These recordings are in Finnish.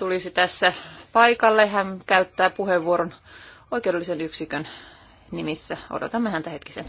tulisi tässä paikalle. Hän käyttää puheenvuoron oikeudellisen yksikön nimissä. Odotamme häntä hetkisen.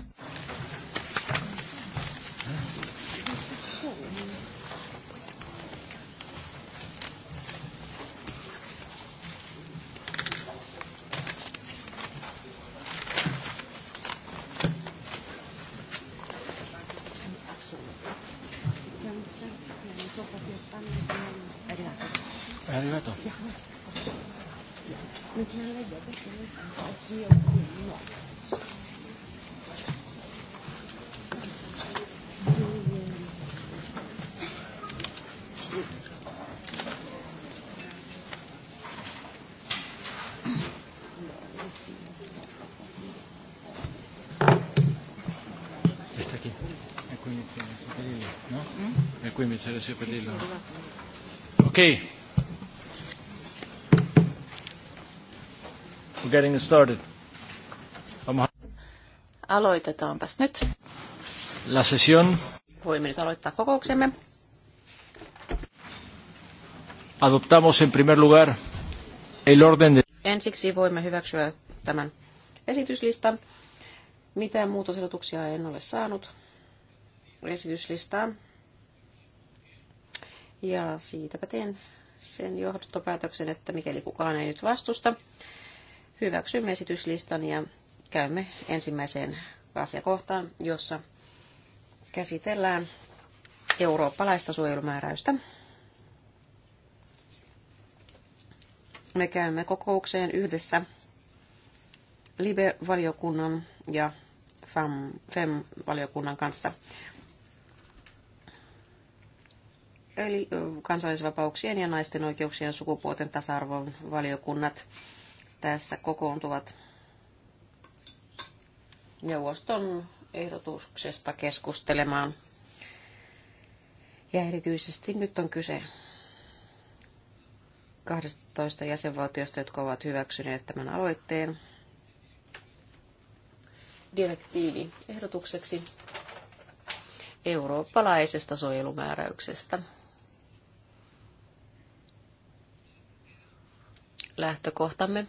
Monsieur Padilla. Okay. We're getting started. Aloitetaanpas nyt. La sesión. Voimme nyt aloittaa kokouksemme. Adoptamos en primer lugar el orden de... Ensiksi voimme hyväksyä tämän esityslistan. Mitään muutosehdotuksia en ole saanut esityslistaan ja siitäpä teen sen johtopäätöksen, että mikäli kukaan ei nyt vastusta, hyväksymme esityslistan ja käymme ensimmäiseen asiakohtaan, jossa käsitellään eurooppalaista suojelumääräystä. Me käymme kokoukseen yhdessä LIBE-valiokunnan ja FEM-valiokunnan kanssa eli kansallisvapauksien ja naisten oikeuksien sukupuolten tasa-arvon valiokunnat tässä kokoontuvat neuvoston ehdotuksesta keskustelemaan. Ja erityisesti nyt on kyse 12 jäsenvaltiosta, jotka ovat hyväksyneet tämän aloitteen direktiivi ehdotukseksi eurooppalaisesta suojelumääräyksestä. lähtökohtamme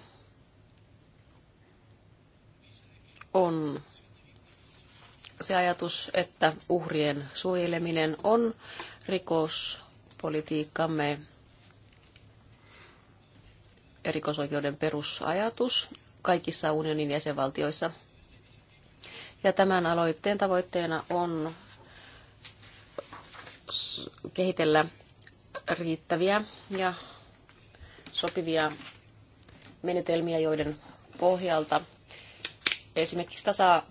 on se ajatus, että uhrien suojeleminen on rikospolitiikkamme ja rikosoikeuden perusajatus kaikissa unionin jäsenvaltioissa. Ja tämän aloitteen tavoitteena on kehitellä riittäviä ja sopivia menetelmiä, joiden pohjalta esimerkiksi tasa, äh,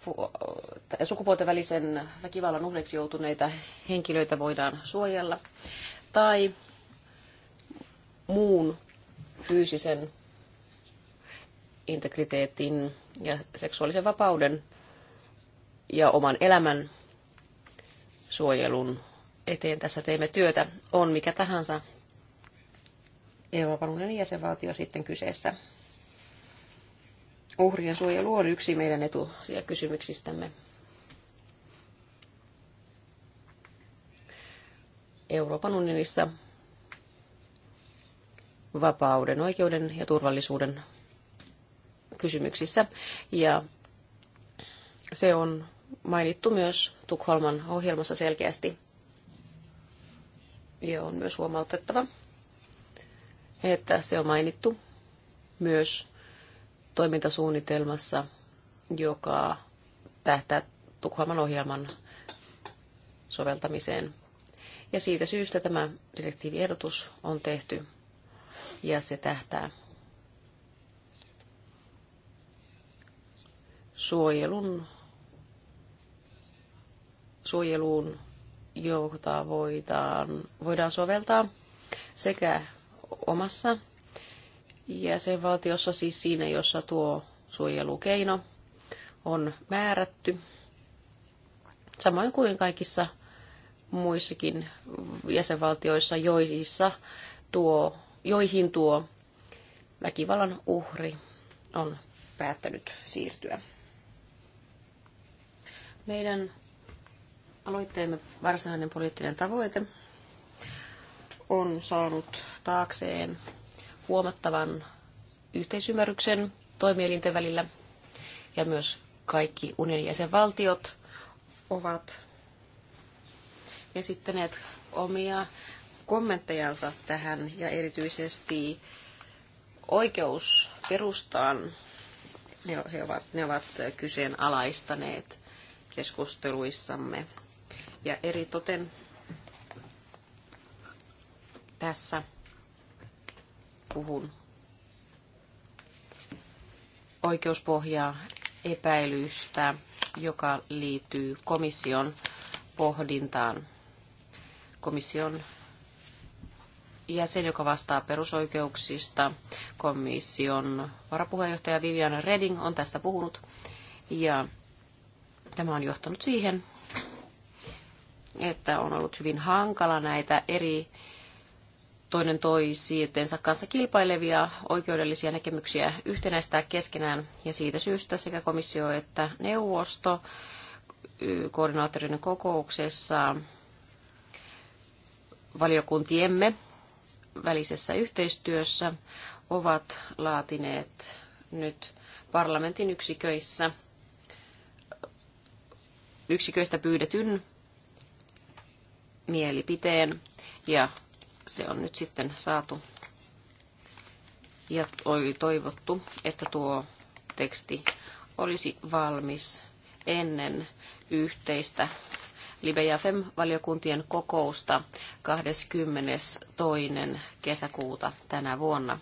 sukupuolten välisen väkivallan uhreiksi joutuneita henkilöitä voidaan suojella tai muun fyysisen integriteetin ja seksuaalisen vapauden ja oman elämän suojelun eteen tässä teemme työtä, on mikä tahansa Euroopan unionin jäsenvaltio sitten kyseessä. Uhrien suojelu on yksi meidän etusia kysymyksistämme. Euroopan unionissa vapauden, oikeuden ja turvallisuuden kysymyksissä. Ja se on mainittu myös Tukholman ohjelmassa selkeästi. Ja on myös huomautettava, että se on mainittu myös toimintasuunnitelmassa, joka tähtää Tukholman ohjelman soveltamiseen. Ja siitä syystä tämä direktiiviehdotus on tehty ja se tähtää suojelun, suojeluun, jota voidaan, voidaan soveltaa sekä omassa jäsenvaltiossa, siis siinä, jossa tuo suojelukeino on määrätty, samoin kuin kaikissa muissakin jäsenvaltioissa, joissa tuo, joihin tuo väkivallan uhri on päättänyt siirtyä. Meidän aloitteemme varsinainen poliittinen tavoite on saanut taakseen huomattavan yhteisymmärryksen toimielinten välillä ja myös kaikki unionin jäsenvaltiot ovat esittäneet omia kommenttejansa tähän ja erityisesti oikeusperustaan ne, he ovat, ne ovat kyseenalaistaneet keskusteluissamme. Ja eri toten tässä puhun oikeuspohjaa epäilystä, joka liittyy komission pohdintaan. Komission jäsen, joka vastaa perusoikeuksista, komission varapuheenjohtaja Vivian Reding on tästä puhunut. Ja tämä on johtanut siihen, että on ollut hyvin hankala näitä eri toinen toisiinsa kanssa kilpailevia oikeudellisia näkemyksiä yhtenäistää keskenään ja siitä syystä sekä komissio että neuvosto koordinaattorin kokouksessa valiokuntiemme välisessä yhteistyössä ovat laatineet nyt parlamentin yksiköissä yksiköistä pyydetyn mielipiteen ja se on nyt sitten saatu ja oli toivottu, että tuo teksti olisi valmis ennen yhteistä Libe- ja FEM-valiokuntien kokousta 22. kesäkuuta tänä vuonna.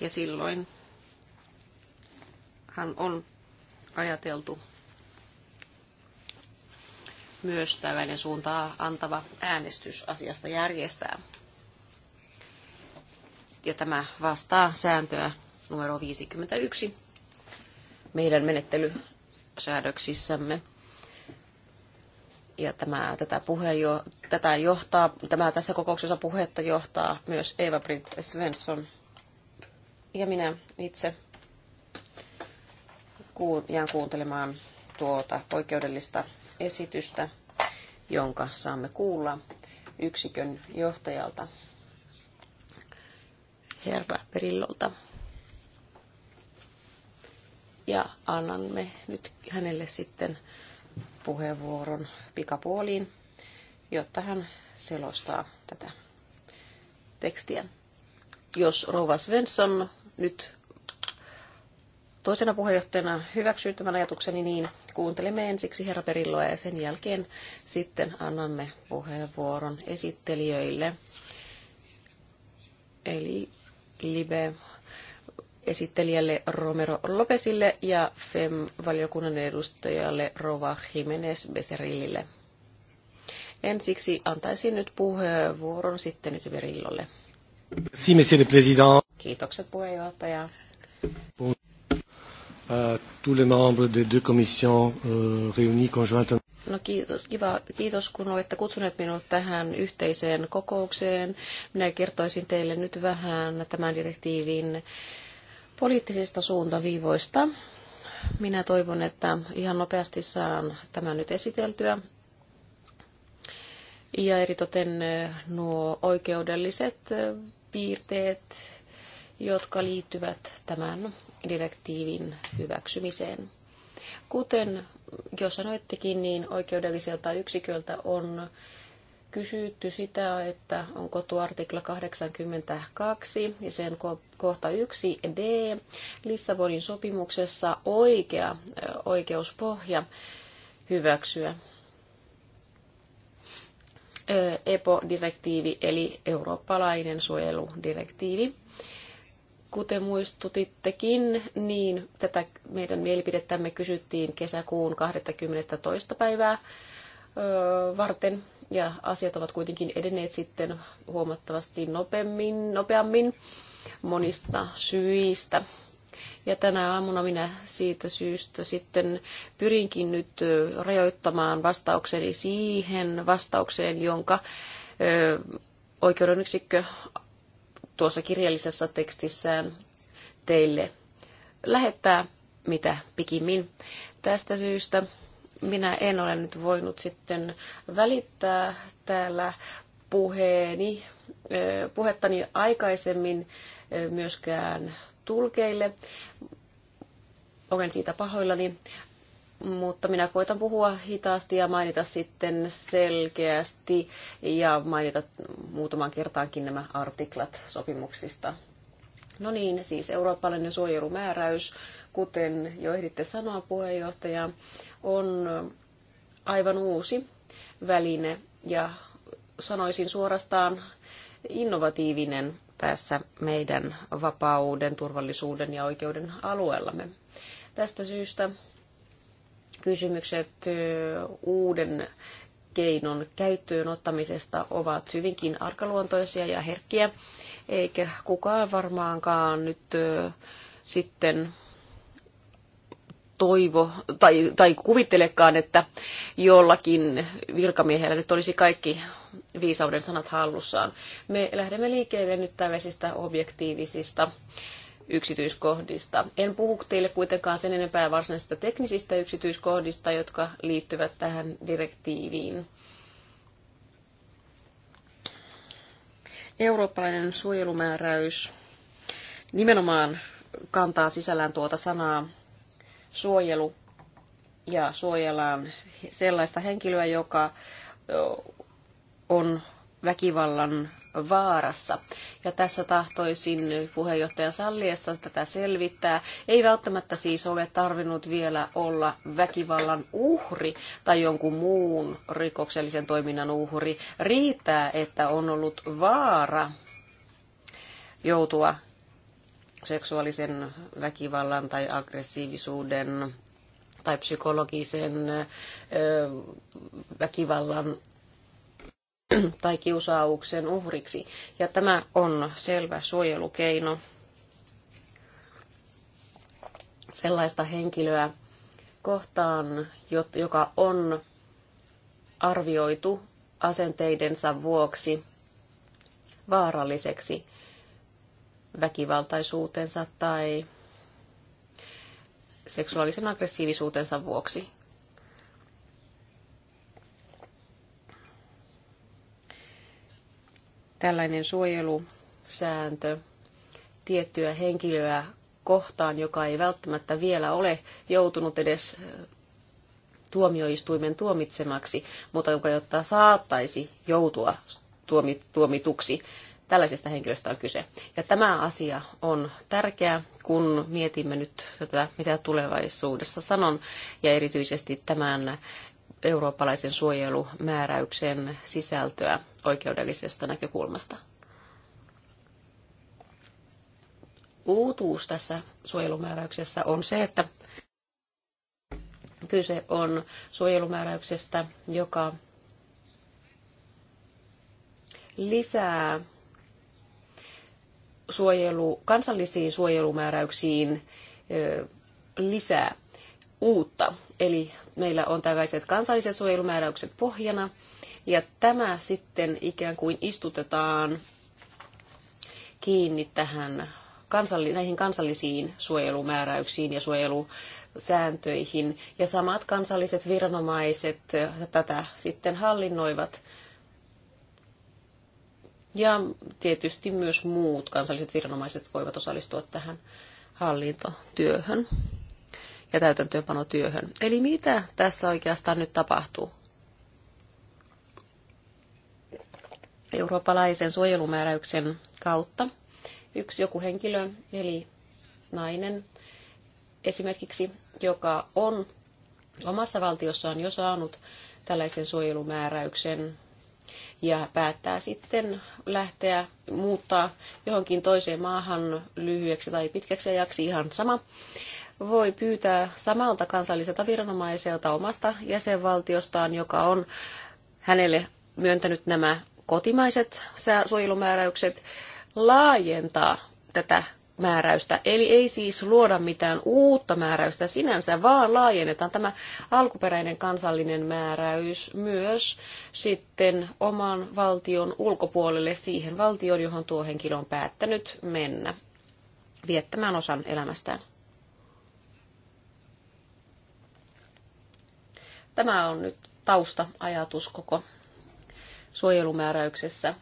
Ja silloin hän on ajateltu myös tällainen suuntaa antava äänestys asiasta järjestää. Ja tämä vastaa sääntöä numero 51 meidän menettelysäädöksissämme. Ja tämä, tätä, puheenjo, tätä johtaa, tämä tässä kokouksessa puhetta johtaa myös Eva-Britt Svensson ja minä itse jään kuuntelemaan tuota oikeudellista esitystä, jonka saamme kuulla yksikön johtajalta Herra Perillolta. Ja annamme nyt hänelle sitten puheenvuoron pikapuoliin, jotta hän selostaa tätä tekstiä. Jos Rova Svensson nyt toisena puheenjohtajana hyväksyy tämän ajatukseni, niin kuuntelemme ensiksi herra Perilloa ja sen jälkeen sitten annamme puheenvuoron esittelijöille. Eli Libe esittelijälle Romero Lopesille ja FEM-valiokunnan edustajalle Rova Jimenez Becerrillille. Ensiksi antaisin nyt puheenvuoron sitten Isberillolle. Kiitokset puheenjohtaja à euh, tous les membres des deux commissions euh, réunies conjointement. No kiitos, kiva, kiitos kun olette kutsuneet minut tähän yhteiseen kokoukseen. Minä kertoisin teille nyt vähän tämän direktiivin poliittisista suuntaviivoista. Minä toivon, että ihan nopeasti saan tämän nyt esiteltyä. Ja eritoten nuo oikeudelliset piirteet, jotka liittyvät tämän direktiivin hyväksymiseen. Kuten jo sanoittekin, niin oikeudelliselta yksiköltä on kysytty sitä, että onko tuo artikla 82 ja sen kohta 1d Lissabonin sopimuksessa oikea oikeuspohja hyväksyä EPO-direktiivi eli eurooppalainen suojeludirektiivi. Kuten muistutittekin, niin tätä meidän mielipidettämme kysyttiin kesäkuun 20. päivää varten ja asiat ovat kuitenkin edenneet sitten huomattavasti nopeammin, nopeammin monista syistä. Ja tänä aamuna minä siitä syystä sitten pyrinkin nyt rajoittamaan vastaukseni siihen vastaukseen, jonka oikeuden yksikkö tuossa kirjallisessa tekstissään teille lähettää mitä pikimmin. Tästä syystä minä en ole nyt voinut sitten välittää täällä puheeni, puhettani aikaisemmin myöskään tulkeille. Olen siitä pahoillani, mutta minä koitan puhua hitaasti ja mainita sitten selkeästi ja mainita muutaman kertaankin nämä artiklat sopimuksista. No niin, siis eurooppalainen suojelumääräys, kuten jo ehditte sanoa puheenjohtaja, on aivan uusi väline ja sanoisin suorastaan innovatiivinen tässä meidän vapauden, turvallisuuden ja oikeuden alueellamme. Tästä syystä kysymykset uuden keinon käyttöön ottamisesta ovat hyvinkin arkaluontoisia ja herkkiä, eikä kukaan varmaankaan nyt sitten toivo tai, tai kuvittelekaan, että jollakin virkamiehellä nyt olisi kaikki viisauden sanat hallussaan. Me lähdemme liikkeelle nyt tällaisista objektiivisista yksityiskohdista. En puhu teille kuitenkaan sen enempää varsinaisista teknisistä yksityiskohdista, jotka liittyvät tähän direktiiviin. Eurooppalainen suojelumääräys nimenomaan kantaa sisällään tuota sanaa suojelu ja suojellaan sellaista henkilöä, joka on väkivallan vaarassa. Ja tässä tahtoisin puheenjohtajan salliessa tätä selvittää. Ei välttämättä siis ole tarvinnut vielä olla väkivallan uhri tai jonkun muun rikoksellisen toiminnan uhri. Riittää, että on ollut vaara joutua seksuaalisen väkivallan tai aggressiivisuuden tai psykologisen väkivallan tai kiusauksen uhriksi. Ja tämä on selvä suojelukeino sellaista henkilöä kohtaan, joka on arvioitu asenteidensa vuoksi vaaralliseksi väkivaltaisuutensa tai seksuaalisen aggressiivisuutensa vuoksi. tällainen suojelusääntö tiettyä henkilöä kohtaan, joka ei välttämättä vielä ole joutunut edes tuomioistuimen tuomitsemaksi, mutta jonka jotta saattaisi joutua tuomituksi. Tällaisesta henkilöstä on kyse. Ja tämä asia on tärkeä, kun mietimme nyt tätä, mitä tulevaisuudessa sanon, ja erityisesti tämän eurooppalaisen suojelumääräyksen sisältöä oikeudellisesta näkökulmasta. Uutuus tässä suojelumääräyksessä on se, että kyse on suojelumääräyksestä, joka lisää suojelu, kansallisiin suojelumääräyksiin lisää uutta, eli meillä on tällaiset kansalliset suojelumääräykset pohjana, ja tämä sitten ikään kuin istutetaan kiinni tähän kansalli, näihin kansallisiin suojelumääräyksiin ja suojelusääntöihin. Ja samat kansalliset viranomaiset tätä sitten hallinnoivat. Ja tietysti myös muut kansalliset viranomaiset voivat osallistua tähän hallintotyöhön ja täytäntöönpanotyöhön. Eli mitä tässä oikeastaan nyt tapahtuu? Eurooppalaisen suojelumääräyksen kautta yksi joku henkilö, eli nainen esimerkiksi, joka on omassa valtiossaan jo saanut tällaisen suojelumääräyksen ja päättää sitten lähteä muuttaa johonkin toiseen maahan lyhyeksi tai pitkäksi ajaksi ihan sama voi pyytää samalta kansalliselta viranomaiselta omasta jäsenvaltiostaan, joka on hänelle myöntänyt nämä kotimaiset suojelumääräykset, laajentaa tätä määräystä. Eli ei siis luoda mitään uutta määräystä sinänsä, vaan laajennetaan tämä alkuperäinen kansallinen määräys myös sitten oman valtion ulkopuolelle siihen valtioon, johon tuo henkilö on päättänyt mennä viettämään osan elämästään. Tämä on nyt tausta-ajatus koko suojelumääräyksessä.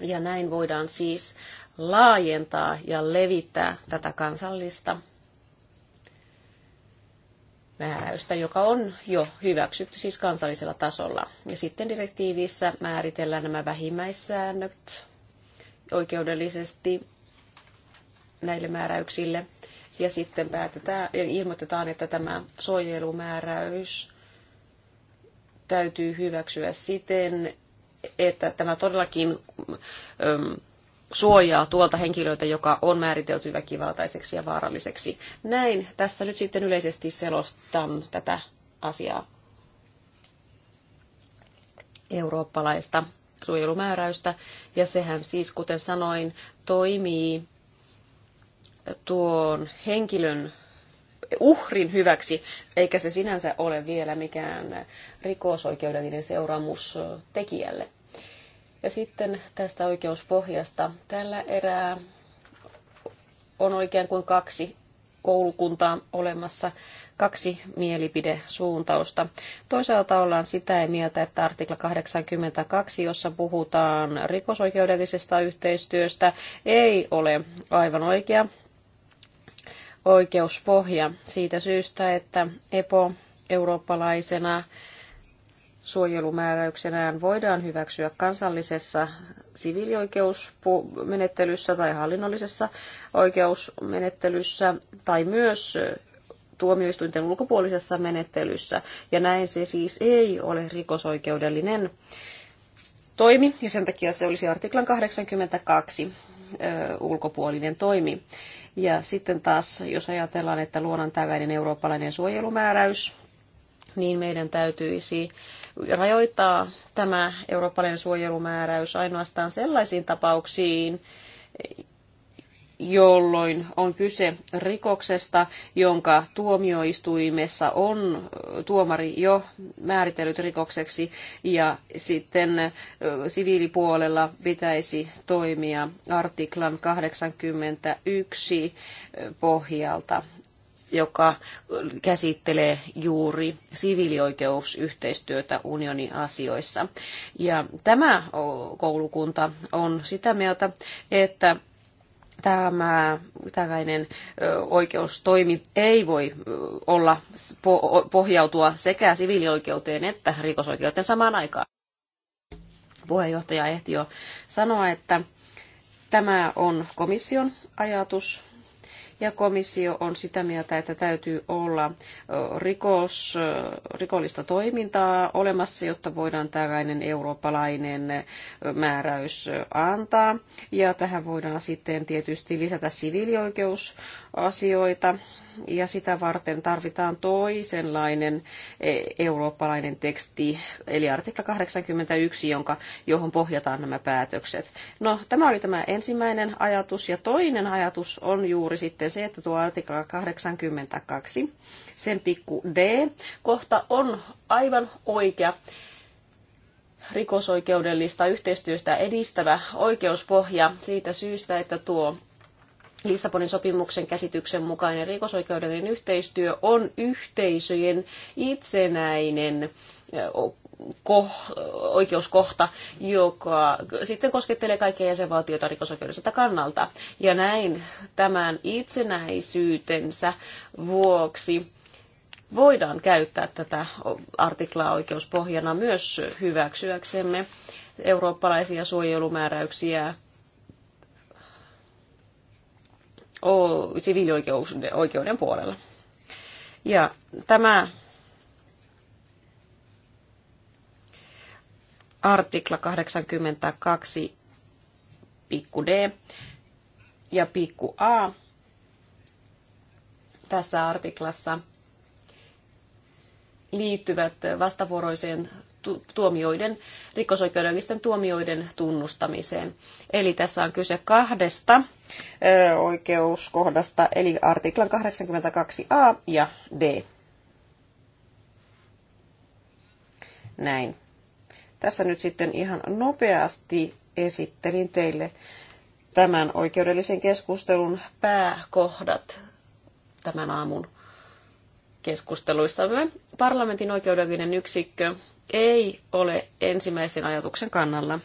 Ja näin voidaan siis laajentaa ja levittää tätä kansallista määräystä, joka on jo hyväksytty siis kansallisella tasolla. Ja sitten direktiivissä määritellään nämä vähimmäissäännöt oikeudellisesti näille määräyksille ja sitten päätetään, ilmoitetaan, että tämä suojelumääräys täytyy hyväksyä siten, että tämä todellakin äm, suojaa tuolta henkilöltä, joka on määritelty väkivaltaiseksi ja vaaralliseksi. Näin tässä nyt sitten yleisesti selostan tätä asiaa eurooppalaista suojelumääräystä, ja sehän siis, kuten sanoin, toimii tuon henkilön uhrin hyväksi, eikä se sinänsä ole vielä mikään rikosoikeudellinen seuraamus tekijälle. Ja sitten tästä oikeuspohjasta. Tällä erää on oikein kuin kaksi koulukuntaa olemassa, kaksi mielipidesuuntausta. Toisaalta ollaan sitä mieltä, että artikla 82, jossa puhutaan rikosoikeudellisesta yhteistyöstä, ei ole aivan oikea oikeuspohja siitä syystä, että EPO eurooppalaisena suojelumääräyksenään voidaan hyväksyä kansallisessa siviilioikeusmenettelyssä tai hallinnollisessa oikeusmenettelyssä tai myös tuomioistuinten ulkopuolisessa menettelyssä. Ja näin se siis ei ole rikosoikeudellinen toimi, ja sen takia se olisi artiklan 82 ö, ulkopuolinen toimi. Ja sitten taas, jos ajatellaan, että luonnon täyväinen eurooppalainen suojelumääräys, niin meidän täytyisi rajoittaa tämä eurooppalainen suojelumääräys ainoastaan sellaisiin tapauksiin, jolloin on kyse rikoksesta, jonka tuomioistuimessa on tuomari jo määritellyt rikokseksi ja sitten siviilipuolella pitäisi toimia artiklan 81 pohjalta joka käsittelee juuri siviilioikeusyhteistyötä unionin asioissa. Ja tämä koulukunta on sitä mieltä, että tämä tällainen oikeustoimi ei voi olla pohjautua sekä siviilioikeuteen että rikosoikeuteen samaan aikaan. Puheenjohtaja ehti jo sanoa, että tämä on komission ajatus ja komissio on sitä mieltä, että täytyy olla rikos, rikollista toimintaa olemassa, jotta voidaan tällainen eurooppalainen määräys antaa. Ja tähän voidaan sitten tietysti lisätä siviilioikeusasioita ja sitä varten tarvitaan toisenlainen e, eurooppalainen teksti, eli artikla 81, jonka, johon pohjataan nämä päätökset. No, tämä oli tämä ensimmäinen ajatus, ja toinen ajatus on juuri sitten se, että tuo artikla 82, sen pikku D, kohta on aivan oikea rikosoikeudellista yhteistyöstä edistävä oikeuspohja siitä syystä, että tuo Lissabonin sopimuksen käsityksen mukainen rikosoikeudellinen yhteistyö on yhteisöjen itsenäinen ko- oikeuskohta, joka sitten koskettelee kaikkia jäsenvaltioita rikosoikeudelliselta kannalta. Ja näin tämän itsenäisyytensä vuoksi voidaan käyttää tätä artiklaa oikeuspohjana myös hyväksyäksemme eurooppalaisia suojelumääräyksiä siviilioikeuden puolella. Ja tämä artikla 82 pikku d ja pikku a tässä artiklassa liittyvät vastavuoroiseen tuomioiden, rikosoikeudellisten tuomioiden tunnustamiseen. Eli tässä on kyse kahdesta oikeuskohdasta, eli artiklan 82a ja d. Näin. Tässä nyt sitten ihan nopeasti esittelin teille tämän oikeudellisen keskustelun pääkohdat tämän aamun keskusteluissamme. Parlamentin oikeudellinen yksikkö ei ole ensimmäisen ajatuksen kannalla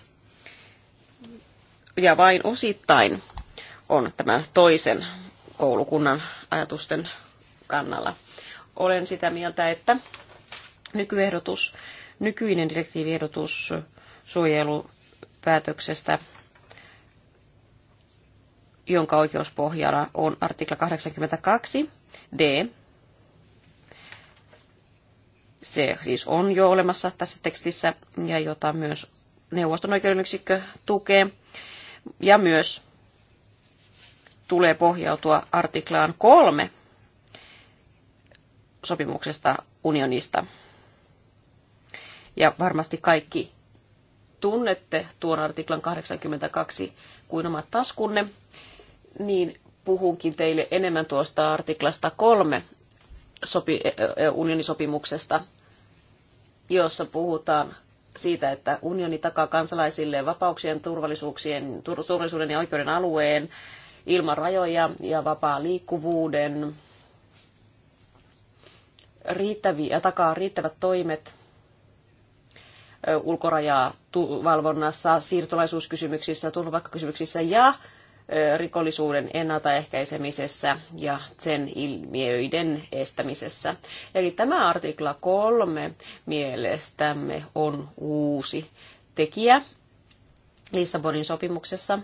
ja vain osittain on tämän toisen koulukunnan ajatusten kannalla. Olen sitä mieltä, että nykyehdotus nykyinen direktiiviehdotus suojelupäätöksestä, jonka oikeuspohjana on artikla 82 d. Se siis on jo olemassa tässä tekstissä ja jota myös neuvoston oikeuden yksikkö tukee. Ja myös tulee pohjautua artiklaan kolme sopimuksesta unionista. Ja varmasti kaikki tunnette tuon artiklan 82 kuin omat taskunne, niin puhunkin teille enemmän tuosta artiklasta kolme sopi, e, e, unionisopimuksesta, jossa puhutaan siitä, että unioni takaa kansalaisille vapauksien, turvallisuuksien, turvallisuuden ja oikeuden alueen ilman rajoja ja vapaa liikkuvuuden riittäviä, ja takaa riittävät toimet ulkorajaa valvonnassa, siirtolaisuuskysymyksissä, turvapaikkakysymyksissä ja rikollisuuden ennaltaehkäisemisessä ja sen ilmiöiden estämisessä. Eli tämä artikla kolme mielestämme on uusi tekijä Lissabonin sopimuksessa.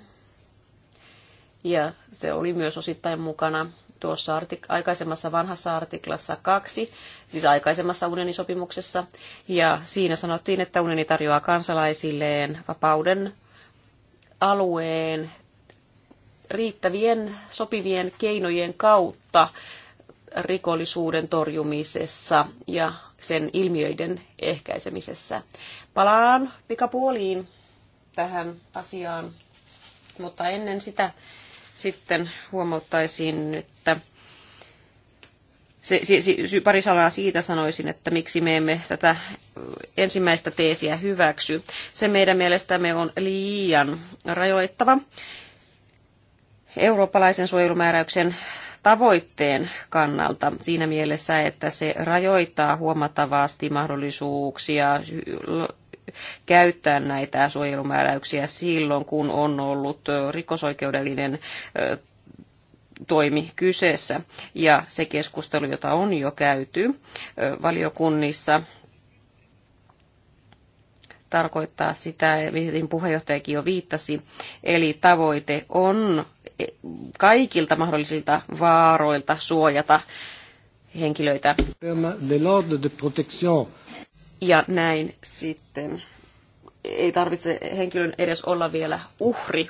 Ja se oli myös osittain mukana tuossa artik- aikaisemmassa vanhassa artiklassa 2, siis aikaisemmassa unionisopimuksessa, ja siinä sanottiin, että unioni tarjoaa kansalaisilleen vapauden alueen riittävien sopivien keinojen kautta rikollisuuden torjumisessa ja sen ilmiöiden ehkäisemisessä. Palaan pikapuoliin tähän asiaan, mutta ennen sitä sitten huomauttaisin, että se, se, se, pari sanaa siitä sanoisin, että miksi me emme tätä ensimmäistä teesiä hyväksy. Se meidän mielestämme on liian rajoittava. Eurooppalaisen suojelumääräyksen tavoitteen kannalta siinä mielessä, että se rajoittaa huomattavasti mahdollisuuksia käyttää näitä suojelumääräyksiä silloin, kun on ollut rikosoikeudellinen toimi kyseessä. Ja se keskustelu, jota on jo käyty valiokunnissa, tarkoittaa sitä, mihin puheenjohtajakin jo viittasi. Eli tavoite on e, kaikilta mahdollisilta vaaroilta suojata henkilöitä. Ja näin sitten ei tarvitse henkilön edes olla vielä uhri.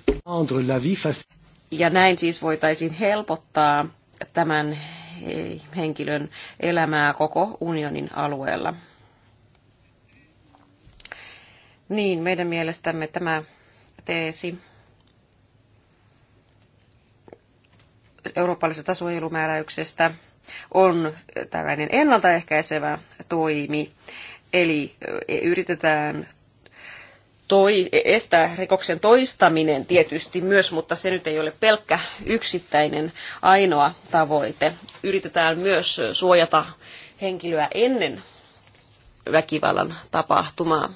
Ja näin siis voitaisiin helpottaa tämän henkilön elämää koko unionin alueella. Niin, meidän mielestämme tämä teesi eurooppalaisesta suojelumääräyksestä on tällainen ennaltaehkäisevä toimi Eli yritetään toi, estää rikoksen toistaminen tietysti myös, mutta se nyt ei ole pelkkä yksittäinen ainoa tavoite. Yritetään myös suojata henkilöä ennen väkivallan tapahtumaa.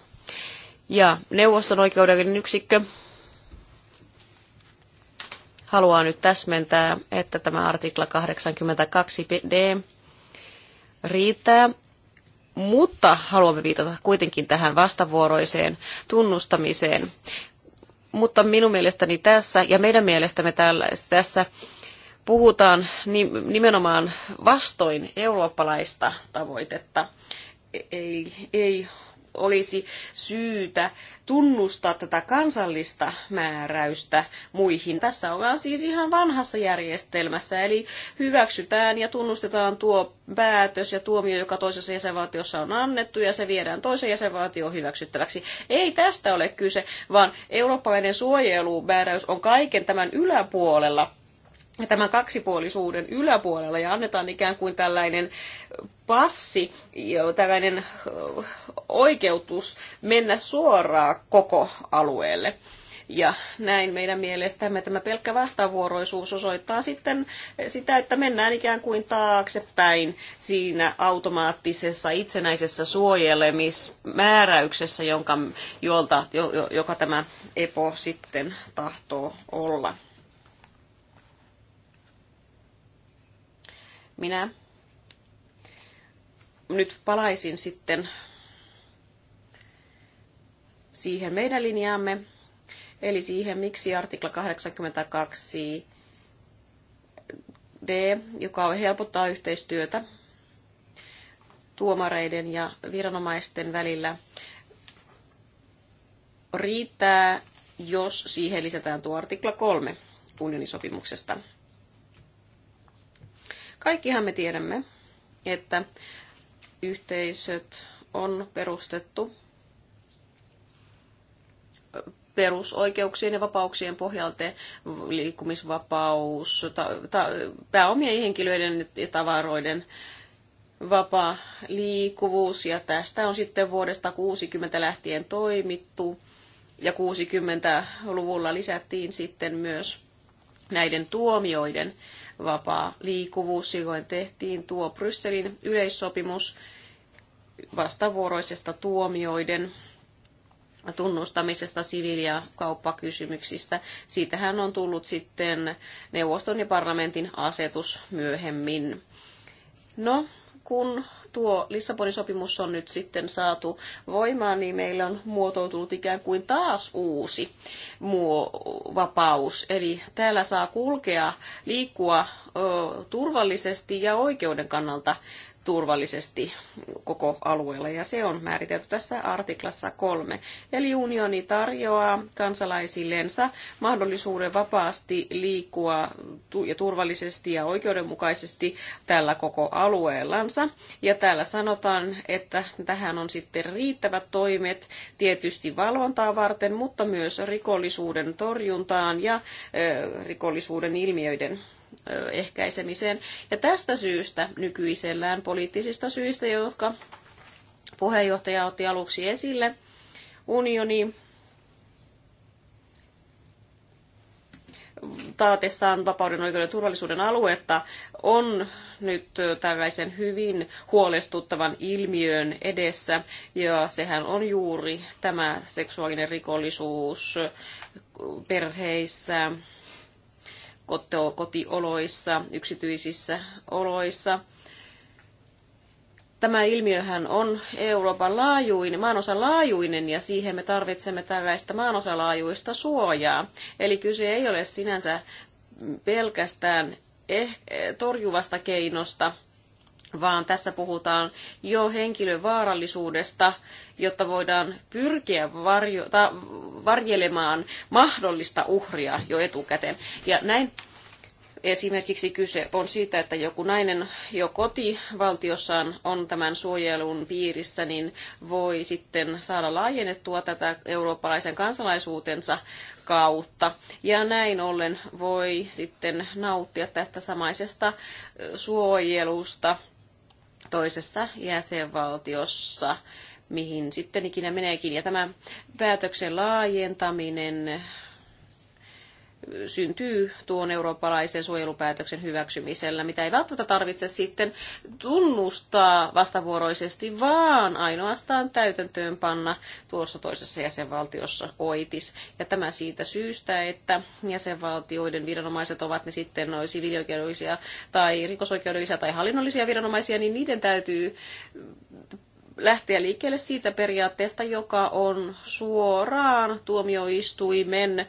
Ja neuvoston oikeudellinen yksikkö haluaa nyt täsmentää, että tämä artikla 82d riittää mutta haluamme viitata kuitenkin tähän vastavuoroiseen tunnustamiseen. Mutta minun mielestäni tässä ja meidän mielestämme tässä puhutaan nimenomaan vastoin eurooppalaista tavoitetta. Ei, ei olisi syytä tunnustaa tätä kansallista määräystä muihin. Tässä ollaan siis ihan vanhassa järjestelmässä, eli hyväksytään ja tunnustetaan tuo päätös ja tuomio, joka toisessa jäsenvaltiossa on annettu, ja se viedään toisen jäsenvaltion hyväksyttäväksi. Ei tästä ole kyse, vaan eurooppalainen suojelumääräys on kaiken tämän yläpuolella tämän kaksipuolisuuden yläpuolella ja annetaan ikään kuin tällainen passi, tällainen oikeutus mennä suoraan koko alueelle. Ja näin meidän mielestämme tämä pelkkä vastavuoroisuus osoittaa sitten sitä, että mennään ikään kuin taaksepäin siinä automaattisessa itsenäisessä suojelemismääräyksessä, jonka, jolta, jo, jo, joka tämä EPO sitten tahtoo olla. Minä nyt palaisin sitten siihen meidän linjaamme, eli siihen, miksi artikla 82 D, joka helpottaa yhteistyötä tuomareiden ja viranomaisten välillä, riittää, jos siihen lisätään tuo artikla 3 unionin sopimuksesta. Kaikkihan me tiedämme, että yhteisöt on perustettu perusoikeuksien ja vapauksien pohjalta liikkumisvapaus, ta, ta, pääomien henkilöiden ja tavaroiden vapaa liikkuvuus ja tästä on sitten vuodesta 60 lähtien toimittu ja 60-luvulla lisättiin sitten myös näiden tuomioiden vapaa liikuvuus. Silloin tehtiin tuo Brysselin yleissopimus vastavuoroisesta tuomioiden tunnustamisesta siviili- ja kauppakysymyksistä. Siitähän on tullut sitten neuvoston ja parlamentin asetus myöhemmin. No, kun tuo Lissabonin sopimus on nyt sitten saatu voimaan, niin meillä on muotoutunut ikään kuin taas uusi muo vapaus. Eli täällä saa kulkea, liikkua ö, turvallisesti ja oikeuden kannalta turvallisesti koko alueella, ja se on määritelty tässä artiklassa kolme. Eli unioni tarjoaa kansalaisillensa mahdollisuuden vapaasti liikkua ja turvallisesti ja oikeudenmukaisesti tällä koko alueellansa. Ja täällä sanotaan, että tähän on sitten riittävät toimet tietysti valvontaa varten, mutta myös rikollisuuden torjuntaan ja rikollisuuden ilmiöiden ehkäisemiseen. Ja tästä syystä nykyisellään poliittisista syistä, jotka puheenjohtaja otti aluksi esille, unioni taatessaan vapauden, oikeuden ja turvallisuuden aluetta on nyt tällaisen hyvin huolestuttavan ilmiön edessä, ja sehän on juuri tämä seksuaalinen rikollisuus perheissä, kotioloissa, yksityisissä oloissa. Tämä ilmiöhän on Euroopan laajuinen, maanosan laajuinen ja siihen me tarvitsemme tällaista maanosalaajuista suojaa. Eli kyse ei ole sinänsä pelkästään eh torjuvasta keinosta, vaan tässä puhutaan jo henkilövaarallisuudesta, jotta voidaan pyrkiä varjo, ta, varjelemaan mahdollista uhria jo etukäteen. Ja näin esimerkiksi kyse on siitä, että joku nainen jo kotivaltiossaan on tämän suojelun piirissä, niin voi sitten saada laajennettua tätä eurooppalaisen kansalaisuutensa kautta. Ja näin ollen voi sitten nauttia tästä samaisesta suojelusta toisessa jäsenvaltiossa, mihin sitten ikinä meneekin. Ja tämä päätöksen laajentaminen syntyy tuon eurooppalaisen suojelupäätöksen hyväksymisellä, mitä ei välttämättä tarvitse sitten tunnustaa vastavuoroisesti, vaan ainoastaan täytäntöön panna tuossa toisessa jäsenvaltiossa oitis. Ja tämä siitä syystä, että jäsenvaltioiden viranomaiset ovat ne sitten noin siviilioikeudellisia tai rikosoikeudellisia tai hallinnollisia viranomaisia, niin niiden täytyy lähteä liikkeelle siitä periaatteesta, joka on suoraan tuomioistuimen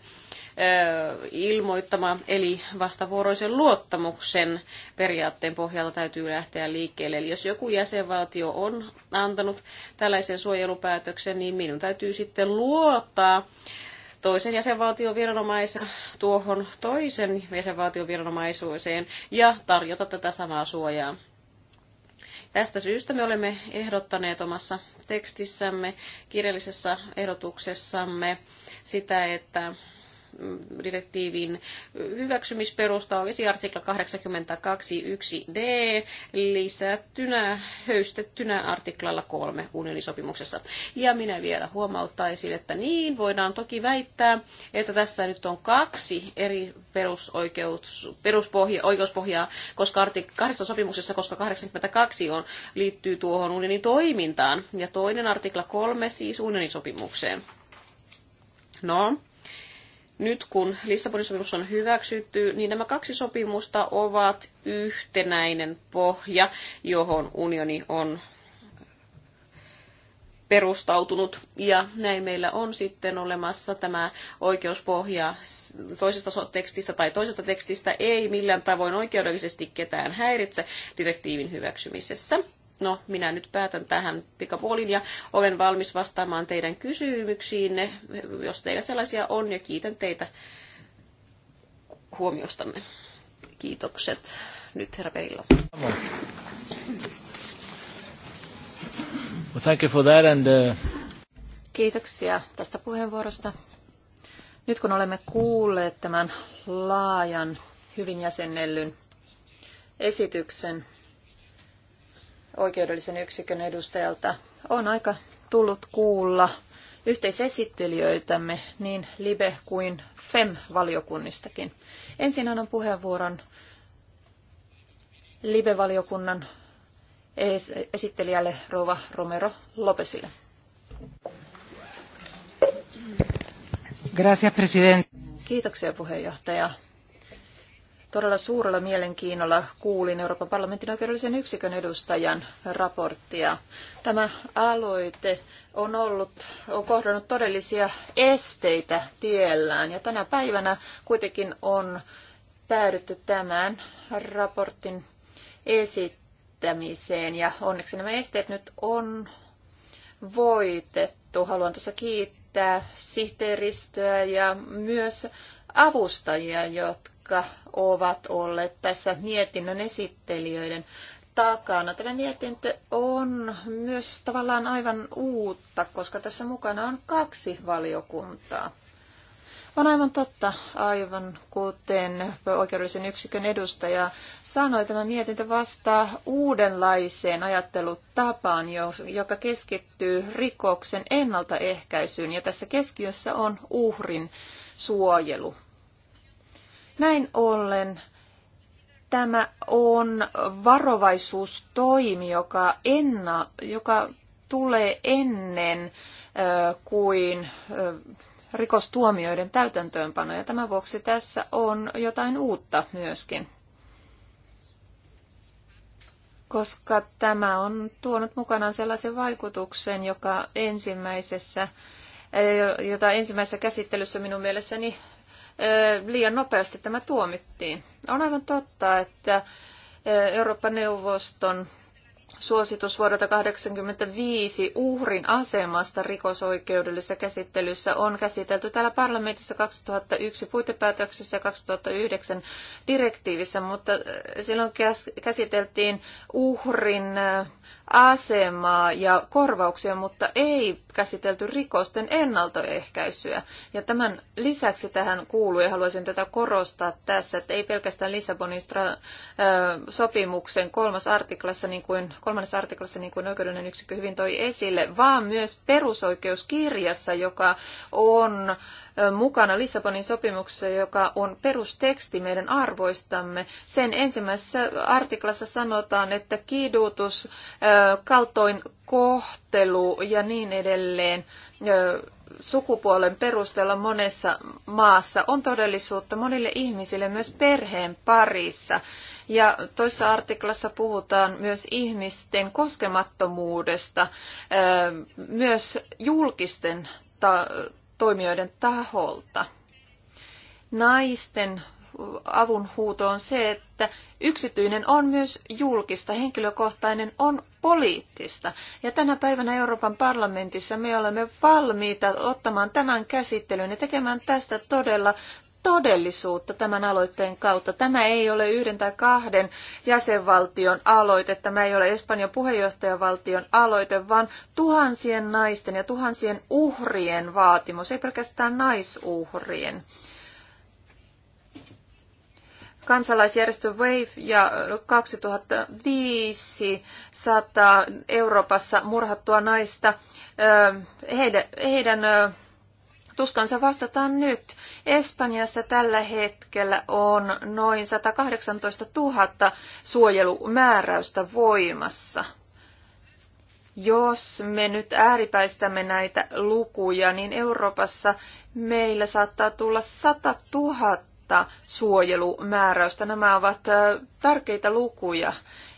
ilmoittama, eli vastavuoroisen luottamuksen periaatteen pohjalta täytyy lähteä liikkeelle. Eli jos joku jäsenvaltio on antanut tällaisen suojelupäätöksen, niin minun täytyy sitten luottaa toisen jäsenvaltion viranomaisen tuohon toisen jäsenvaltion viranomaisuuteen ja tarjota tätä samaa suojaa. Tästä syystä me olemme ehdottaneet omassa tekstissämme, kirjallisessa ehdotuksessamme sitä, että direktiivin hyväksymisperusta olisi artikla 82.1d lisättynä, höystettynä artiklalla 3 unionisopimuksessa. Ja minä vielä huomauttaisin, että niin voidaan toki väittää, että tässä nyt on kaksi eri perusoikeus, peruspohja, koska artik, kahdessa sopimuksessa, koska 82 on, liittyy tuohon unionin toimintaan, ja toinen artikla 3 siis unionisopimukseen. No, nyt kun Lissabonin sopimus on hyväksytty, niin nämä kaksi sopimusta ovat yhtenäinen pohja, johon unioni on perustautunut. Ja näin meillä on sitten olemassa tämä oikeuspohja toisesta tekstistä tai toisesta tekstistä ei millään tavoin oikeudellisesti ketään häiritse direktiivin hyväksymisessä. No, minä nyt päätän tähän pikapuolin ja olen valmis vastaamaan teidän kysymyksiinne, jos teillä sellaisia on, ja kiitän teitä huomiostanne. Kiitokset. Nyt herra Perillo. Well, thank you for that and, uh... Kiitoksia tästä puheenvuorosta. Nyt kun olemme kuulleet tämän laajan, hyvin jäsennellyn esityksen, oikeudellisen yksikön edustajalta on aika tullut kuulla yhteisesittelijöitämme niin LIBE kuin FEM-valiokunnistakin. Ensin annan puheenvuoron LIBE-valiokunnan esittelijälle Rova Romero Lopesille. Gracias, Kiitoksia puheenjohtaja. Todella suurella mielenkiinnolla kuulin Euroopan parlamentin oikeudellisen yksikön edustajan raporttia. Tämä aloite on ollut, on kohdannut todellisia esteitä tiellään ja tänä päivänä kuitenkin on päädytty tämän raportin esittämiseen ja onneksi nämä esteet nyt on voitettu. Haluan tässä kiittää sihteeristöä ja myös avustajia, jotka ovat olleet tässä mietinnön esittelijöiden takana. Tämä mietintö on myös tavallaan aivan uutta, koska tässä mukana on kaksi valiokuntaa. On aivan totta, aivan kuten oikeudellisen yksikön edustaja sanoi, tämä mietintö vastaa uudenlaiseen ajattelutapaan, joka keskittyy rikoksen ennaltaehkäisyyn. Ja tässä keskiössä on uhrin suojelu. Näin ollen tämä on varovaisuustoimi, joka, enna, joka tulee ennen ö, kuin ö, rikostuomioiden täytäntöönpano. Ja tämän vuoksi tässä on jotain uutta myöskin. Koska tämä on tuonut mukanaan sellaisen vaikutuksen, joka ensimmäisessä, jota ensimmäisessä käsittelyssä minun mielessäni liian nopeasti tämä tuomittiin. On aivan totta, että Euroopan neuvoston suositus vuodelta 1985 uhrin asemasta rikosoikeudellisessa käsittelyssä on käsitelty täällä parlamentissa 2001 puitepäätöksessä ja 2009 direktiivissä, mutta silloin käsiteltiin uhrin asemaa ja korvauksia, mutta ei käsitelty rikosten ennaltoehkäisyä. Ja tämän lisäksi tähän kuuluu, ja haluaisin tätä korostaa tässä, että ei pelkästään Lissabonin stra- sopimuksen kolmas artiklassa, niin kuin, kolmannessa artiklassa, niin kuin oikeudellinen yksikkö hyvin toi esille, vaan myös perusoikeuskirjassa, joka on mukana Lissabonin sopimuksessa, joka on perusteksti meidän arvoistamme. Sen ensimmäisessä artiklassa sanotaan, että kidutus, kaltoin kohtelu ja niin edelleen sukupuolen perusteella monessa maassa on todellisuutta monille ihmisille myös perheen parissa. Ja toisessa artiklassa puhutaan myös ihmisten koskemattomuudesta, myös julkisten toimijoiden taholta. Naisten avunhuuto on se, että yksityinen on myös julkista, henkilökohtainen on poliittista. Ja tänä päivänä Euroopan parlamentissa me olemme valmiita ottamaan tämän käsittelyyn ja tekemään tästä todella todellisuutta tämän aloitteen kautta. Tämä ei ole yhden tai kahden jäsenvaltion aloite, tämä ei ole Espanjan puheenjohtajavaltion aloite, vaan tuhansien naisten ja tuhansien uhrien vaatimus, ei pelkästään naisuhrien. Kansalaisjärjestö Wave ja 2005 saattaa Euroopassa murhattua naista heidän Tuskansa vastataan nyt. Espanjassa tällä hetkellä on noin 118 000 suojelumääräystä voimassa. Jos me nyt ääripäistämme näitä lukuja, niin Euroopassa meillä saattaa tulla 100 000 suojelumääräystä. Nämä ovat tärkeitä lukuja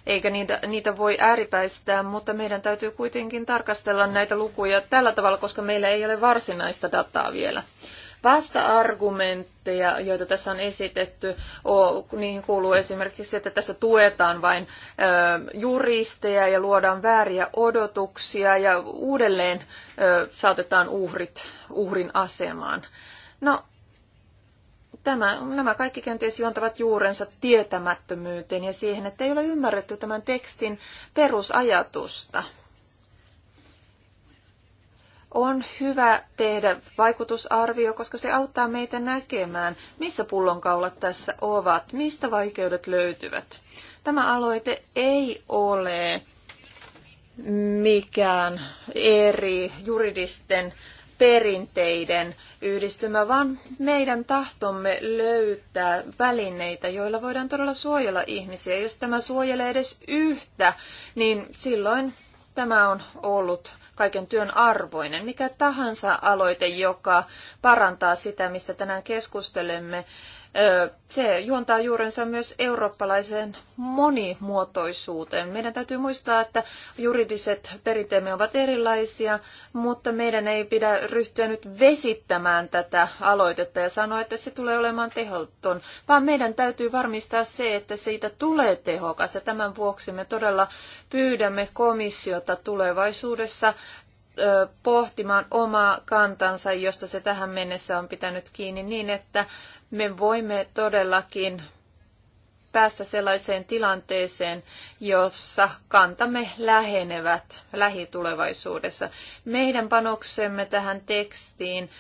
eikä niitä, niitä voi ääripäistää, mutta meidän täytyy kuitenkin tarkastella näitä lukuja tällä tavalla, koska meillä ei ole varsinaista dataa vielä. Vasta-argumentteja, joita tässä on esitetty, niihin kuuluu esimerkiksi, että tässä tuetaan vain juristeja ja luodaan vääriä odotuksia ja uudelleen saatetaan uhrit uhrin asemaan. No, Tämä, nämä kaikki kenties juontavat juurensa tietämättömyyteen ja siihen, että ei ole ymmärretty tämän tekstin perusajatusta. On hyvä tehdä vaikutusarvio, koska se auttaa meitä näkemään, missä pullonkaulat tässä ovat, mistä vaikeudet löytyvät. Tämä aloite ei ole mikään eri juridisten perinteiden yhdistymä, vaan meidän tahtomme löytää välineitä, joilla voidaan todella suojella ihmisiä. Jos tämä suojelee edes yhtä, niin silloin tämä on ollut kaiken työn arvoinen. Mikä tahansa aloite, joka parantaa sitä, mistä tänään keskustelemme, se juontaa juurensa myös eurooppalaiseen monimuotoisuuteen. Meidän täytyy muistaa, että juridiset perinteemme ovat erilaisia, mutta meidän ei pidä ryhtyä nyt vesittämään tätä aloitetta ja sanoa, että se tulee olemaan tehoton, vaan meidän täytyy varmistaa se, että siitä tulee tehokas. Ja tämän vuoksi me todella pyydämme komissiota tulevaisuudessa pohtimaan omaa kantansa, josta se tähän mennessä on pitänyt kiinni niin, että me voimme todellakin päästä sellaiseen tilanteeseen, jossa kantamme lähenevät lähitulevaisuudessa. Meidän panoksemme tähän tekstiin,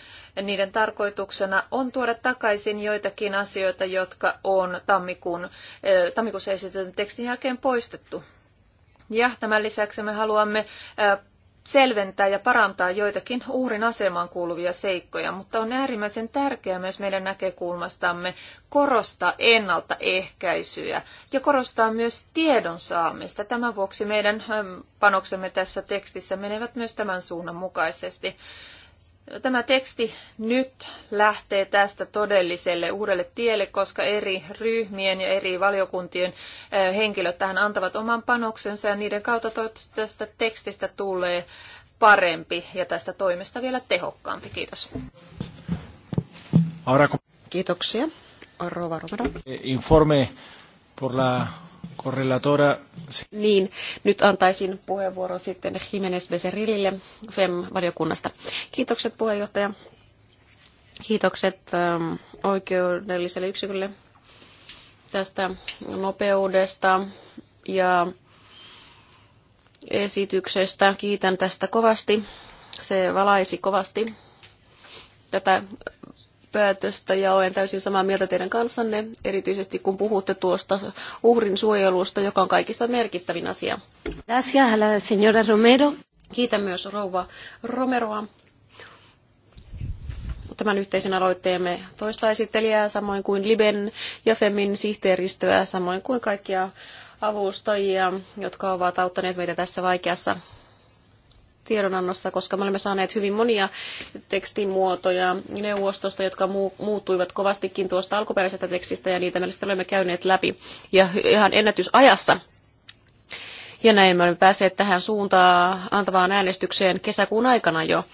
niiden tarkoituksena on tuoda takaisin joitakin asioita, jotka on tammikuun, eh, tammikuussa esitetyn tekstin jälkeen poistettu. Ja tämän lisäksi me haluamme eh, selventää ja parantaa joitakin uhrin asemaan kuuluvia seikkoja, mutta on äärimmäisen tärkeää myös meidän näkökulmastamme korostaa ennaltaehkäisyä ja korostaa myös tiedon saamista. Tämän vuoksi meidän ähm, panoksemme tässä tekstissä menevät myös tämän suunnan mukaisesti. Tämä teksti nyt lähtee tästä todelliselle uudelle tielle, koska eri ryhmien ja eri valiokuntien eh, henkilöt tähän antavat oman panoksensa ja niiden kautta toivottavasti tästä tekstistä tulee parempi ja tästä toimesta vielä tehokkaampi. Kiitos. Kiitoksia. Rova eh, Informe por la Korrelatora. Niin, nyt antaisin puheenvuoron sitten Jimenez Becerrille FEM-valiokunnasta. Kiitokset puheenjohtaja. Kiitokset ähm, oikeudelliselle yksikölle tästä nopeudesta ja esityksestä. Kiitän tästä kovasti. Se valaisi kovasti tätä päätöstä ja olen täysin samaa mieltä teidän kanssanne, erityisesti kun puhutte tuosta uhrin suojelusta, joka on kaikista merkittävin asia. Gracias la señora Romero. Kiitän myös rouva Romeroa tämän yhteisen aloitteemme toista esittelijää, samoin kuin Liben ja Femin sihteeristöä, samoin kuin kaikkia avustajia, jotka ovat auttaneet meitä tässä vaikeassa tiedonannossa, koska me olemme saaneet hyvin monia tekstimuotoja neuvostosta, jotka muuttuivat kovastikin tuosta alkuperäisestä tekstistä ja niitä meistä olemme käyneet läpi ja ihan ennätysajassa. Ja näin me olemme päässeet tähän suuntaan antavaan äänestykseen kesäkuun aikana jo.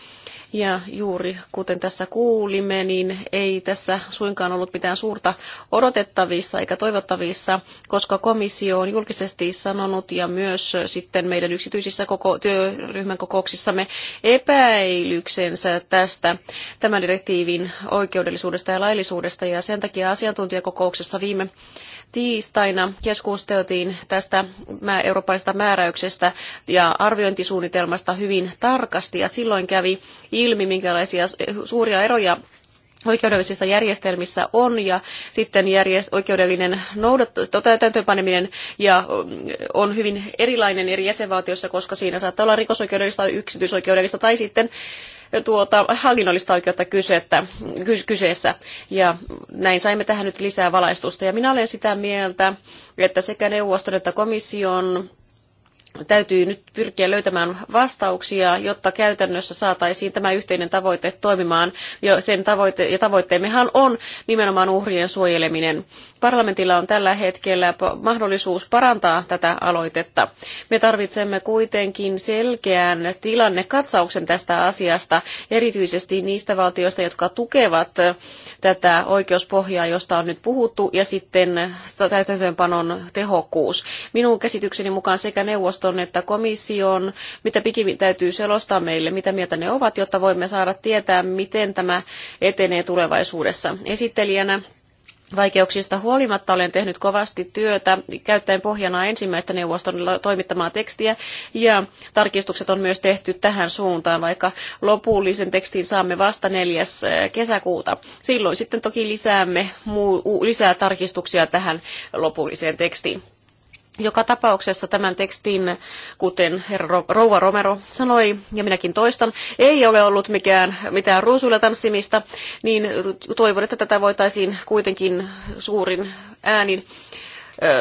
Ja juuri kuten tässä kuulimme, niin ei tässä suinkaan ollut mitään suurta odotettavissa eikä toivottavissa, koska komissio on julkisesti sanonut ja myös sitten meidän yksityisissä koko, työryhmän kokouksissamme epäilyksensä tästä tämän direktiivin oikeudellisuudesta ja laillisuudesta. Ja sen takia asiantuntijakokouksessa viime tiistaina keskusteltiin tästä eurooppalaisesta määräyksestä ja arviointisuunnitelmasta hyvin tarkasti ja silloin kävi ilmi, minkälaisia suuria eroja oikeudellisissa järjestelmissä on ja sitten järjest- oikeudellinen noudattu- tota, täytäntöönpaneminen ja mm, on hyvin erilainen eri jäsenvaltioissa, koska siinä saattaa olla rikosoikeudellista, yksityisoikeudellista tai sitten e, tuota, hallinnollista oikeutta kyseettä, kyseessä. Ja näin saimme tähän nyt lisää valaistusta. Ja minä olen sitä mieltä, että sekä neuvoston että komission täytyy nyt pyrkiä löytämään vastauksia, jotta käytännössä saataisiin tämä yhteinen tavoite toimimaan. Ja, sen tavoite, ja tavoitteemmehan on nimenomaan uhrien suojeleminen. Parlamentilla on tällä hetkellä mahdollisuus parantaa tätä aloitetta. Me tarvitsemme kuitenkin selkeän tilannekatsauksen tästä asiasta, erityisesti niistä valtioista, jotka tukevat tätä oikeuspohjaa, josta on nyt puhuttu, ja sitten täytäntöönpanon tehokkuus. Minun käsitykseni mukaan sekä neuvosto neuvoston että komission, mitä pikimmin täytyy selostaa meille, mitä mieltä ne ovat, jotta voimme saada tietää, miten tämä etenee tulevaisuudessa. Esittelijänä Vaikeuksista huolimatta olen tehnyt kovasti työtä käyttäen pohjana ensimmäistä neuvoston toimittamaa tekstiä ja tarkistukset on myös tehty tähän suuntaan, vaikka lopullisen tekstin saamme vasta 4. Eh, kesäkuuta. Silloin sitten toki lisäämme lisää tarkistuksia tähän lopulliseen tekstiin. Joka tapauksessa tämän tekstin, kuten herra Rouva Romero sanoi, ja minäkin toistan, ei ole ollut mikään, mitään ruusuilla tanssimista, niin toivon, että tätä voitaisiin kuitenkin suurin äänin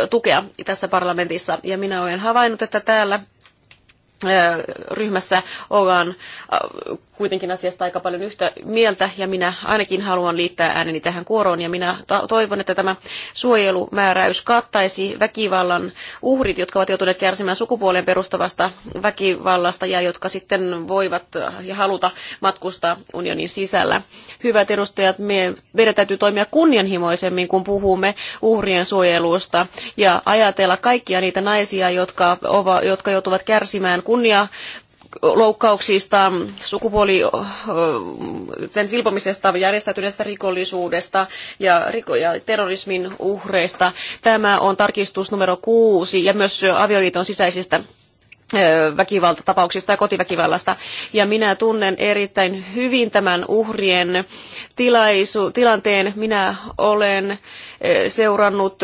tukea tässä parlamentissa. Ja minä olen havainnut, että täällä ryhmässä ollaan kuitenkin asiasta aika paljon yhtä mieltä ja minä ainakin haluan liittää ääneni tähän kuoroon ja minä toivon, että tämä suojelumääräys kattaisi väkivallan uhrit, jotka ovat joutuneet kärsimään sukupuolen perustavasta väkivallasta ja jotka sitten voivat ja haluta matkustaa unionin sisällä. Hyvät edustajat, meidän täytyy toimia kunnianhimoisemmin, kun puhumme uhrien suojelusta ja ajatella kaikkia niitä naisia, jotka, jotka joutuvat kärsimään kunnia loukkauksista, sukupuolten silpomisesta, järjestäytyneestä rikollisuudesta ja, riko- ja terrorismin uhreista. Tämä on tarkistus numero kuusi ja myös avioliiton sisäisistä väkivaltatapauksista ja kotiväkivallasta. Ja minä tunnen erittäin hyvin tämän uhrien tilaisu, tilanteen. Minä olen seurannut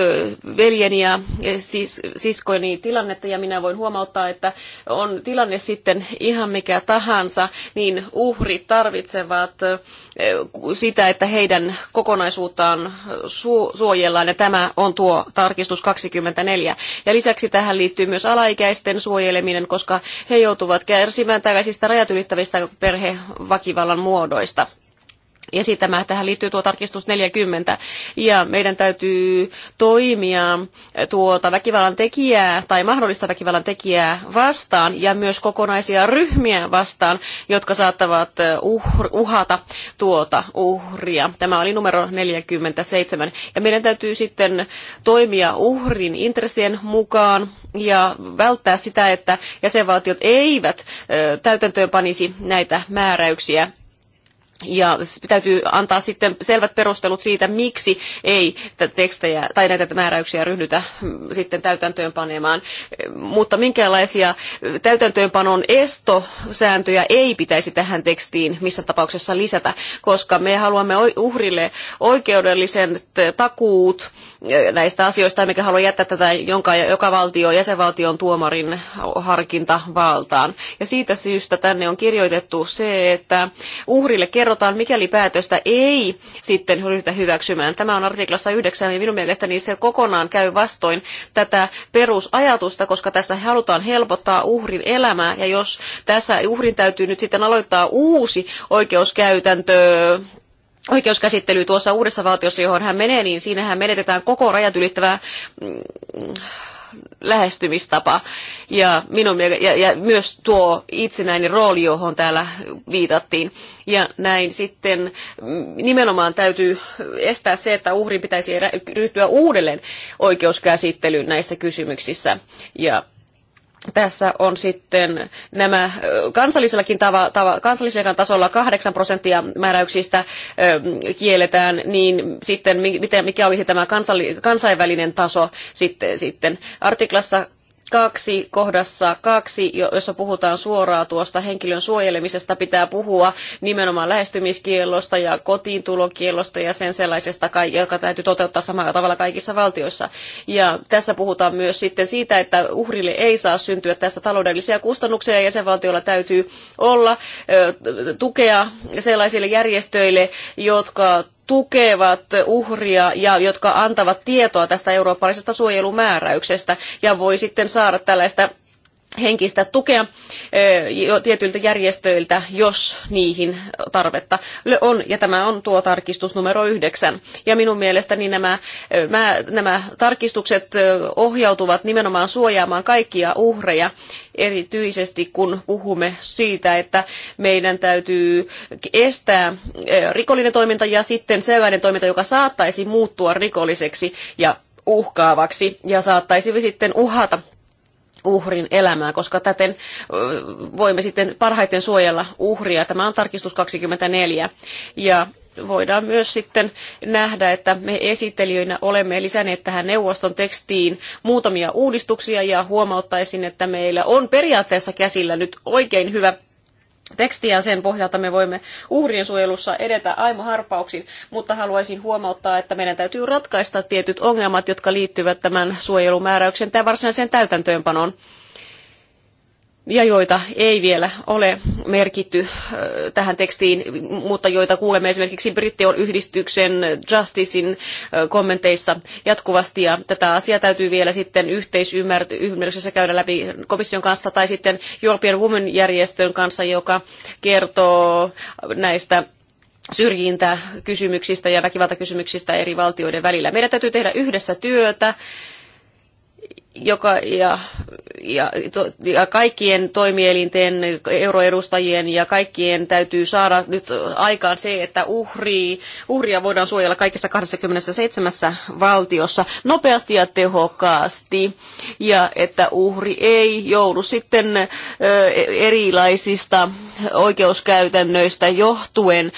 veljeni ja sis, siskoini tilannetta ja minä voin huomauttaa, että on tilanne sitten ihan mikä tahansa, niin uhrit tarvitsevat sitä, että heidän kokonaisuuttaan suojellaan ja tämä on tuo tarkistus 24. Ja lisäksi tähän liittyy myös alaikäisten suojeleminen suhteen, koska he joutuvat kärsimään tällaisista rajat ylittävistä perhevakivallan muodoista. Ja tähän liittyy tuo tarkistus 40. Ja meidän täytyy toimia tuota väkivallan tekijää tai mahdollista väkivallan tekijää vastaan ja myös kokonaisia ryhmiä vastaan, jotka saattavat uhr- uhata tuota uhria. Tämä oli numero 47. Ja meidän täytyy sitten toimia uhrin intressien mukaan ja välttää sitä, että jäsenvaltiot eivät täytäntöön panisi näitä määräyksiä ja täytyy antaa sitten selvät perustelut siitä, miksi ei tekstejä tai näitä määräyksiä ryhdytä mm, sitten täytäntöönpanemaan. Mutta minkälaisia mm, täytäntöönpanon estosääntöjä ei pitäisi tähän tekstiin missä tapauksessa lisätä, koska me haluamme uhrille oikeudelliset takuut mm, näistä asioista, mikä halua jättää tätä jonka, joka valtio, jäsenvaltion tuomarin harkintavaltaan. Ja siitä syystä tänne on kirjoitettu se, että uhrille kerrotaan, kerrotaan, mikäli päätöstä ei sitten ryhdytä hyväksymään. Tämä on artiklassa 9 ja minun mielestäni se kokonaan käy vastoin tätä perusajatusta, koska tässä halutaan helpottaa uhrin elämää ja jos tässä uhrin täytyy nyt sitten aloittaa uusi oikeuskäytäntö oikeuskäsittely tuossa uudessa valtiossa, johon hän menee, niin siinähän menetetään koko rajat ylittävää mm, lähestymistapa ja, minun, ja, ja myös tuo itsenäinen rooli, johon täällä viitattiin. Ja näin sitten mm, nimenomaan täytyy estää se, että uhri pitäisi ryhtyä uudelleen oikeuskäsittelyyn näissä kysymyksissä. Ja tässä on sitten nämä kansallisellakin tava, tava, kansallisella tasolla 8 prosenttia määräyksistä ö, kielletään, niin sitten mikä olisi tämä kansainvälinen taso sitten, sitten. Artiklassa kaksi kohdassa kaksi, jossa puhutaan suoraan tuosta henkilön suojelemisesta, pitää puhua nimenomaan lähestymiskiellosta ja kotiintulokielosta ja sen sellaisesta, joka täytyy toteuttaa samalla tavalla kaikissa valtioissa. Ja tässä puhutaan myös sitten siitä, että uhrille ei saa syntyä tästä taloudellisia kustannuksia ja jäsenvaltiolla täytyy olla tukea sellaisille järjestöille, jotka tukevat uhria ja jotka antavat tietoa tästä eurooppalaisesta suojelumääräyksestä ja voi sitten saada tällaista henkistä tukea tietyiltä järjestöiltä, jos niihin tarvetta on. Ja tämä on tuo tarkistus numero yhdeksän. Ja minun mielestäni nämä, nämä tarkistukset ohjautuvat nimenomaan suojaamaan kaikkia uhreja, erityisesti kun puhumme siitä, että meidän täytyy estää rikollinen toiminta ja sitten sellainen toiminta, joka saattaisi muuttua rikolliseksi ja uhkaavaksi ja saattaisi sitten uhata uhrin elämää, koska täten voimme sitten parhaiten suojella uhria. Tämä on tarkistus 24. Ja voidaan myös sitten nähdä, että me esittelijöinä olemme lisänneet tähän neuvoston tekstiin muutamia uudistuksia ja huomauttaisin, että meillä on periaatteessa käsillä nyt oikein hyvä tekstiä sen pohjalta me voimme uhrien suojelussa edetä harppauksin, mutta haluaisin huomauttaa, että meidän täytyy ratkaista tietyt ongelmat, jotka liittyvät tämän suojelumääräyksen tai varsinaiseen täytäntöönpanoon ja joita ei vielä ole merkitty tähän tekstiin, mutta joita kuulemme esimerkiksi Brittion yhdistyksen Justicein kommenteissa jatkuvasti. Ja tätä asiaa täytyy vielä sitten yhteisymmärryksessä käydä läpi komission kanssa tai sitten European Women-järjestön kanssa, joka kertoo näistä syrjintäkysymyksistä ja väkivaltakysymyksistä eri valtioiden välillä. Meidän täytyy tehdä yhdessä työtä joka, ja, ja, to, ja kaikkien toimielinten, euroedustajien ja kaikkien täytyy saada nyt aikaan se, että uhri, uhria voidaan suojella kaikissa 27 valtiossa nopeasti ja tehokkaasti, ja että uhri ei joudu sitten ö, erilaisista oikeuskäytännöistä johtuen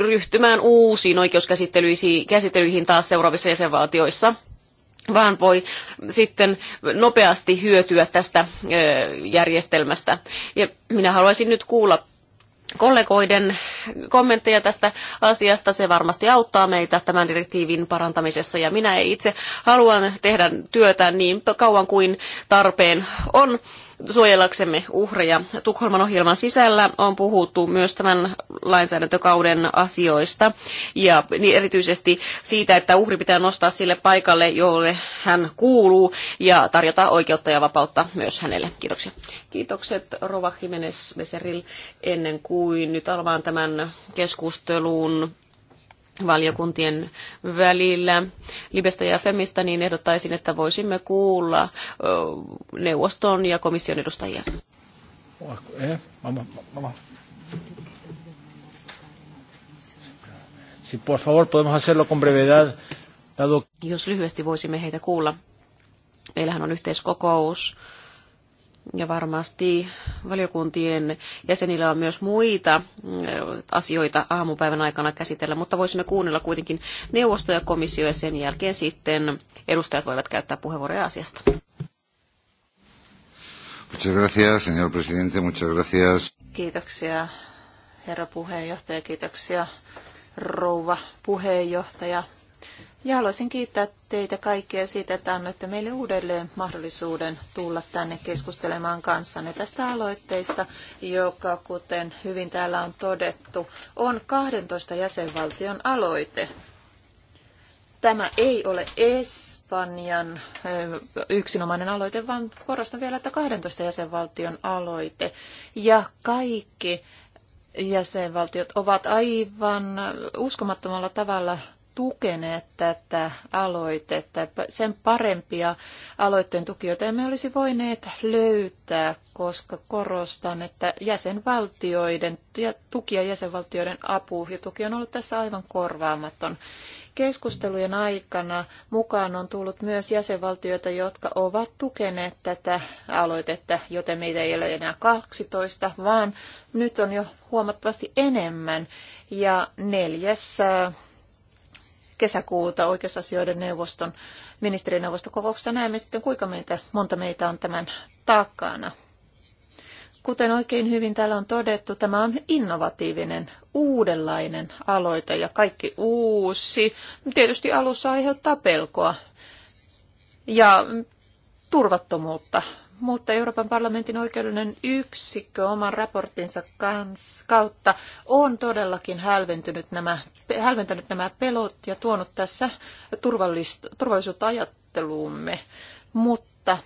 ryhtymään uusiin oikeuskäsittelyihin taas seuraavissa jäsenvaltioissa vaan voi sitten nopeasti hyötyä tästä järjestelmästä. Ja minä haluaisin nyt kuulla kollegoiden kommentteja tästä asiasta. Se varmasti auttaa meitä tämän direktiivin parantamisessa ja minä itse haluan tehdä työtä niin kauan kuin tarpeen on suojellaksemme uhreja. Tukholman ohjelman sisällä on puhuttu myös tämän lainsäädäntökauden asioista ja niin erityisesti siitä, että uhri pitää nostaa sille paikalle, jolle hän kuuluu ja tarjota oikeutta ja vapautta myös hänelle. Kiitoksia. Kiitokset Rova Jimenez Meseril ennen kuin nyt alvaan tämän keskustelun valiokuntien välillä Libestä ja Femistä, niin ehdottaisin, että voisimme kuulla neuvoston ja komission edustajia. Eh, si por favor podemos hacerlo con brevedad, dado... Jos lyhyesti voisimme heitä kuulla. Meillähän on yhteiskokous ja varmasti valiokuntien jäsenillä on myös muita mm, asioita aamupäivän aikana käsitellä, mutta voisimme kuunnella kuitenkin neuvosto ja komissio ja sen jälkeen sitten edustajat voivat käyttää puheenvuoroja asiasta. Muchas gracias, señor presidente. Muchas gracias. Kiitoksia, herra puheenjohtaja. Kiitoksia, rouva puheenjohtaja. Ja haluaisin kiittää teitä kaikkia siitä, että annoitte meille uudelleen mahdollisuuden tulla tänne keskustelemaan kanssanne tästä aloitteesta, joka, kuten hyvin täällä on todettu, on 12 jäsenvaltion aloite. Tämä ei ole Espanjan eh, yksinomainen aloite, vaan korostan vielä, että 12 jäsenvaltion aloite. Ja kaikki jäsenvaltiot ovat aivan uskomattomalla tavalla tukeneet tätä aloitetta, sen parempia aloitteen tukijoita emme olisi voineet löytää, koska korostan, että jäsenvaltioiden ja tuki ja jäsenvaltioiden apu ja tuki on ollut tässä aivan korvaamaton. Keskustelujen aikana mukaan on tullut myös jäsenvaltioita, jotka ovat tukeneet tätä aloitetta, joten meitä ei ole enää 12, vaan nyt on jo huomattavasti enemmän. Ja neljässä äh, kesäkuuta oikeusasioiden neuvoston ministerineuvostokokouksessa näemme sitten, kuinka meitä, monta meitä on tämän takana. Kuten oikein hyvin täällä on todettu, tämä on innovatiivinen, uudenlainen aloite ja kaikki uusi. Tietysti alussa aiheuttaa pelkoa ja turvattomuutta, mutta Euroopan parlamentin oikeudellinen yksikkö oman raporttinsa kans, kautta on todellakin hälventynyt nämä hälventänyt nämä pelot ja tuonut tässä turvallisuutta ajatteluumme, mutta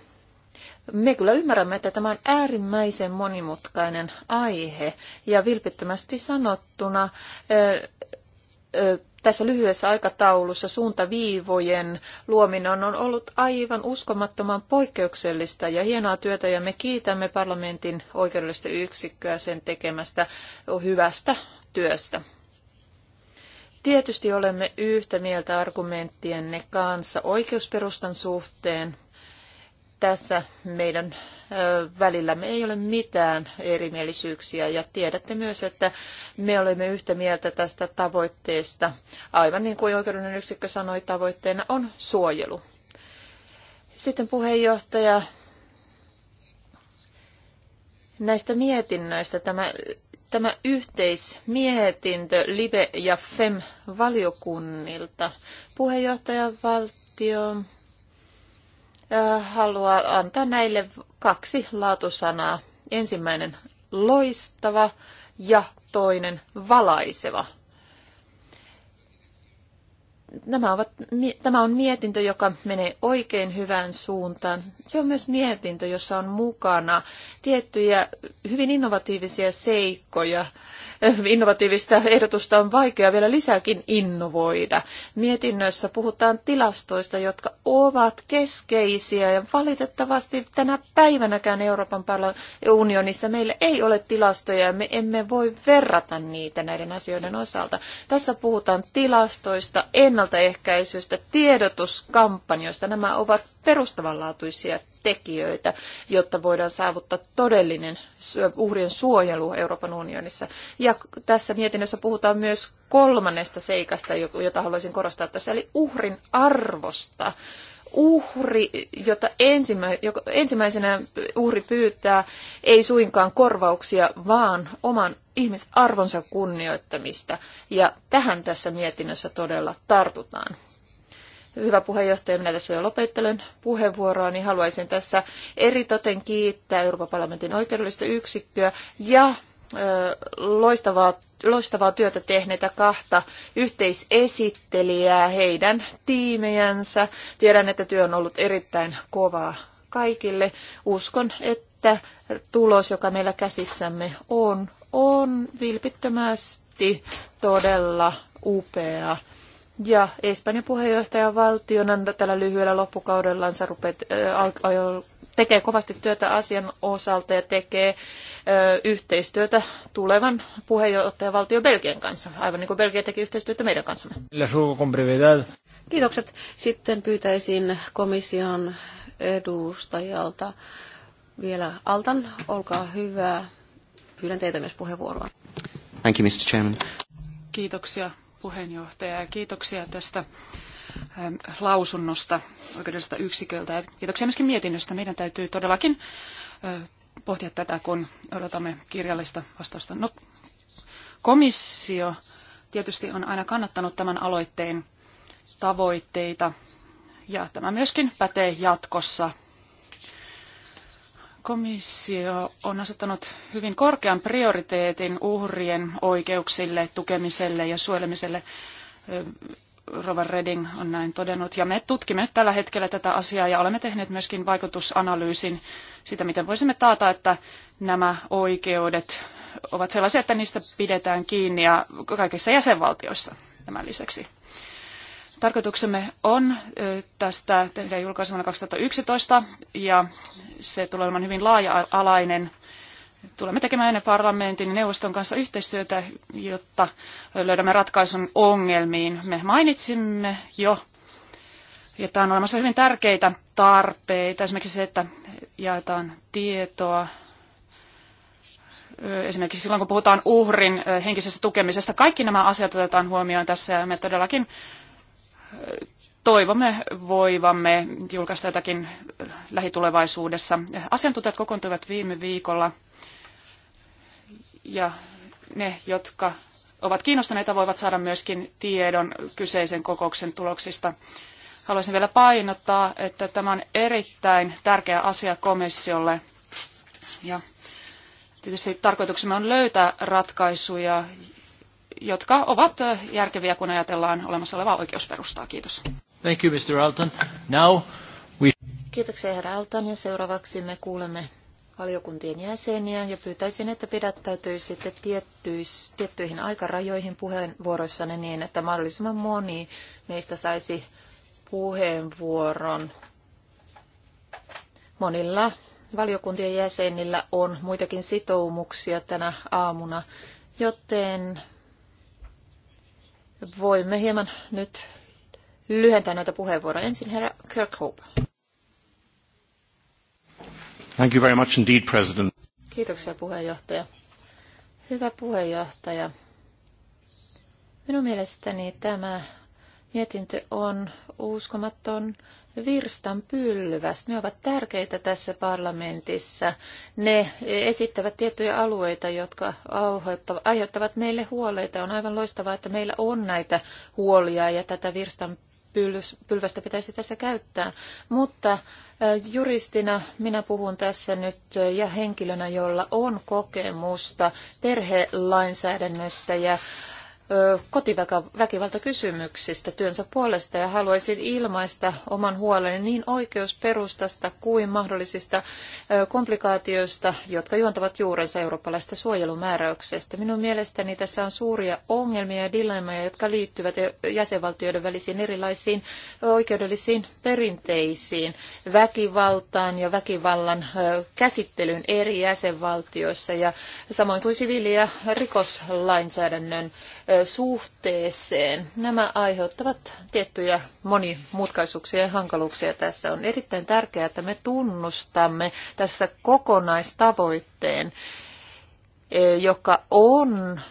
me kyllä ymmärrämme, että tämä on äärimmäisen monimutkainen aihe ja vilpittömästi sanottuna tässä lyhyessä aikataulussa suuntaviivojen luominen on ollut aivan uskomattoman poikkeuksellista ja hienoa työtä ja me kiitämme parlamentin oikeudellista yksikköä sen tekemästä hyvästä työstä. Tietysti olemme yhtä mieltä argumenttienne kanssa oikeusperustan suhteen. Tässä meidän välillämme ei ole mitään erimielisyyksiä ja tiedätte myös, että me olemme yhtä mieltä tästä tavoitteesta. Aivan niin kuin oikeudellinen yksikkö sanoi, tavoitteena on suojelu. Sitten puheenjohtaja näistä mietinnöistä tämä tämä yhteismietintö Libe ja FEM valiokunnilta. valtio äh, haluaa antaa näille kaksi laatusanaa. Ensimmäinen loistava ja toinen valaiseva nämä ovat, tämä on mietintö, joka menee oikein hyvään suuntaan. Se on myös mietintö, jossa on mukana tiettyjä hyvin innovatiivisia seikkoja. Innovatiivista ehdotusta on vaikea vielä lisääkin innovoida. Mietinnössä puhutaan tilastoista, jotka ovat keskeisiä ja valitettavasti tänä päivänäkään Euroopan unionissa meillä ei ole tilastoja ja me emme voi verrata niitä näiden asioiden osalta. Tässä puhutaan tilastoista, ennalta ennaltaehkäisystä, tiedotuskampanjoista. Nämä ovat perustavanlaatuisia tekijöitä, jotta voidaan saavuttaa todellinen uhrien suojelu Euroopan unionissa. Ja tässä mietinnössä puhutaan myös kolmannesta seikasta, jota haluaisin korostaa tässä, eli uhrin arvosta uhri, jota ensimmäisenä uhri pyytää, ei suinkaan korvauksia, vaan oman ihmisarvonsa kunnioittamista. Ja tähän tässä mietinnössä todella tartutaan. Hyvä puheenjohtaja, minä tässä jo lopettelen puheenvuoroa, niin haluaisin tässä eritoten kiittää Euroopan parlamentin oikeudellista yksikköä ja loistavaa, loistavaa työtä tehneitä kahta yhteisesittelijää, heidän tiimejänsä. Tiedän, että työ on ollut erittäin kovaa kaikille. Uskon, että tulos, joka meillä käsissämme on, on vilpittömästi todella upea. Ja Espanjan puheenjohtajavaltiona tällä lyhyellä loppukaudellansa rupet, äh, tekee kovasti työtä asian osalta ja tekee ö, yhteistyötä tulevan puheenjohtajavaltio Belgian kanssa, aivan niin kuin Belgia teki yhteistyötä meidän kanssamme. Kiitokset. Sitten pyytäisin komission edustajalta vielä Altan, olkaa hyvä. Pyydän teitä myös puheenvuoroa. Thank you, Mr. Chairman. Kiitoksia puheenjohtaja ja kiitoksia tästä Ähm, lausunnosta oikeudelliselta yksiköltä. Ja kiitoksia myöskin mietinnöstä. Meidän täytyy todellakin pohtia tätä, kun odotamme kirjallista vastausta. No, komissio tietysti on aina kannattanut tämän aloitteen tavoitteita, ja tämä myöskin pätee jatkossa. Komissio on asettanut hyvin korkean prioriteetin uhrien oikeuksille, tukemiselle ja suojelemiselle Rova Reding on näin todennut. Ja me tutkimme tällä hetkellä tätä asiaa ja olemme tehneet myöskin vaikutusanalyysin siitä, miten voisimme taata, että nämä oikeudet ovat sellaisia, että niistä pidetään kiinni ja kaikissa jäsenvaltioissa tämän lisäksi. Tarkoituksemme on tästä tehdä julkaisu vuonna 2011 ja se tulee olemaan hyvin laaja-alainen tulemme tekemään ennen parlamentin ja neuvoston kanssa yhteistyötä, jotta löydämme ratkaisun ongelmiin. Me mainitsimme jo, ja tämä on olemassa hyvin tärkeitä tarpeita, esimerkiksi se, että jaetaan tietoa esimerkiksi silloin, kun puhutaan uhrin henkisestä tukemisesta. Kaikki nämä asiat otetaan huomioon tässä ja me todellakin toivomme voivamme julkaista jotakin lähitulevaisuudessa. Asiantuntijat kokoontuivat viime viikolla – ja ne, jotka ovat kiinnostuneita, voivat saada myöskin tiedon kyseisen kokouksen tuloksista. Haluaisin vielä painottaa, että tämä on erittäin tärkeä asia komissiolle. Ja tietysti tarkoituksemme on löytää ratkaisuja, jotka ovat järkeviä, kun ajatellaan olemassa olevaa oikeusperustaa. Kiitos. Thank you, Mr. Alton. Now we... Kiitoksia, herra Alton, ja seuraavaksi me kuulemme valiokuntien jäseniä ja pyytäisin, että pidättäytyisitte tiettyihin aikarajoihin puheenvuoroissanne niin, että mahdollisimman moni meistä saisi puheenvuoron. Monilla valiokuntien jäsenillä on muitakin sitoumuksia tänä aamuna, joten voimme hieman nyt lyhentää näitä puheenvuoroja. Ensin herra Kirkhope. Thank you very much indeed, President. Kiitoksia puheenjohtaja. Hyvä puheenjohtaja. Minun mielestäni tämä mietintö on uskomaton virstan pylväs. Ne ovat tärkeitä tässä parlamentissa. Ne esittävät tiettyjä alueita, jotka aiheuttavat meille huoleita. On aivan loistavaa, että meillä on näitä huolia ja tätä virstan pylvästä pitäisi tässä käyttää. Mutta juristina minä puhun tässä nyt ja henkilönä, jolla on kokemusta perhelainsäädännöstä ja kotiväkivaltakysymyksistä työnsä puolesta ja haluaisin ilmaista oman huoleni niin oikeusperustasta kuin mahdollisista komplikaatioista, jotka juontavat juurensa eurooppalaisesta suojelumääräyksestä. Minun mielestäni tässä on suuria ongelmia ja dilemmoja, jotka liittyvät e, jäsenvaltioiden välisiin erilaisiin oikeudellisiin perinteisiin, väkivaltaan ja väkivallan käsittelyyn eri jäsenvaltioissa ja samoin kuin siviili- ja rikoslainsäädännön suhteeseen. Nämä aiheuttavat tiettyjä monimutkaisuuksia ja hankaluuksia tässä. On erittäin tärkeää, että me tunnustamme tässä kokonaistavoitteen, joka on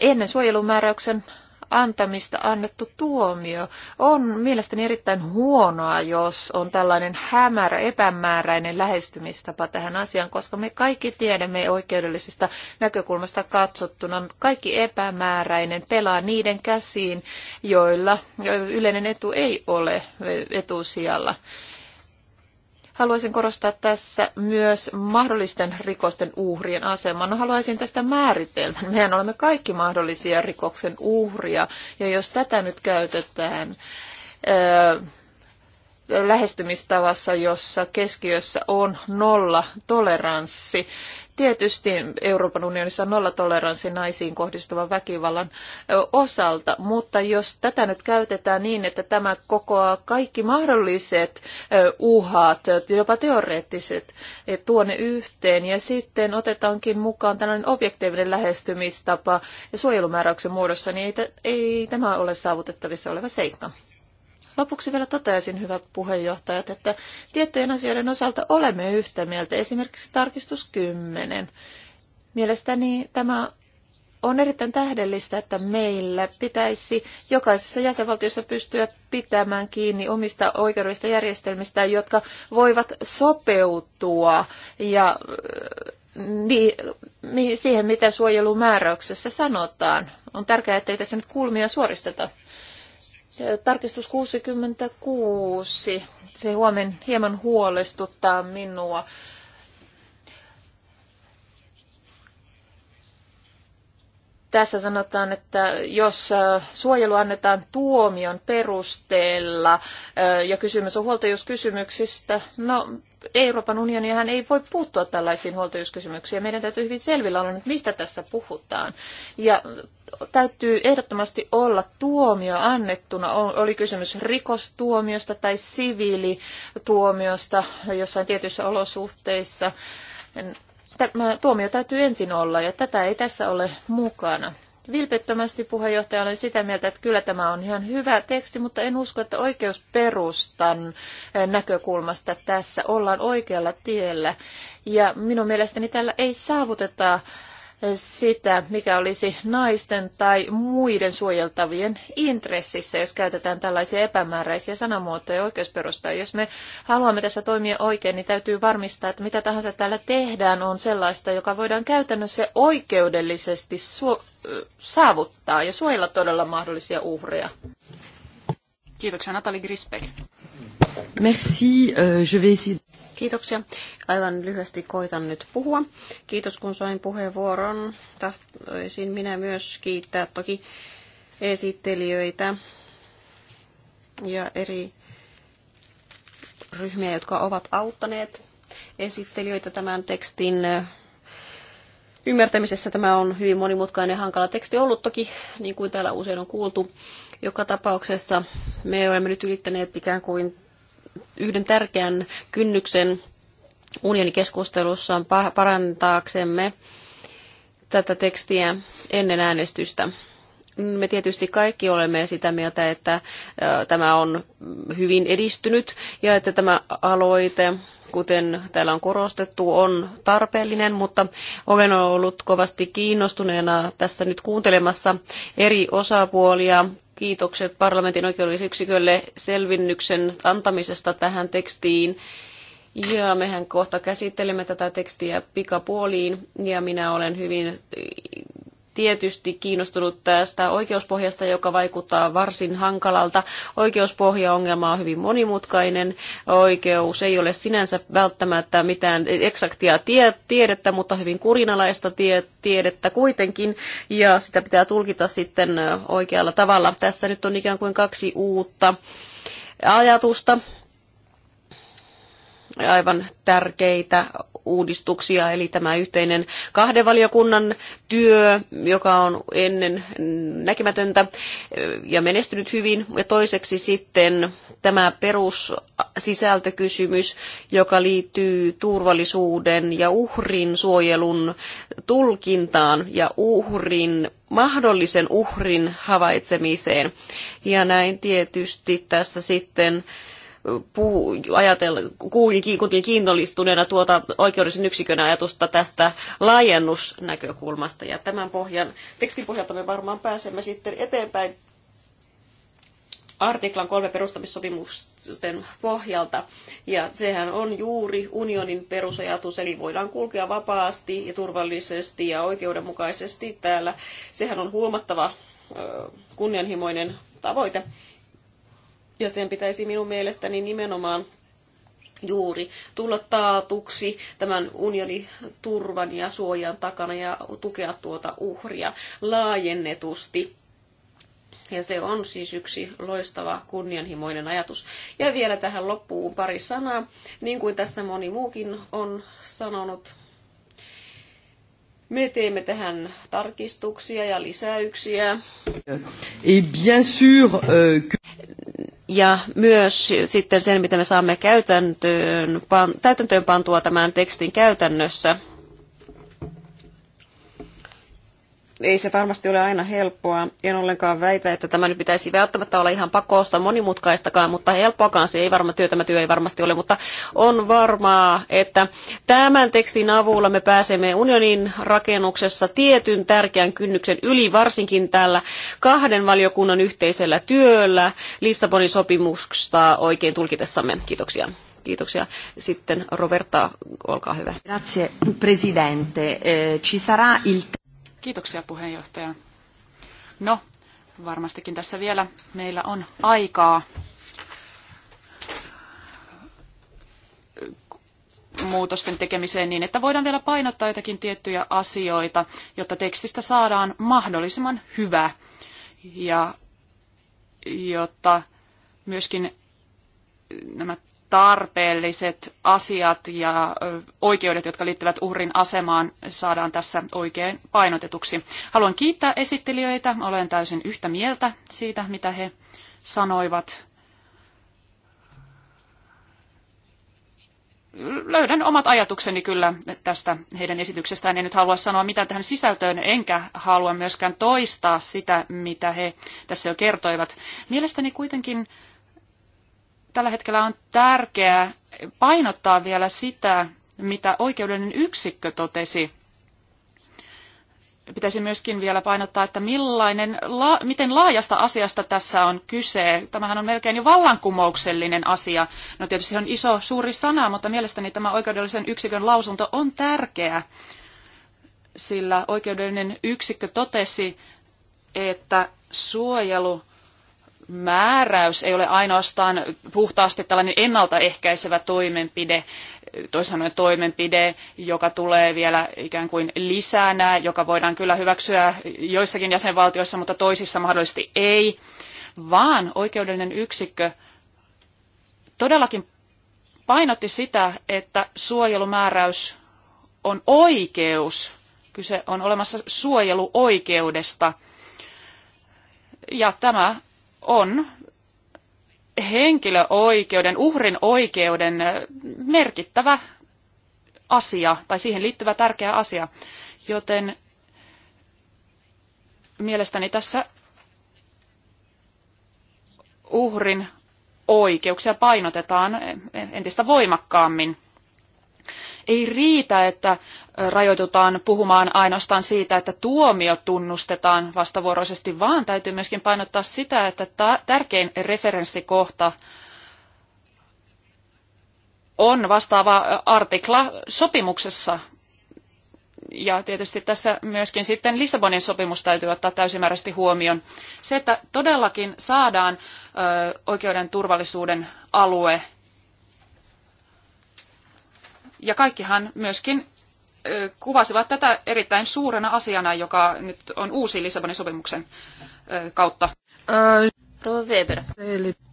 ennen suojelumääräyksen antamista annettu tuomio. On mielestäni erittäin huonoa, jos on tällainen hämärä, epämääräinen lähestymistapa tähän asiaan, koska me kaikki tiedämme oikeudellisesta näkökulmasta katsottuna, kaikki epämääräinen pelaa niiden käsiin, joilla yleinen etu ei ole etusijalla haluaisin korostaa tässä myös mahdollisten rikosten uhrien asemaa. No haluaisin tästä määritelmän. Mehän olemme kaikki mahdollisia rikoksen uhria, ja jos tätä nyt käytetään lähestymistavassa, jossa keskiössä on nolla toleranssi, Tietysti Euroopan unionissa on nollatoleranssi naisiin kohdistuvan väkivallan osalta, mutta jos tätä nyt käytetään niin, että tämä kokoaa kaikki mahdolliset uhat, jopa teoreettiset, e, tuonne yhteen ja sitten otetaankin mukaan tällainen objektiivinen lähestymistapa ja suojelumääräyksen muodossa, niin ei, ei tämä ole saavutettavissa oleva seikka. Lopuksi vielä toteaisin, hyvät puheenjohtajat, että tiettyjen asioiden osalta olemme yhtä mieltä, esimerkiksi tarkistus 10. Mielestäni tämä on erittäin tähdellistä, että meillä pitäisi jokaisessa jäsenvaltiossa pystyä pitämään kiinni omista oikeudellisista järjestelmistä, jotka voivat sopeutua ja niin, siihen, mitä suojelumääräyksessä sanotaan. On tärkeää, ettei tässä nyt kulmia suoristeta. Tarkistus 66. Se huomen hieman huolestuttaa minua. Tässä sanotaan, että jos äh, suojelu annetaan tuomion perusteella äh, ja kysymys on huoltajuuskysymyksistä, no Euroopan unionihan ei voi puuttua tällaisiin huoltajuuskysymyksiin. Meidän täytyy hyvin selvillä olla, että mistä tässä puhutaan. Ja täytyy ehdottomasti olla tuomio annettuna, oli kysymys rikostuomiosta tai siviilituomiosta jossain tietyissä olosuhteissa. Tämä tuomio täytyy ensin olla ja tätä ei tässä ole mukana. Vilpettömästi puheenjohtaja olen sitä mieltä, että kyllä tämä on ihan hyvä teksti, mutta en usko, että oikeusperustan eh, näkökulmasta tässä ollaan oikealla tiellä. Ja minun mielestäni tällä ei saavuteta äh, sitä, mikä olisi naisten tai muiden suojeltavien intressissä, jos käytetään tällaisia epämääräisiä sanamuotoja oikeusperustaa. Jos me haluamme tässä toimia oikein, niin täytyy varmistaa, että mitä tahansa täällä tehdään on sellaista, joka voidaan käytännössä oikeudellisesti saavuttaa ja suojella todella mahdollisia uhreja. Kiitoksia Natali Grisbeck. Merci, euh, je vais essayer... Kiitoksia. Aivan lyhyesti koitan nyt puhua. Kiitos kun sain puheenvuoron. Tahtoisin minä myös kiittää toki esittelijöitä ja eri ryhmiä, jotka ovat auttaneet esittelijöitä tämän tekstin ymmärtämisessä. Tämä on hyvin monimutkainen hankala teksti ollut toki, niin kuin täällä usein on kuultu. Joka tapauksessa me olemme nyt ylittäneet ikään kuin yhden tärkeän kynnyksen unionikeskustelussa parantaaksemme tätä tekstiä ennen äänestystä. Me tietysti kaikki olemme sitä mieltä, että tämä on hyvin edistynyt ja että tämä aloite, kuten täällä on korostettu, on tarpeellinen, mutta olen ollut kovasti kiinnostuneena tässä nyt kuuntelemassa eri osapuolia Kiitokset parlamentin oikeudellisyksikölle selvinnyksen antamisesta tähän tekstiin. Ja mehän kohta käsittelemme tätä tekstiä pikapuoliin ja minä olen hyvin tietysti kiinnostunut tästä oikeuspohjasta, joka vaikuttaa varsin hankalalta. Oikeuspohjaongelma on hyvin monimutkainen. Oikeus ei ole sinänsä välttämättä mitään eksaktia tie- tiedettä, mutta hyvin kurinalaista tie- tiedettä kuitenkin, ja sitä pitää tulkita sitten oikealla tavalla. Tässä nyt on ikään kuin kaksi uutta ajatusta aivan tärkeitä uudistuksia, eli tämä yhteinen kahden valiokunnan työ, joka on ennen näkemätöntä ja menestynyt hyvin. Ja toiseksi sitten tämä perussisältökysymys, joka liittyy turvallisuuden ja uhrin suojelun tulkintaan ja uhrin mahdollisen uhrin havaitsemiseen. Ja näin tietysti tässä sitten puhu, ajatella, kuitenkin kiinnostuneena tuota oikeudellisen yksikön ajatusta tästä laajennusnäkökulmasta. Ja tämän pohjan, tekstin pohjalta me varmaan pääsemme sitten eteenpäin artiklan kolme perustamissopimusten pohjalta. Ja sehän on juuri unionin perusajatus, eli voidaan kulkea vapaasti ja turvallisesti ja oikeudenmukaisesti täällä. Sehän on huomattava kunnianhimoinen tavoite ja sen pitäisi minun mielestäni nimenomaan juuri tulla taatuksi tämän unionin turvan ja suojan takana ja tukea tuota uhria laajennetusti. Ja se on siis yksi loistava kunnianhimoinen ajatus. Ja vielä tähän loppuun pari sanaa. Niin kuin tässä moni muukin on sanonut, me teemme tähän tarkistuksia ja lisäyksiä. Et bien sûr, euh ja myös sitten sen, mitä me saamme käytäntöön, pan, täytäntöön pantua tämän tekstin käytännössä – ei se varmasti ole aina helppoa. En ollenkaan väitä, että tämä nyt pitäisi välttämättä olla ihan pakosta monimutkaistakaan, mutta helppoakaan se ei varma työ, tämä työ ei varmasti ole, mutta on varmaa, että tämän tekstin avulla me pääsemme unionin rakennuksessa tietyn tärkeän kynnyksen yli, varsinkin tällä kahden valiokunnan yhteisellä työllä Lissabonin sopimuksesta oikein tulkitessamme. Kiitoksia. Kiitoksia. Sitten Roberta, olkaa hyvä. Grazie, Presidente. Eh, ci sarà il... Kiitoksia puheenjohtaja. No, varmastikin tässä vielä meillä on aikaa. muutosten tekemiseen niin, että voidaan vielä painottaa jotakin tiettyjä asioita, jotta tekstistä saadaan mahdollisimman hyvä ja jotta myöskin nämä tarpeelliset asiat ja oikeudet, jotka liittyvät uhrin asemaan, saadaan tässä oikein painotetuksi. Haluan kiittää esittelijöitä. Olen täysin yhtä mieltä siitä, mitä he sanoivat. Löydän omat ajatukseni kyllä tästä heidän esityksestään. En nyt halua sanoa mitään tähän sisältöön, enkä halua myöskään toistaa sitä, mitä he tässä jo kertoivat. Mielestäni kuitenkin tällä hetkellä on tärkeää painottaa vielä sitä, mitä oikeudellinen yksikkö totesi. Pitäisi myöskin vielä painottaa, että millainen, la, miten laajasta asiasta tässä on kyse. Tämähän on melkein jo vallankumouksellinen asia. No tietysti se on iso, suuri sana, mutta mielestäni tämä oikeudellisen yksikön lausunto on tärkeä, sillä oikeudellinen yksikkö totesi, että suojelu määräys ei ole ainoastaan puhtaasti tällainen ennaltaehkäisevä toimenpide, toisin sanoen toimenpide, joka tulee vielä ikään kuin lisänä, joka voidaan kyllä hyväksyä joissakin jäsenvaltioissa, mutta toisissa mahdollisesti ei, vaan oikeudellinen yksikkö todellakin painotti sitä, että suojelumääräys on oikeus. Kyse on olemassa suojeluoikeudesta. Ja tämä on henkilöoikeuden, uhrin oikeuden merkittävä asia tai siihen liittyvä tärkeä asia. Joten mielestäni tässä uhrin oikeuksia painotetaan entistä voimakkaammin. Ei riitä, että rajoitutaan puhumaan ainoastaan siitä, että tuomio tunnustetaan vastavuoroisesti, vaan täytyy myöskin painottaa sitä, että tärkein referenssikohta on vastaava artikla sopimuksessa. Ja tietysti tässä myöskin sitten Lissabonin sopimus täytyy ottaa täysimääräisesti huomioon. Se, että todellakin saadaan oikeuden turvallisuuden alue ja kaikkihan myöskin kuvasivat tätä erittäin suurena asiana, joka nyt on uusi Lissabonin sopimuksen kautta. Rova Weber.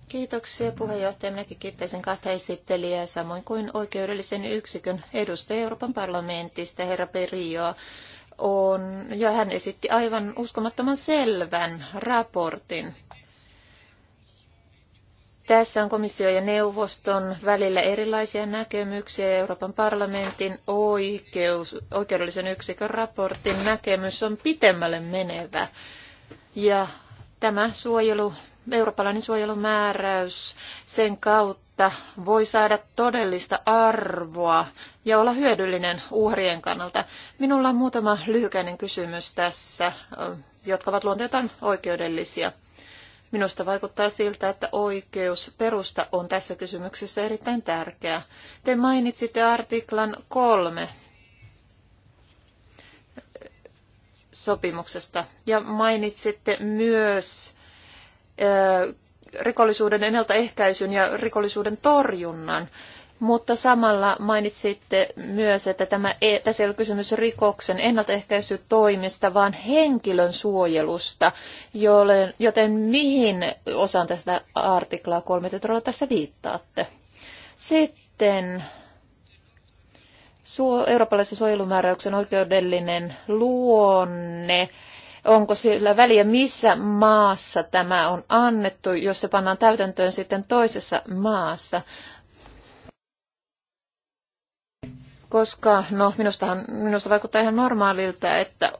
Kiitoksia puheenjohtaja. Minäkin kiittäisin kahta esittelijää, samoin kuin oikeudellisen yksikön edustaja Euroopan parlamentista, herra Perio. On, ja hän esitti aivan uskomattoman selvän raportin. Tässä on komissio ja neuvoston välillä erilaisia näkemyksiä. Euroopan parlamentin oikeus, oikeudellisen yksikön raportin näkemys on pitemmälle menevä. Ja tämä suojelu, eurooppalainen suojelumääräys, sen kautta voi saada todellista arvoa ja olla hyödyllinen uhrien kannalta. Minulla on muutama lyhykäinen kysymys tässä, jotka ovat luonteeltaan oikeudellisia. Minusta vaikuttaa siltä, että oikeus perusta on tässä kysymyksessä erittäin tärkeä. Te mainitsitte artiklan kolme sopimuksesta ja mainitsitte myös rikollisuuden ennaltaehkäisyn ja rikollisuuden torjunnan. Mutta samalla mainitsitte myös, että tämä e-, tässä ei ole kysymys rikoksen ennaltaehkäisytoimista, vaan henkilön suojelusta, jolle, joten mihin osaan tästä artiklaa 13 tässä viittaatte? Sitten suo, eurooppalaisen suojelumääräyksen oikeudellinen luonne onko sillä väliä, missä maassa tämä on annettu, jos se pannaan täytäntöön sitten toisessa maassa. koska no, minustahan, minusta vaikuttaa ihan normaalilta, että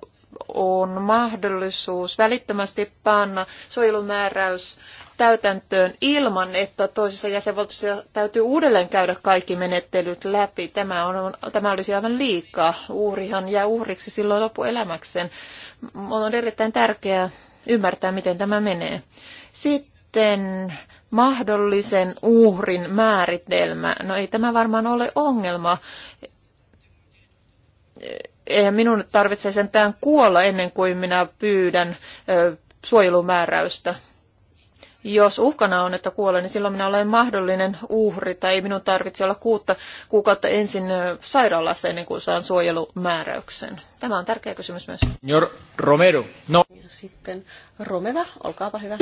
on mahdollisuus välittömästi panna suojelumääräys täytäntöön ilman, että toisessa jäsenvaltiossa täytyy uudelleen käydä kaikki menettelyt läpi. Tämä, on, tämä olisi aivan liikaa. Uurihan ja uhriksi silloin lopuelämäksen. On erittäin tärkeää ymmärtää, miten tämä menee. Sitten mahdollisen uhrin määritelmä. No ei tämä varmaan ole ongelma eihän minun tarvitse sentään kuolla ennen kuin minä pyydän suojelumääräystä. Jos uhkana on, että kuolen, niin silloin minä olen mahdollinen uhri tai ei minun tarvitse olla kuutta kuukautta ensin sairaalassa ennen kuin saan suojelumääräyksen. Tämä on tärkeä kysymys myös. Senor Romero. No. Ja sitten Romeva, olkaapa hyvä.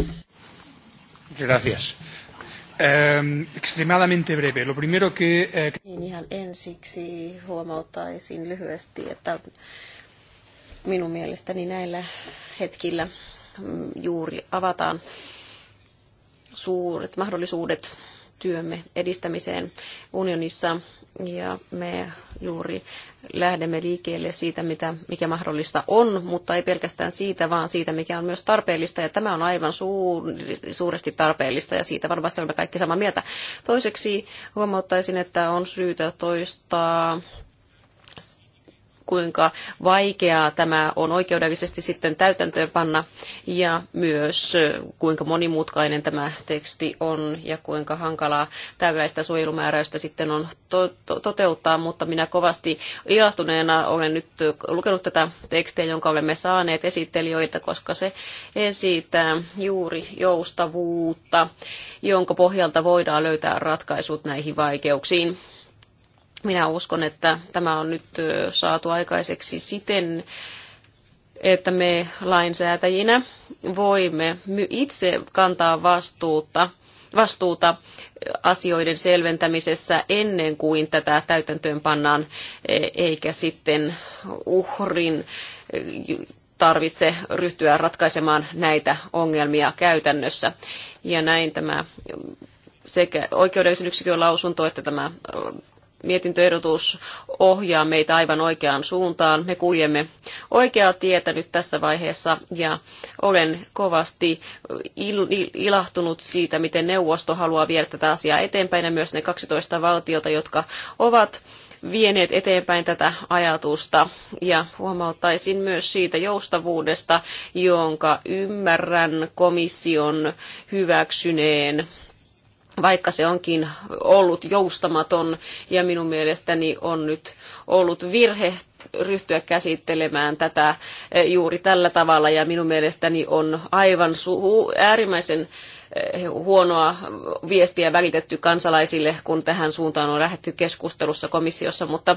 Gracias. Eh, extremadamente breve. Lo primero que... Eh... Niin ihan ensiksi huomauttaisin lyhyesti, että minun mielestäni näillä hetkillä mm, juuri avataan suuret mahdollisuudet työmme edistämiseen unionissa ja me juuri lähdemme liikkeelle siitä, mitä, mikä mahdollista on, mutta ei pelkästään siitä, vaan siitä, mikä on myös tarpeellista. Ja tämä on aivan suuresti tarpeellista ja siitä varmasti olemme kaikki samaa mieltä. Toiseksi huomauttaisin, että on syytä toistaa kuinka vaikeaa tämä on oikeudellisesti sitten täytäntöönpanna ja myös kuinka monimutkainen tämä teksti on ja kuinka hankalaa tällaista suojelumääräystä sitten on to- to- toteuttaa, mutta minä kovasti ilahtuneena olen nyt lukenut tätä tekstiä, jonka olemme saaneet esittelijöiltä, koska se esittää juuri joustavuutta, jonka pohjalta voidaan löytää ratkaisut näihin vaikeuksiin. Minä uskon, että tämä on nyt saatu aikaiseksi siten, että me lainsäätäjinä voimme itse kantaa vastuuta, vastuuta asioiden selventämisessä ennen kuin tätä täytäntöön pannaan, e, eikä sitten uhrin tarvitse ryhtyä ratkaisemaan näitä ongelmia käytännössä. Ja näin tämä sekä oikeudellisen yksikön lausunto että tämä mietintöehdotus ohjaa meitä aivan oikeaan suuntaan. Me kuljemme oikeaa tietä nyt tässä vaiheessa ja olen kovasti ilahtunut siitä, miten neuvosto haluaa viedä tätä asiaa eteenpäin ja myös ne 12 valtiota, jotka ovat vieneet eteenpäin tätä ajatusta ja huomauttaisin myös siitä joustavuudesta, jonka ymmärrän komission hyväksyneen vaikka se onkin ollut joustamaton ja minun mielestäni on nyt ollut virhe ryhtyä käsittelemään tätä eh, juuri tällä tavalla ja minun mielestäni on aivan äärimmäisen Eh, huonoa viestiä välitetty kansalaisille, kun tähän suuntaan on lähdetty keskustelussa komissiossa, mutta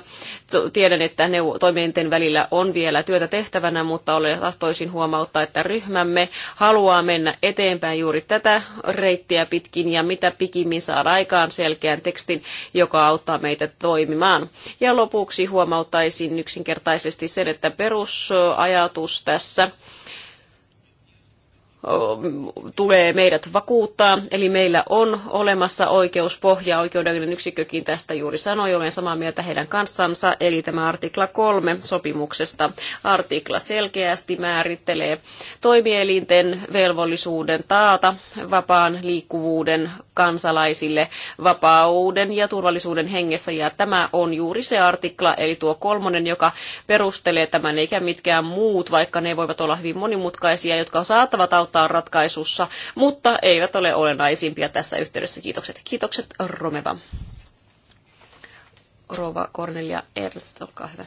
tiedän, että ne toimijoiden välillä on vielä työtä tehtävänä, mutta olen tahtoisin huomauttaa, että ryhmämme haluaa mennä eteenpäin juuri tätä reittiä pitkin ja mitä pikimmin saada aikaan selkeän tekstin, joka auttaa meitä toimimaan. Ja lopuksi huomauttaisin yksinkertaisesti sen, että perusajatus tässä tulee meidät vakuuttaa. Eli meillä on olemassa oikeuspohja. Oikeudellinen yksikkökin tästä juuri sanoi. Olen samaa mieltä heidän kanssansa. Eli tämä artikla 3 sopimuksesta. Artikla selkeästi määrittelee toimielinten velvollisuuden taata vapaan liikkuvuuden kansalaisille vapauden ja turvallisuuden hengessä. Ja tämä on juuri se artikla, eli tuo kolmonen, joka perustelee tämän eikä mitkään muut, vaikka ne voivat olla hyvin monimutkaisia, jotka saattavat auttaa osaltaan ratkaisussa, mutta eivät ole olennaisimpia tässä yhteydessä. Kiitokset. Kiitokset Romeva. Rova Cornelia Ernst, olkaa hyvä.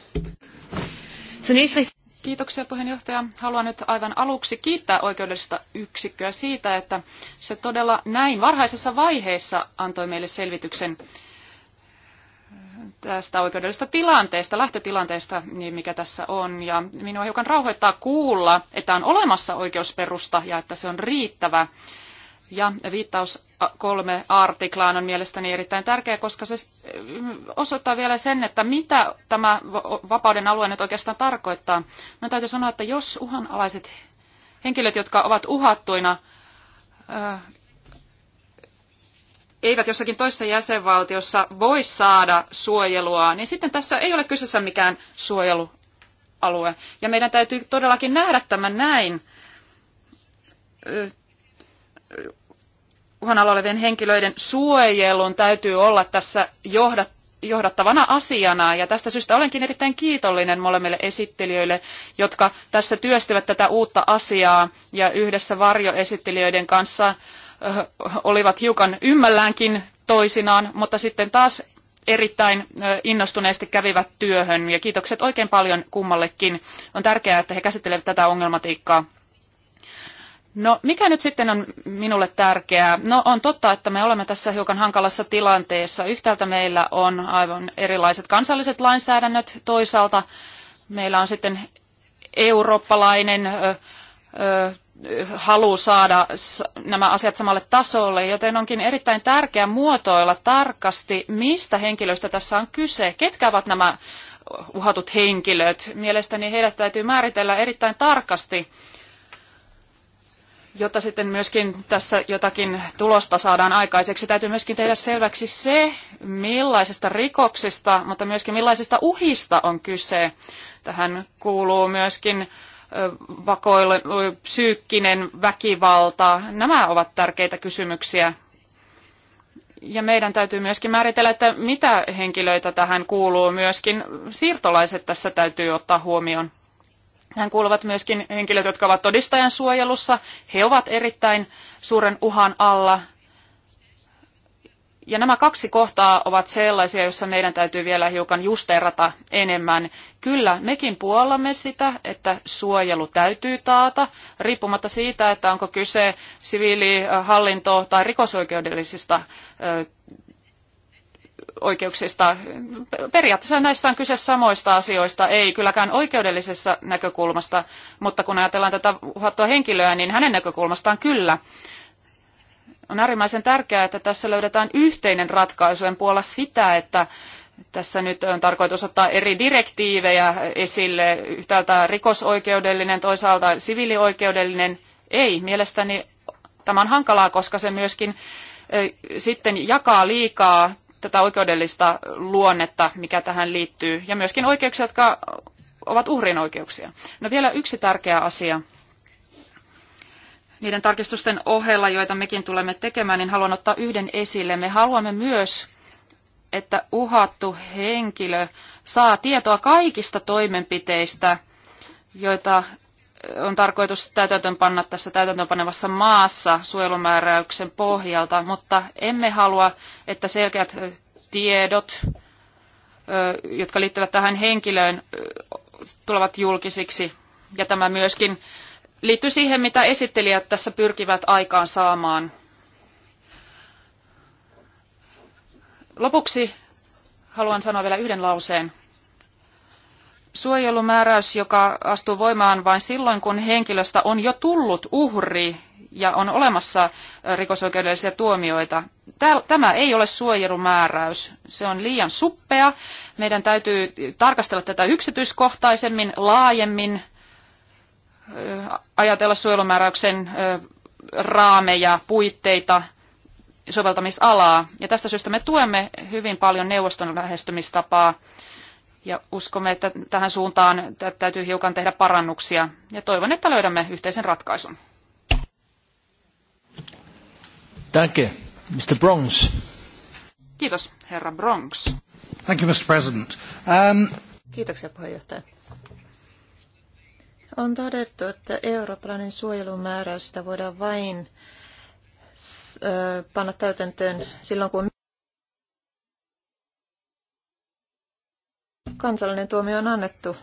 Kiitoksia puheenjohtaja. Haluan nyt aivan aluksi kiittää oikeudellista yksikköä siitä, että se todella näin varhaisessa vaiheessa antoi meille selvityksen tästä oikeudellisesta tilanteesta, lähtötilanteesta, niin mikä tässä on. Ja minua hiukan rauhoittaa kuulla, että on olemassa oikeusperusta ja että se on riittävä. Ja viittaus kolme artiklaan on mielestäni erittäin tärkeä, koska se osoittaa vielä sen, että mitä tämä vapauden alue nyt oikeastaan tarkoittaa. No täytyy sanoa, että jos uhanalaiset henkilöt, jotka ovat uhattuina, eivät jossakin toisessa jäsenvaltiossa voi saada suojelua, niin sitten tässä ei ole kyseessä mikään suojelualue. Ja meidän täytyy todellakin nähdä tämä näin uhanalla olevien henkilöiden suojelun täytyy olla tässä johdat, johdattavana asiana. Ja tästä syystä olenkin erittäin kiitollinen molemmille esittelijöille, jotka tässä työstivät tätä uutta asiaa ja yhdessä varjoesittelijöiden kanssa olivat hiukan ymmälläänkin toisinaan, mutta sitten taas erittäin innostuneesti kävivät työhön. Ja kiitokset oikein paljon kummallekin. On tärkeää, että he käsittelevät tätä ongelmatiikkaa. No, mikä nyt sitten on minulle tärkeää? No, on totta, että me olemme tässä hiukan hankalassa tilanteessa. Yhtäältä meillä on aivan erilaiset kansalliset lainsäädännöt, toisaalta meillä on sitten eurooppalainen ö, ö, halu saada nämä asiat samalle tasolle, joten onkin erittäin tärkeää muotoilla tarkasti, mistä henkilöistä tässä on kyse, ketkä ovat nämä uhatut henkilöt. Mielestäni heidät täytyy määritellä erittäin tarkasti, jotta sitten myöskin tässä jotakin tulosta saadaan aikaiseksi. Täytyy myöskin tehdä selväksi se, millaisesta rikoksista, mutta myöskin millaisista uhista on kyse. Tähän kuuluu myöskin vakoilu, psyykkinen väkivalta. Nämä ovat tärkeitä kysymyksiä. Ja meidän täytyy myöskin määritellä, että mitä henkilöitä tähän kuuluu. Myöskin siirtolaiset tässä täytyy ottaa huomioon. Hän kuuluvat myöskin henkilöt, jotka ovat todistajan suojelussa. He ovat erittäin suuren uhan alla. Ja nämä kaksi kohtaa ovat sellaisia, joissa meidän täytyy vielä hiukan justerata enemmän. Kyllä, mekin puollamme sitä, että suojelu täytyy taata, riippumatta siitä, että onko kyse siviilihallinto- tai rikosoikeudellisista oikeuksista. Periaatteessa näissä on kyse samoista asioista, ei kylläkään oikeudellisessa näkökulmasta, mutta kun ajatellaan tätä uhattua henkilöä, niin hänen näkökulmastaan kyllä on äärimmäisen tärkeää, että tässä löydetään yhteinen ratkaisu. En puolla sitä, että tässä nyt on tarkoitus ottaa eri direktiivejä esille, yhtäältä rikosoikeudellinen, toisaalta siviilioikeudellinen. Ei, mielestäni tämä on hankalaa, koska se myöskin sitten jakaa liikaa tätä oikeudellista luonnetta, mikä tähän liittyy, ja myöskin oikeuksia, jotka ovat uhrin oikeuksia. No vielä yksi tärkeä asia niiden tarkistusten ohella, joita mekin tulemme tekemään, niin haluan ottaa yhden esille. Me haluamme myös, että uhattu henkilö saa tietoa kaikista toimenpiteistä, joita on tarkoitus täytäntöönpanna tässä täytäntöönpanevassa maassa suojelumääräyksen pohjalta, mutta emme halua, että selkeät tiedot, jotka liittyvät tähän henkilöön, tulevat julkisiksi. Ja tämä myöskin liittyy siihen, mitä esittelijät tässä pyrkivät aikaan saamaan. Lopuksi haluan sanoa vielä yhden lauseen. Suojelumääräys, joka astuu voimaan vain silloin, kun henkilöstä on jo tullut uhri ja on olemassa rikosoikeudellisia tuomioita. Tämä ei ole suojelumääräys. Se on liian suppea. Meidän täytyy tarkastella tätä yksityiskohtaisemmin, laajemmin ajatella suojelumääräyksen raameja, puitteita, soveltamisalaa. Ja tästä syystä me tuemme hyvin paljon neuvoston lähestymistapaa ja uskomme, että tähän suuntaan täytyy hiukan tehdä parannuksia. Ja toivon, että löydämme yhteisen ratkaisun. Danke, Mr. Bronx. Kiitos, herra Bronx. Thank you, Mr. President. Um... Kiitoksia, puheenjohtaja. On todettu, että eurooppalainen suojelumääräystä voidaan vain panna täytäntöön silloin, kun kansallinen tuomio on annettu.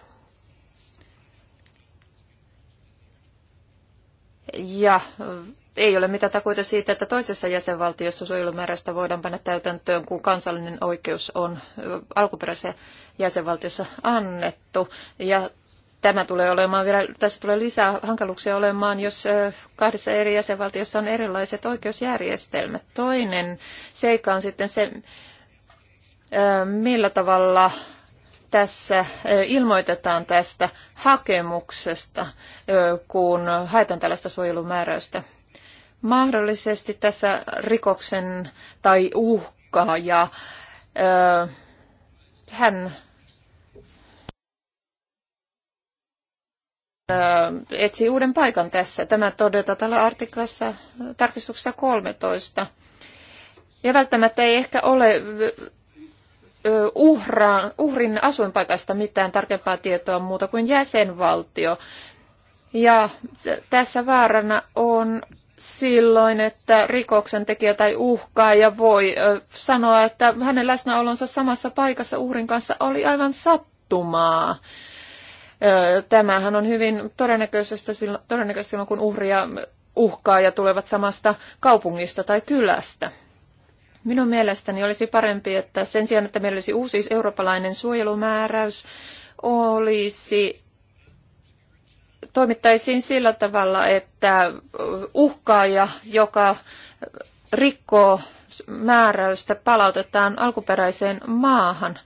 Ja ei ole mitään takuita siitä, että toisessa jäsenvaltiossa suojelumääräystä voidaan panna täytäntöön, kun kansallinen oikeus on alkuperäisessä jäsenvaltiossa annettu. Ja tämä tulee olemaan vielä, tässä tulee lisää hankaluuksia olemaan, jos kahdessa eri jäsenvaltiossa on erilaiset oikeusjärjestelmät. Toinen seikka on sitten se, millä tavalla tässä ilmoitetaan tästä hakemuksesta, kun haetaan tällaista suojelumääräystä. Mahdollisesti tässä rikoksen tai uhkaa ja hän etsii uuden paikan tässä. Tämä todetaan tällä artiklassa tarkistuksessa 13. Ja välttämättä ei ehkä ole uhra uhrin asuinpaikasta mitään tarkempaa tietoa muuta kuin jäsenvaltio. Ja tässä vaarana on silloin, että rikoksen tekijä tai uhkaa ja voi sanoa, että hänen läsnäolonsa samassa paikassa uhrin kanssa oli aivan sattumaa. Tämähän on hyvin todennäköisesti silloin, todennäköistä silloin, kun uhria uhkaa ja tulevat samasta kaupungista tai kylästä. Minun mielestäni olisi parempi, että sen sijaan, että meillä olisi uusi eurooppalainen suojelumääräys, olisi toimittaisiin sillä tavalla, että uhkaaja, joka rikkoo määräystä, palautetaan alkuperäiseen maahan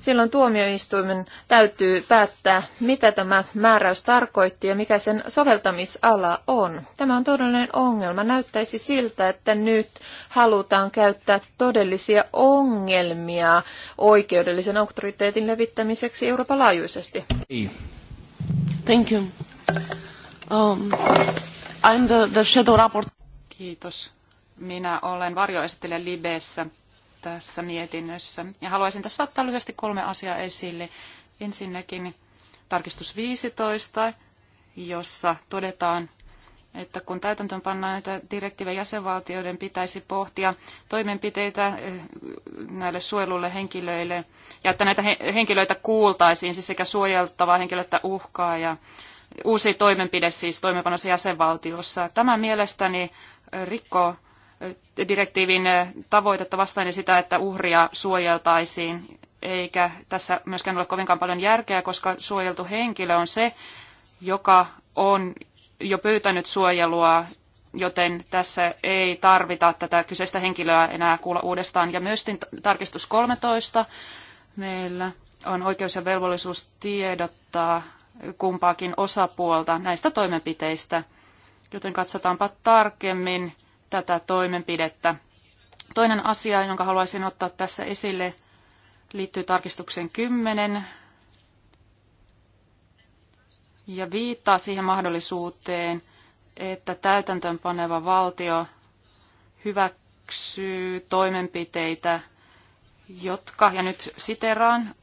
silloin tuomioistuimen täytyy päättää, mitä tämä määräys tarkoitti ja mikä sen soveltamisala on. Tämä on todellinen ongelma. Näyttäisi siltä, että nyt halutaan käyttää todellisia ongelmia oikeudellisen auktoriteetin levittämiseksi Euroopan laajuisesti. Thank you. Um, I'm the, the shadow Kiitos. Minä olen varjoesittelijä Libessä tässä mietinnössä. Ja haluaisin tässä ottaa lyhyesti kolme asiaa esille. Ensinnäkin tarkistus 15, jossa todetaan, että kun täytäntöön pannaan näitä direktiivejä jäsenvaltioiden pitäisi pohtia toimenpiteitä eh, näille suojelulle henkilöille ja että näitä henkilöitä kuultaisiin, siis sekä suojeltavaa henkilöitä uhkaa ja uusi toimenpide siis toimeenpanossa jäsenvaltiossa. Tämä mielestäni rikkoo direktiivin eh, tavoitetta vastaan ja sitä, että uhria suojeltaisiin. Eikä tässä myöskään ole kovinkaan paljon järkeä, koska suojeltu henkilö on se, joka on jo pyytänyt suojelua, joten tässä ei tarvita tätä kyseistä henkilöä enää kuulla uudestaan. Ja myös tarkistus 13 meillä on oikeus ja velvollisuus tiedottaa kumpaakin osapuolta näistä toimenpiteistä, joten katsotaanpa tarkemmin tätä toimenpidettä. Toinen asia, jonka haluaisin ottaa tässä esille, liittyy tarkistukseen 10 ja viittaa siihen mahdollisuuteen, että täytäntöönpaneva valtio hyväksyy toimenpiteitä, jotka, ja nyt siteraan,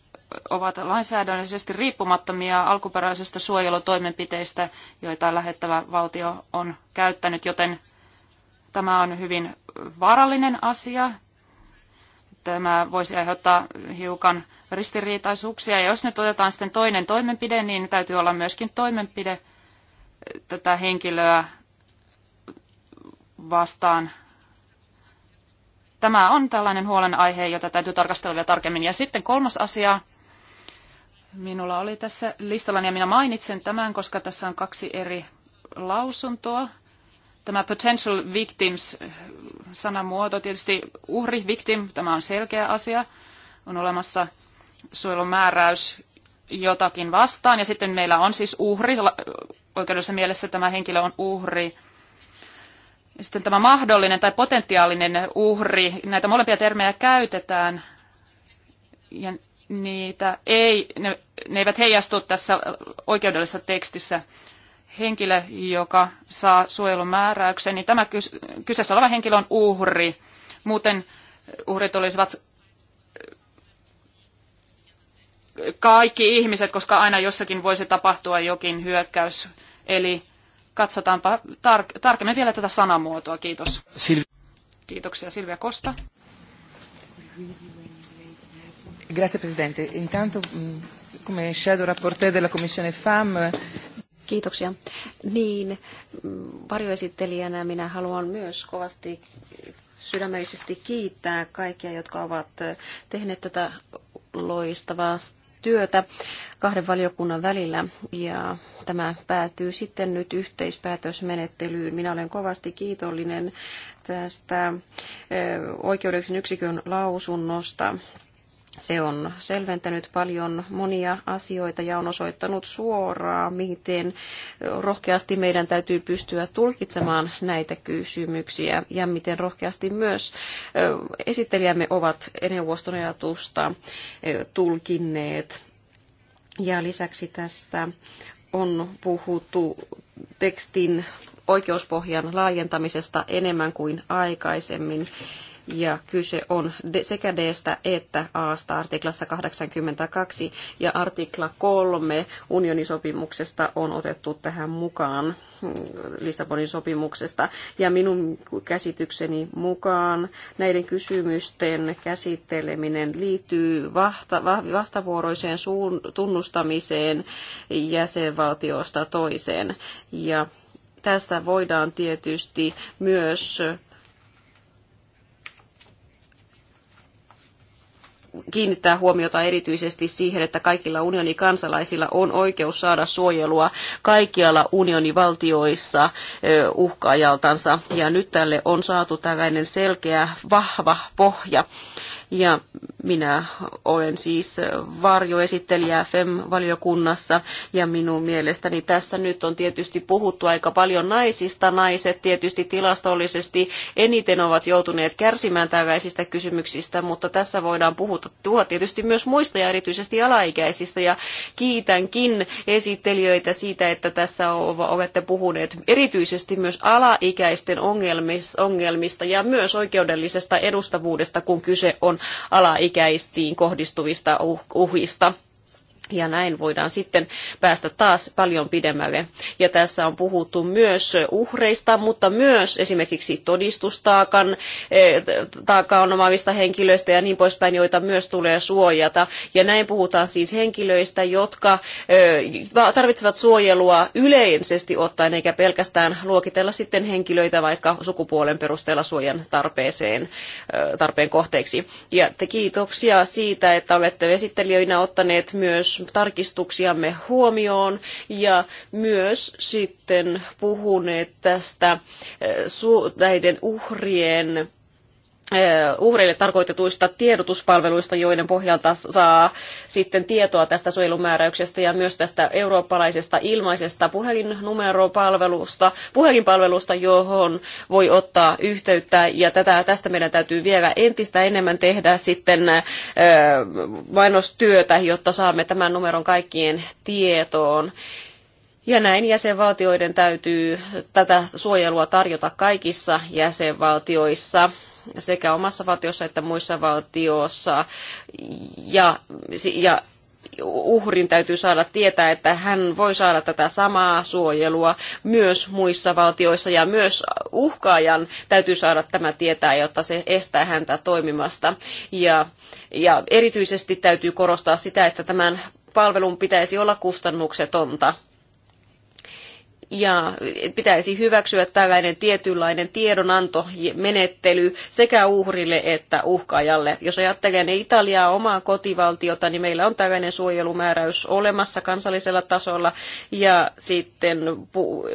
ovat lainsäädännöllisesti riippumattomia alkuperäisestä suojelutoimenpiteistä, joita lähettävä valtio on käyttänyt, joten Tämä on hyvin vaarallinen asia. Tämä voisi aiheuttaa hiukan ristiriitaisuuksia. Ja jos nyt otetaan sitten toinen toimenpide, niin täytyy olla myöskin toimenpide tätä henkilöä vastaan. Tämä on tällainen huolenaihe, jota täytyy tarkastella vielä tarkemmin. Ja sitten kolmas asia. Minulla oli tässä listalla, ja minä mainitsen tämän, koska tässä on kaksi eri lausuntoa. Tämä potential victims sanamuoto, tietysti uhri, victim, tämä on selkeä asia. On olemassa suojelumääräys määräys jotakin vastaan ja sitten meillä on siis uhri, oikeudessa mielessä tämä henkilö on uhri. Ja sitten tämä mahdollinen tai potentiaalinen uhri, näitä molempia termejä käytetään ja niitä ei, ne, ne eivät heijastu tässä oikeudellisessa tekstissä henkilö, joka saa suojelumääräyksen, niin tämä kyseessä oleva henkilö on uhri. Muuten uhrit olisivat kaikki ihmiset, koska aina jossakin voisi tapahtua jokin hyökkäys. Eli katsotaanpa tar- tarkemmin vielä tätä sanamuotoa. Kiitos. Sil- Kiitoksia Silvia Kosta. Grazie Presidente. Intanto mm, come shadow rapporteur della Commissione FAM Kiitoksia. Niin, mm, varjoesittelijänä minä haluan myös kovasti sydämellisesti kiittää kaikkia, jotka ovat tehneet tätä loistavaa työtä kahden valiokunnan välillä ja tämä päätyy sitten nyt yhteispäätösmenettelyyn. Minä olen kovasti kiitollinen tästä oikeudeksen yksikön lausunnosta se on selventänyt paljon monia asioita ja on osoittanut suoraan, miten rohkeasti meidän täytyy pystyä tulkitsemaan näitä kysymyksiä ja miten rohkeasti myös esittelijämme ovat neuvoston ajatusta tulkinneet. Ja lisäksi tästä on puhuttu tekstin oikeuspohjan laajentamisesta enemmän kuin aikaisemmin ja kyse on sekä D että A artiklassa 82 ja artikla 3 unionisopimuksesta on otettu tähän mukaan mm, Lissabonin sopimuksesta. Ja minun käsitykseni mukaan näiden kysymysten käsitteleminen liittyy vastavuoroiseen tunnustamiseen jäsenvaltiosta toiseen. Ja tässä voidaan tietysti myös kiinnittää huomiota erityisesti siihen, että kaikilla unionin kansalaisilla on oikeus saada suojelua kaikkialla unionin valtioissa uhkaajaltansa. Ja nyt tälle on saatu tällainen selkeä, vahva pohja ja minä olen siis varjoesittelijä FEM-valiokunnassa ja minun mielestäni tässä nyt on tietysti puhuttu aika paljon naisista. Naiset tietysti tilastollisesti eniten ovat joutuneet kärsimään tällaisista kysymyksistä, mutta tässä voidaan puhua tietysti myös muista ja erityisesti alaikäisistä. Ja kiitänkin esittelijöitä siitä, että tässä olette puhuneet erityisesti myös alaikäisten ongelmista ja myös oikeudellisesta edustavuudesta, kun kyse on alaikäistiin kohdistuvista uh-, uhista. Ja näin voidaan sitten päästä taas paljon pidemmälle. Ja tässä on puhuttu myös uhreista, mutta myös esimerkiksi todistustaakan, e, taakan omaavista henkilöistä ja niin poispäin, joita myös tulee suojata. Ja näin puhutaan siis henkilöistä, jotka e, tarvitsevat suojelua yleisesti ottaen, eikä pelkästään luokitella sitten henkilöitä vaikka sukupuolen perusteella suojan tarpeeseen, e, tarpeen kohteeksi. Ja kiitoksia siitä, että olette esittelijöinä ottaneet myös tarkistuksiamme huomioon ja myös sitten puhuneet tästä eh, näiden uhrien uhreille tarkoitetuista tiedotuspalveluista, joiden pohjalta saa sitten tietoa tästä suojelumääräyksestä ja myös tästä eurooppalaisesta ilmaisesta puhelinnumeropalvelusta, puhelinpalvelusta, johon voi ottaa yhteyttä. Ja tätä, tästä meidän täytyy vielä entistä enemmän tehdä sitten mainostyötä, jotta saamme tämän numeron kaikkien tietoon. Ja näin jäsenvaltioiden täytyy tätä suojelua tarjota kaikissa jäsenvaltioissa sekä omassa valtiossa että muissa valtioissa. Ja, ja uhrin täytyy saada tietää, että hän voi saada tätä samaa suojelua myös muissa valtioissa ja myös uhkaajan täytyy saada tämä tietää, jotta se estää häntä toimimasta. Ja, ja erityisesti täytyy korostaa sitä, että tämän palvelun pitäisi olla kustannuksetonta ja pitäisi hyväksyä tällainen tietynlainen tiedonantomenettely sekä uhrille että uhkaajalle. Jos ajattelen Italiaa omaa kotivaltiota, niin meillä on tällainen suojelumääräys olemassa kansallisella tasolla ja sitten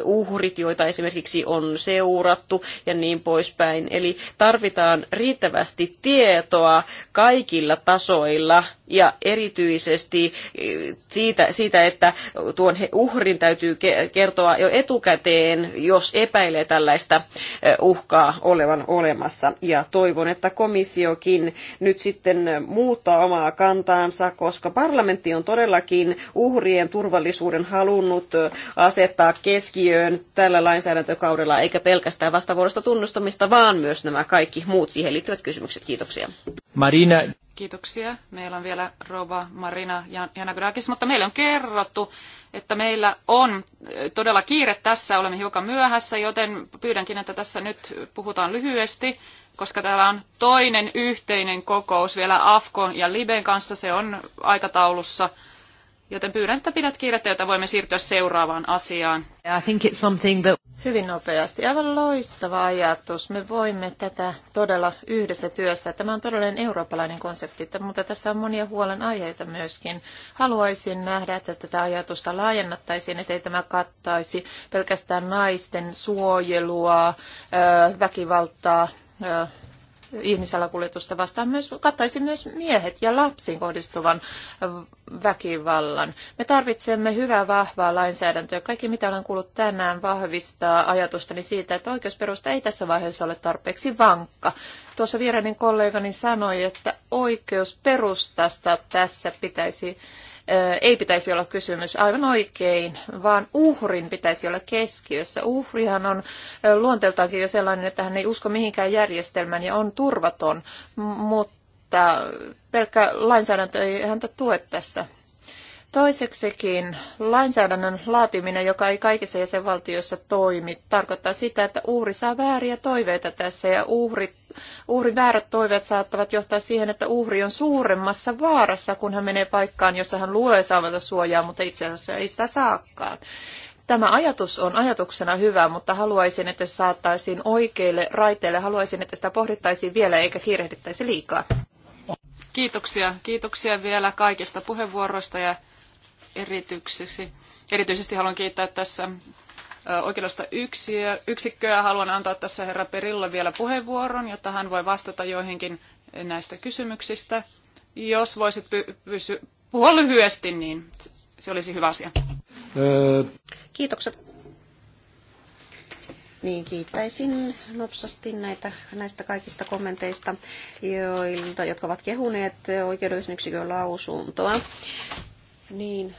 uhrit, joita esimerkiksi on seurattu ja niin poispäin. Eli tarvitaan riittävästi tietoa kaikilla tasoilla ja erityisesti e, siitä, siitä että tuon uhrin täytyy kertoa jo etukäteen, jos epäilee tällaista uhkaa olevan olemassa. Ja toivon, että komissiokin nyt sitten muuttaa omaa kantaansa, koska parlamentti on todellakin uhrien turvallisuuden halunnut asettaa keskiöön tällä lainsäädäntökaudella, eikä pelkästään vastavuorosta tunnustamista, vaan myös nämä kaikki muut siihen liittyvät kysymykset. Kiitoksia. Marina Kiitoksia. Meillä on vielä Rova Marina Janagrakis, mutta meillä on kerrottu, että meillä on todella kiire tässä, olemme hiukan myöhässä, joten pyydänkin, että tässä nyt puhutaan lyhyesti, koska täällä on toinen yhteinen kokous vielä Afkon ja Liben kanssa, se on aikataulussa. Joten pyydän, että pidät kiirettä, jotta voimme siirtyä seuraavaan asiaan. I think it's something that hyvin nopeasti. Aivan loistava ajatus. Me voimme tätä todella yhdessä työstää. Tämä on todellinen eurooppalainen konsepti, mutta tässä on monia huolenaiheita myöskin. Haluaisin nähdä, että tätä ajatusta laajennattaisiin, ettei tämä kattaisi pelkästään naisten suojelua, väkivaltaa ihmisalakuljetusta vastaan myös, kattaisi myös miehet ja lapsiin kohdistuvan väkivallan. Me tarvitsemme hyvää, vahvaa lainsäädäntöä. Kaikki, mitä olen kuullut tänään, vahvistaa ajatustani siitä, että oikeusperusta ei tässä vaiheessa ole tarpeeksi vankka. Tuossa vierainen kollegani sanoi, että oikeusperustasta tässä pitäisi ei pitäisi olla kysymys aivan oikein, vaan uhrin pitäisi olla keskiössä. Uhrihan on luonteeltaankin jo sellainen, että hän ei usko mihinkään järjestelmään ja on turvaton, mutta pelkkä lainsäädäntö ei häntä tue tässä. Toiseksikin lainsäädännön laatiminen, joka ei kaikissa jäsenvaltioissa toimi, tarkoittaa sitä, että uhri saa vääriä toiveita tässä ja uhri, uhrin väärät toiveet saattavat johtaa siihen, että uhri on suuremmassa vaarassa, kun hän menee paikkaan, jossa hän luulee saavansa suojaa, mutta itse asiassa ei sitä saakaan. Tämä ajatus on ajatuksena hyvä, mutta haluaisin, että se saattaisiin oikeille raiteille. Haluaisin, että sitä pohdittaisiin vielä eikä kiirehdittäisi liikaa. Kiitoksia. Kiitoksia vielä kaikista puheenvuoroista ja erityksesi. Erityisesti haluan kiittää tässä oikeudesta yksikköä. Haluan antaa tässä herra Perilla vielä puheenvuoron, jotta hän voi vastata joihinkin näistä kysymyksistä. Jos voisit py- pysy- puhua lyhyesti, niin se olisi hyvä asia. Kiitokset. Niin, kiittäisin nopsasti näitä, näistä kaikista kommenteista, joilta, jotka ovat kehuneet oikeudellisen yksikön lausuntoa. Niin,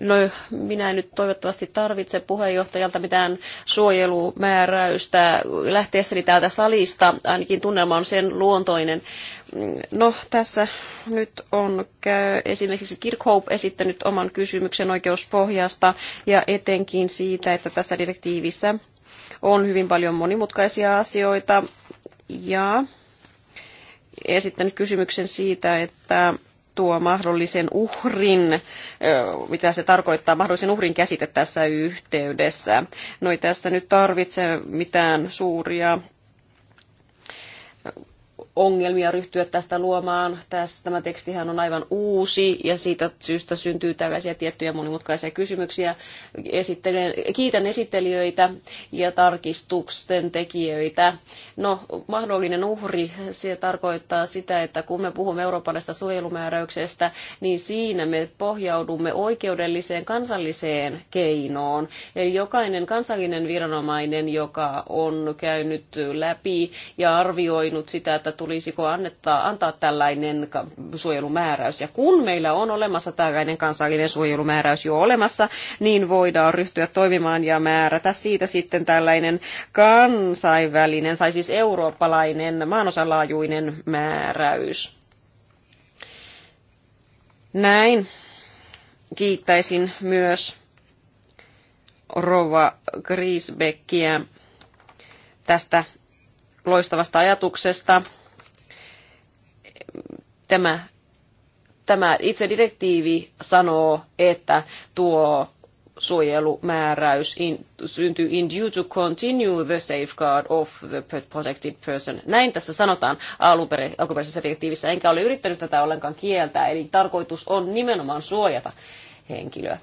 No, minä en nyt toivottavasti tarvitse puheenjohtajalta mitään suojelumääräystä lähteessäni täältä salista. Ainakin tunnelma on sen luontoinen. No, tässä nyt on käy, esimerkiksi Kirkhope esittänyt oman kysymyksen oikeuspohjasta ja etenkin siitä, että tässä direktiivissä on hyvin paljon monimutkaisia asioita ja esittänyt kysymyksen siitä, että tuo mahdollisen uhrin, mitä se tarkoittaa, mahdollisen uhrin käsite tässä yhteydessä. No ei tässä nyt tarvitse mitään suuria ongelmia ryhtyä tästä luomaan. Tässä, tämä tekstihän on aivan uusi ja siitä syystä syntyy tällaisia tiettyjä monimutkaisia kysymyksiä. Esittelen, kiitän esittelijöitä ja tarkistuksen tekijöitä. No, mahdollinen uhri, se tarkoittaa sitä, että kun me puhumme eurooppalaisesta suojelumääräyksestä, niin siinä me pohjaudumme oikeudelliseen kansalliseen keinoon. Eli jokainen kansallinen viranomainen, joka on käynyt läpi ja arvioinut sitä, että tulee tulisiko annettaa, antaa tällainen suojelumääräys. Ja kun meillä on olemassa tällainen kansallinen suojelumääräys jo olemassa, niin voidaan ryhtyä toimimaan ja määrätä siitä sitten tällainen kansainvälinen tai siis eurooppalainen maanosalaajuinen määräys. Näin kiittäisin myös Rova Grisbeckiä tästä loistavasta ajatuksesta Tämä, tämä itse direktiivi sanoo, että tuo suojelumääräys in, syntyy in due to continue the safeguard of the protected person. Näin tässä sanotaan alunperä, alkuperäisessä direktiivissä, enkä ole yrittänyt tätä ollenkaan kieltää, eli tarkoitus on nimenomaan suojata henkilöä.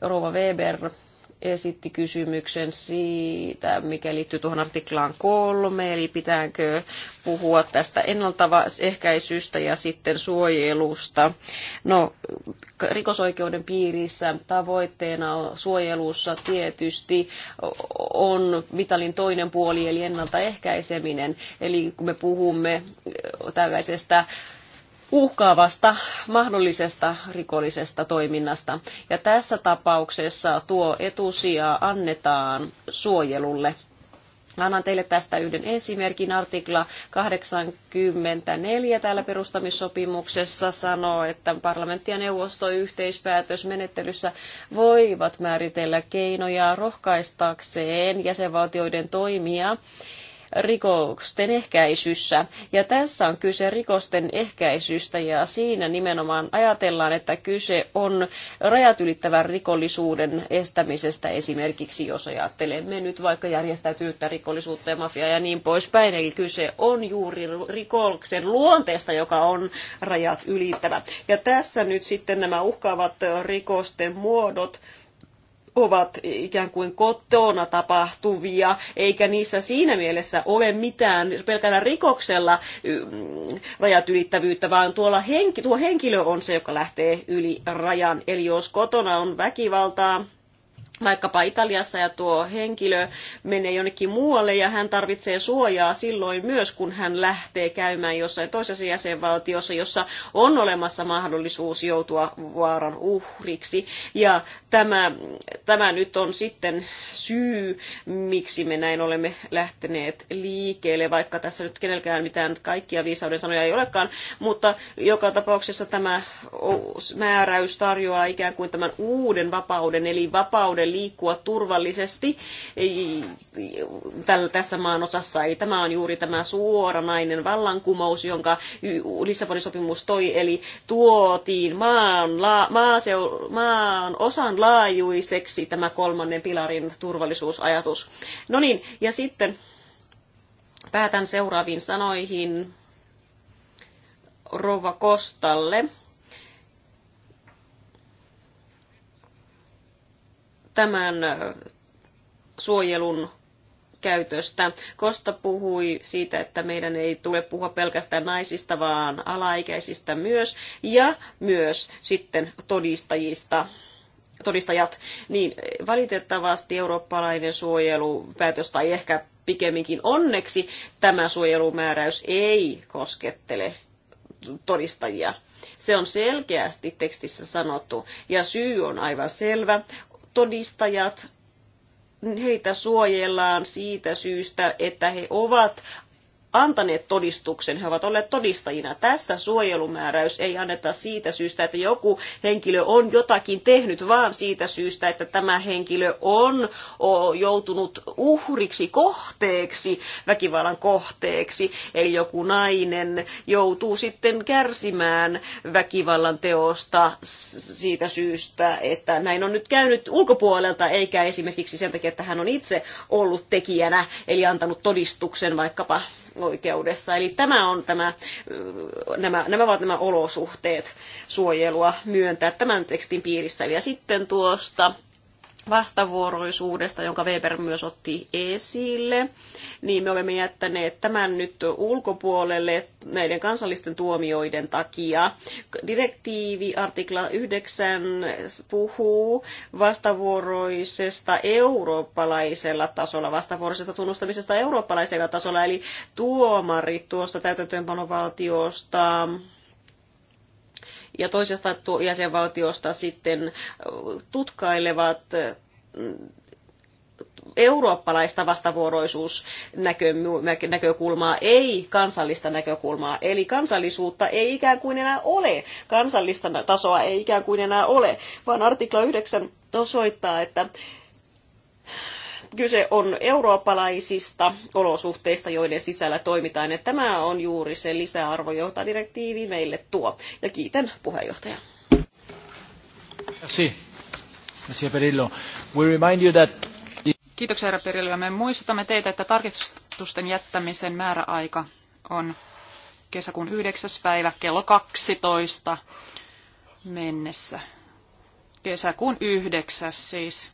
Rova Weber esitti kysymyksen siitä, mikä liittyy tuohon artiklaan kolme, eli pitääkö puhua tästä ennaltaehkäisystä ja sitten suojelusta. No, rikosoikeuden piirissä tavoitteena suojelussa tietysti on vitalin toinen puoli, eli ennaltaehkäiseminen. Eli kun me puhumme tällaisesta uhkaavasta mahdollisesta rikollisesta toiminnasta. Ja tässä tapauksessa tuo etusija annetaan suojelulle. Annan teille tästä yhden esimerkin. Artikla 84 täällä perustamissopimuksessa sanoo, että parlamentti ja neuvosto yhteispäätösmenettelyssä voivat määritellä keinoja rohkaistakseen jäsenvaltioiden toimia rikosten ehkäisyssä. Ja tässä on kyse rikosten ehkäisystä ja siinä nimenomaan ajatellaan, että kyse on rajat ylittävän rikollisuuden estämisestä esimerkiksi, jos ajattelemme nyt vaikka järjestäytynyttä rikollisuutta ja mafiaa ja niin poispäin. Eli kyse on juuri rikoksen luonteesta, joka on rajat ylittävä. Ja tässä nyt sitten nämä uhkaavat rikosten muodot, ovat ikään kuin kotona tapahtuvia, eikä niissä siinä mielessä ole mitään pelkällä rikoksella mm, rajat ylittävyyttä, vaan tuolla henki, tuo henkilö on se, joka lähtee yli rajan. Eli jos kotona on väkivaltaa, vaikkapa Italiassa ja tuo henkilö menee jonnekin muualle ja hän tarvitsee suojaa silloin myös, kun hän lähtee käymään jossain toisessa jäsenvaltiossa, jossa on olemassa mahdollisuus joutua vaaran uhriksi. Ja tämä, tämä nyt on sitten syy, miksi me näin olemme lähteneet liikkeelle, vaikka tässä nyt kenelläkään mitään kaikkia viisauden sanoja ei olekaan, mutta joka tapauksessa tämä määräys tarjoaa ikään kuin tämän uuden vapauden, eli vapauden mahdollisuuden liikkua turvallisesti tässä maan osassa. Eli tämä on juuri tämä suoranainen vallankumous, jonka Lissabonin sopimus toi, eli tuotiin maan, la, maaseu, maan osan laajuiseksi tämä kolmannen pilarin turvallisuusajatus. No niin, ja sitten päätän seuraaviin sanoihin rouva Kostalle. tämän suojelun käytöstä. Kosta puhui siitä, että meidän ei tule puhua pelkästään naisista, vaan alaikäisistä myös, ja myös sitten todistajista todistajat, niin valitettavasti eurooppalainen suojelupäätös tai ehkä pikemminkin onneksi tämä suojelumääräys ei koskettele todistajia. Se on selkeästi tekstissä sanottu ja syy on aivan selvä todistajat heitä suojellaan siitä syystä, että he ovat antaneet todistuksen, he ovat olleet todistajina. Tässä suojelumääräys ei anneta siitä syystä, että joku henkilö on jotakin tehnyt, vaan siitä syystä, että tämä henkilö on joutunut uhriksi kohteeksi, väkivallan kohteeksi. Eli joku nainen joutuu sitten kärsimään väkivallan teosta siitä syystä, että näin on nyt käynyt ulkopuolelta, eikä esimerkiksi sen takia, että hän on itse ollut tekijänä, eli antanut todistuksen vaikkapa oikeudessa. Eli tämä on tämä, nämä, nämä ovat nämä olosuhteet suojelua myöntää tämän tekstin piirissä. Ja sitten tuosta vastavuoroisuudesta, jonka Weber myös otti esille, niin me olemme jättäneet tämän nyt ulkopuolelle näiden kansallisten tuomioiden takia. Direktiivi artikla 9 puhuu vastavuoroisesta eurooppalaisella tasolla, vastavuoroisesta tunnustamisesta eurooppalaisella tasolla, eli tuomarit tuosta täytäntöönpanovaltiosta ja toisesta jäsenvaltiosta sitten tutkailevat eurooppalaista vastavuoroisuusnäkökulmaa, ei kansallista näkökulmaa. Eli kansallisuutta ei ikään kuin enää ole, kansallista tasoa ei ikään kuin enää ole, vaan artikla 9 osoittaa, että kyse on eurooppalaisista olosuhteista, joiden sisällä toimitaan. Ja tämä on juuri se lisäarvo, jota direktiivi meille tuo. Ja kiitän puheenjohtajaa. Perillo. We remind you that... Kiitoksia herra Perillo. Me muistutamme teitä, että tarkistusten jättämisen määräaika on kesäkuun 9. päivä kello 12 mennessä. Kesäkuun 9. siis.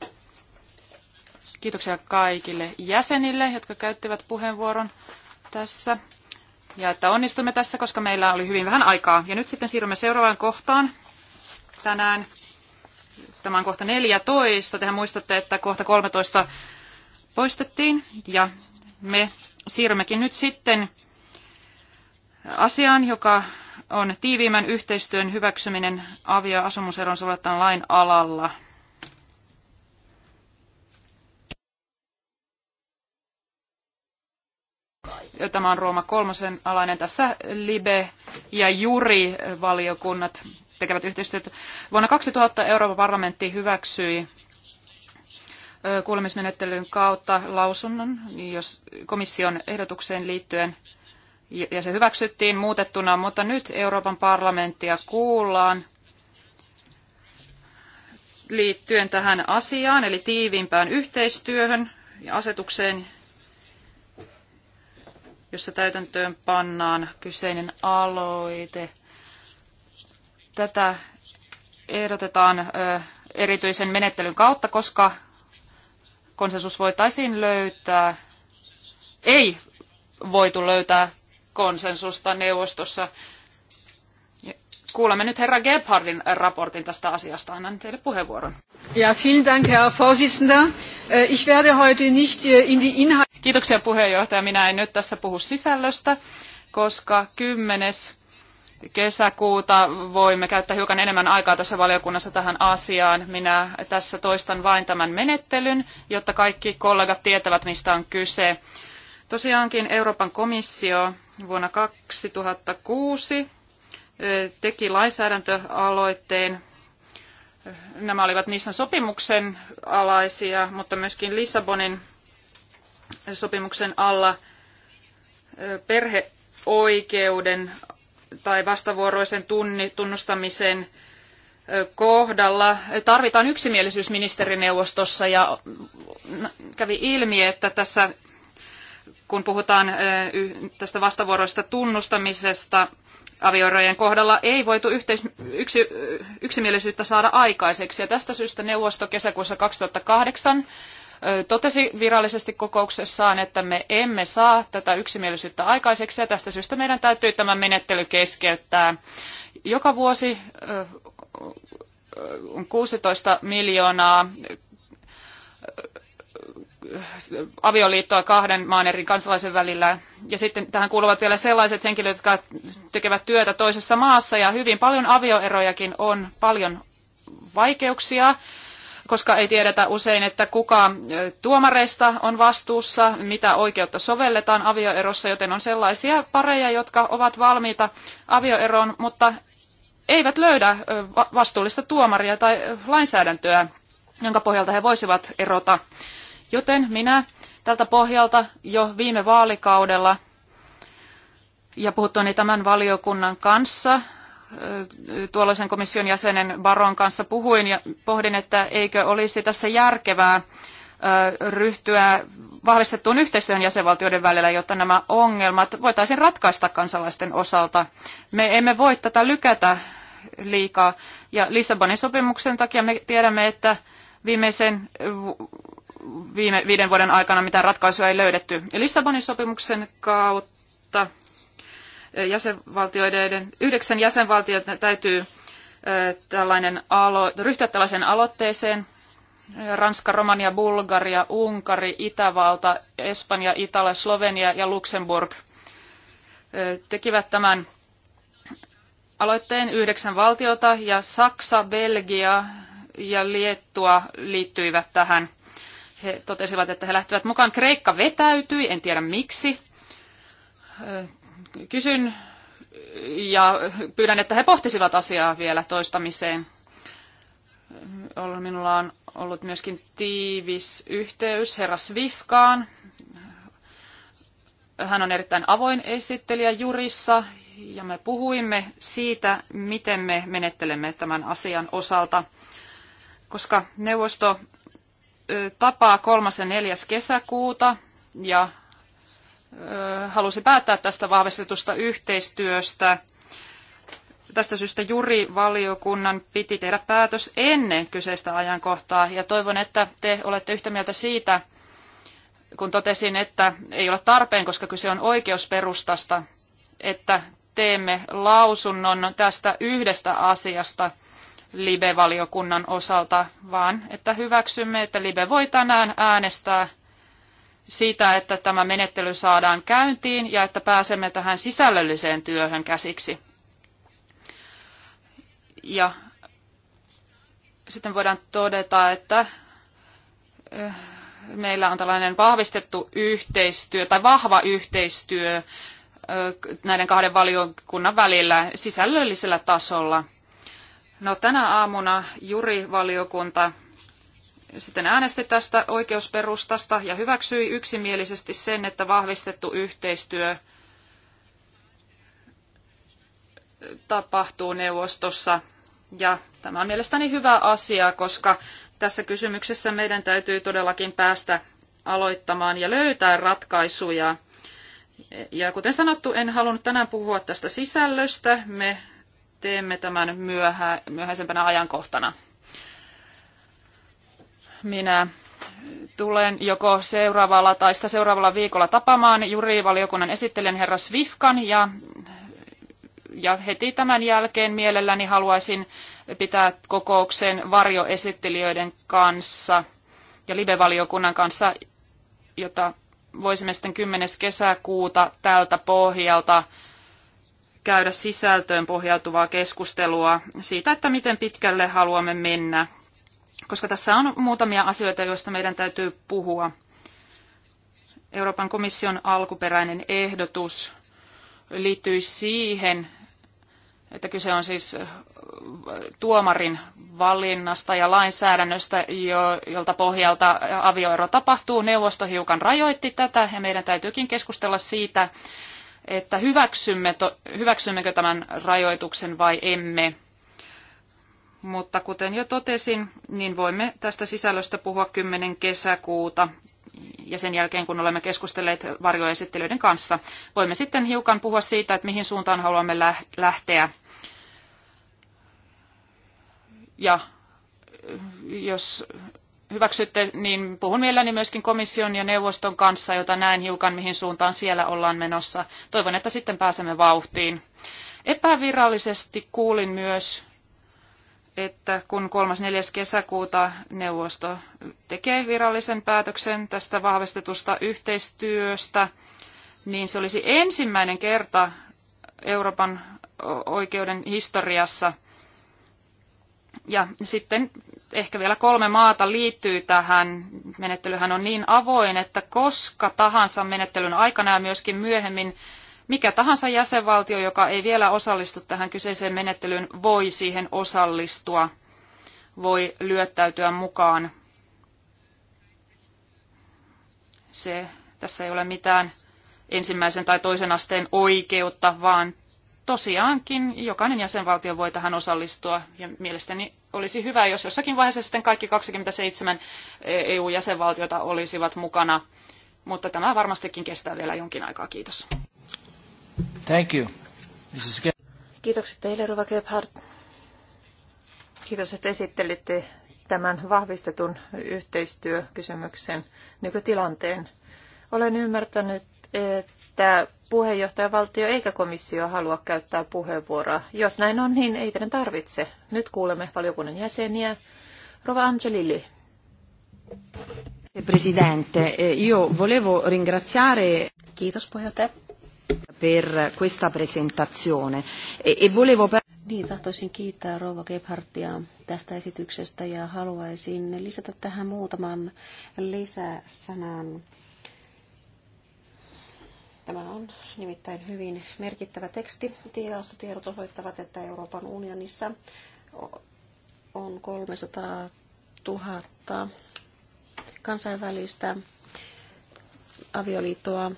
Kiitoksia kaikille jäsenille, jotka käyttivät puheenvuoron tässä. Ja että onnistumme tässä, koska meillä oli hyvin vähän aikaa. Ja nyt sitten siirrymme seuraavaan kohtaan tänään. Tämä on kohta 14. Tehän muistatte, että kohta 13 poistettiin. Ja me siirrymmekin nyt sitten asiaan, joka on tiiviimmän yhteistyön hyväksyminen avio- ja asumuseron lain alalla. Tämä on Rooma kolmosen alainen. Tässä Libe ja Juri-valiokunnat tekevät yhteistyötä. Vuonna 2000 Euroopan parlamentti hyväksyi kuulemismenettelyn kautta lausunnon jos komission ehdotukseen liittyen, ja se hyväksyttiin muutettuna, mutta nyt Euroopan parlamenttia kuullaan liittyen tähän asiaan, eli tiiviimpään yhteistyöhön ja asetukseen, jossa täytäntöön pannaan kyseinen aloite. Tätä ehdotetaan erityisen menettelyn kautta, koska konsensus voitaisiin löytää, ei voitu löytää konsensusta neuvostossa. Kuulemme nyt herra Gebhardin raportin tästä asiasta. Annan teille puheenvuoron. Ja, vielen Dank, Herr Vorsitzender. Äh, ich werde heute nicht äh, in die Inhalte Kiitoksia puheenjohtaja. Minä en nyt tässä puhu sisällöstä, koska 10. kesäkuuta voimme käyttää hiukan enemmän aikaa tässä valiokunnassa tähän asiaan. Minä tässä toistan vain tämän menettelyn, jotta kaikki kollegat tietävät, mistä on kyse. Tosiaankin Euroopan komissio vuonna 2006 teki lainsäädäntöaloitteen. Nämä olivat niissä sopimuksen alaisia, mutta myöskin Lissabonin sopimuksen alla perheoikeuden tai vastavuoroisen tunnustamisen kohdalla tarvitaan yksimielisyys ministerineuvostossa ja kävi ilmi, että tässä kun puhutaan tästä vastavuoroista tunnustamisesta avioerojen kohdalla, ei voitu yhteis- yksi, yksimielisyyttä saada aikaiseksi. Ja tästä syystä neuvosto kesäkuussa 2008 totesi virallisesti kokouksessaan, että me emme saa tätä yksimielisyyttä aikaiseksi ja tästä syystä meidän täytyy tämä menettely keskeyttää. Joka vuosi on 16 miljoonaa avioliittoa kahden maan eri kansalaisen välillä. Ja sitten tähän kuuluvat vielä sellaiset henkilöt, jotka tekevät työtä toisessa maassa ja hyvin paljon avioerojakin on, paljon vaikeuksia koska ei tiedetä usein, että kuka tuomareista on vastuussa, mitä oikeutta sovelletaan avioerossa, joten on sellaisia pareja, jotka ovat valmiita avioeroon, mutta eivät löydä vastuullista tuomaria tai lainsäädäntöä, jonka pohjalta he voisivat erota. Joten minä tältä pohjalta jo viime vaalikaudella ja puhuttuani tämän valiokunnan kanssa tuolloisen komission jäsenen Baron kanssa puhuin ja pohdin, että eikö olisi tässä järkevää ryhtyä vahvistettuun yhteistyön jäsenvaltioiden välillä, jotta nämä ongelmat voitaisiin ratkaista kansalaisten osalta. Me emme voi tätä lykätä liikaa. Ja Lissabonin sopimuksen takia me tiedämme, että viimeisen viime viiden vuoden aikana mitään ratkaisua ei löydetty. Lissabonin sopimuksen kautta jäsenvaltioiden, yhdeksän jäsenvaltiot täytyy tällainen alo, ryhtyä tällaiseen aloitteeseen. Ranska, Romania, Bulgaria, Unkari, Itävalta, Espanja, Italia, Slovenia ja Luxemburg tekivät tämän aloitteen yhdeksän valtiota ja Saksa, Belgia ja Liettua liittyivät tähän. He totesivat, että he lähtevät mukaan. Kreikka vetäytyi, en tiedä miksi kysyn ja pyydän, että he pohtisivat asiaa vielä toistamiseen. Minulla on ollut myöskin tiivis yhteys herra Svifkaan. Hän on erittäin avoin esittelijä jurissa ja me puhuimme siitä, miten me menettelemme tämän asian osalta, koska neuvosto tapaa 3. ja 4. kesäkuuta ja halusi päättää tästä vahvistetusta yhteistyöstä. Tästä syystä Valiokunnan piti tehdä päätös ennen kyseistä ajankohtaa ja toivon, että te olette yhtä mieltä siitä, kun totesin, että ei ole tarpeen, koska kyse on oikeusperustasta, että teemme lausunnon tästä yhdestä asiasta live-valiokunnan osalta, vaan että hyväksymme, että live voi tänään äänestää siitä, että tämä menettely saadaan käyntiin ja että pääsemme tähän sisällölliseen työhön käsiksi. Ja sitten voidaan todeta, että eh, meillä on tällainen vahvistettu yhteistyö tai vahva yhteistyö eh, näiden kahden valiokunnan välillä sisällöllisellä tasolla. No tänä aamuna Juri valiokunta sitten äänesti tästä oikeusperustasta ja hyväksyi yksimielisesti sen, että vahvistettu yhteistyö tapahtuu neuvostossa. Ja tämä on mielestäni hyvä asia, koska tässä kysymyksessä meidän täytyy todellakin päästä aloittamaan ja löytää ratkaisuja. Ja kuten sanottu, en halunnut tänään puhua tästä sisällöstä. Me teemme tämän myöhä, myöhäisempänä ajankohtana minä tulen joko seuraavalla tai sitä seuraavalla viikolla tapaamaan jurivaliokunnan esittelijän herra Svifkan ja, ja heti tämän jälkeen mielelläni haluaisin pitää kokouksen varjoesittelijöiden kanssa ja live-valiokunnan kanssa, jota voisimme sitten 10. kesäkuuta tältä pohjalta käydä sisältöön pohjautuvaa keskustelua siitä, että miten pitkälle haluamme mennä koska tässä on muutamia asioita, joista meidän täytyy puhua. Euroopan komission alkuperäinen ehdotus liittyy siihen, että kyse on siis tuomarin valinnasta ja lainsäädännöstä, jo, jolta pohjalta avioero tapahtuu. Neuvosto hiukan rajoitti tätä ja meidän täytyykin keskustella siitä, että hyväksymme hyväksymmekö tämän rajoituksen vai emme mutta kuten jo totesin, niin voimme tästä sisällöstä puhua 10. kesäkuuta ja sen jälkeen, kun olemme keskustelleet varjoesittelyiden kanssa, voimme sitten hiukan puhua siitä, että mihin suuntaan haluamme lähteä. Ja jos hyväksytte, niin puhun mielelläni myöskin komission ja neuvoston kanssa, jota näen hiukan, mihin suuntaan siellä ollaan menossa. Toivon, että sitten pääsemme vauhtiin. Epävirallisesti kuulin myös että kun 3.4. kesäkuuta neuvosto tekee virallisen päätöksen tästä vahvistetusta yhteistyöstä, niin se olisi ensimmäinen kerta Euroopan oikeuden historiassa. Ja sitten ehkä vielä kolme maata liittyy tähän. Menettelyhän on niin avoin, että koska tahansa menettelyn aikana ja myöskin myöhemmin mikä tahansa jäsenvaltio, joka ei vielä osallistu tähän kyseiseen menettelyyn, voi siihen osallistua, voi lyöttäytyä mukaan. Se, tässä ei ole mitään ensimmäisen tai toisen asteen oikeutta, vaan tosiaankin jokainen jäsenvaltio voi tähän osallistua. Ja mielestäni olisi hyvä, jos jossakin vaiheessa sitten kaikki 27 EU-jäsenvaltiota olisivat mukana. Mutta tämä varmastikin kestää vielä jonkin aikaa. Kiitos. Thank you. Mrs. Kiitokset teille, Rova Gebhardt. Kiitos, että esittelitte tämän vahvistetun yhteistyökysymyksen nykytilanteen. Olen ymmärtänyt, että puheenjohtajavaltio eikä komissio halua käyttää puheenvuoroa. Jos näin on, niin ei teidän tarvitse. Nyt kuulemme valiokunnan jäseniä. Rova Angelilli. Presidente, eh, io volevo ringraziare... Kiitos puheenjohtaja. Per questa presentazione. E, e volevo... Niin, tahtoisin kiittää Rouva Gebhardtia tästä esityksestä ja haluaisin lisätä tähän muutaman lisäsanan. Tämä on nimittäin hyvin merkittävä teksti. Tilastotiedot osoittavat, että Euroopan unionissa on 300 000 kansainvälistä avioliittoa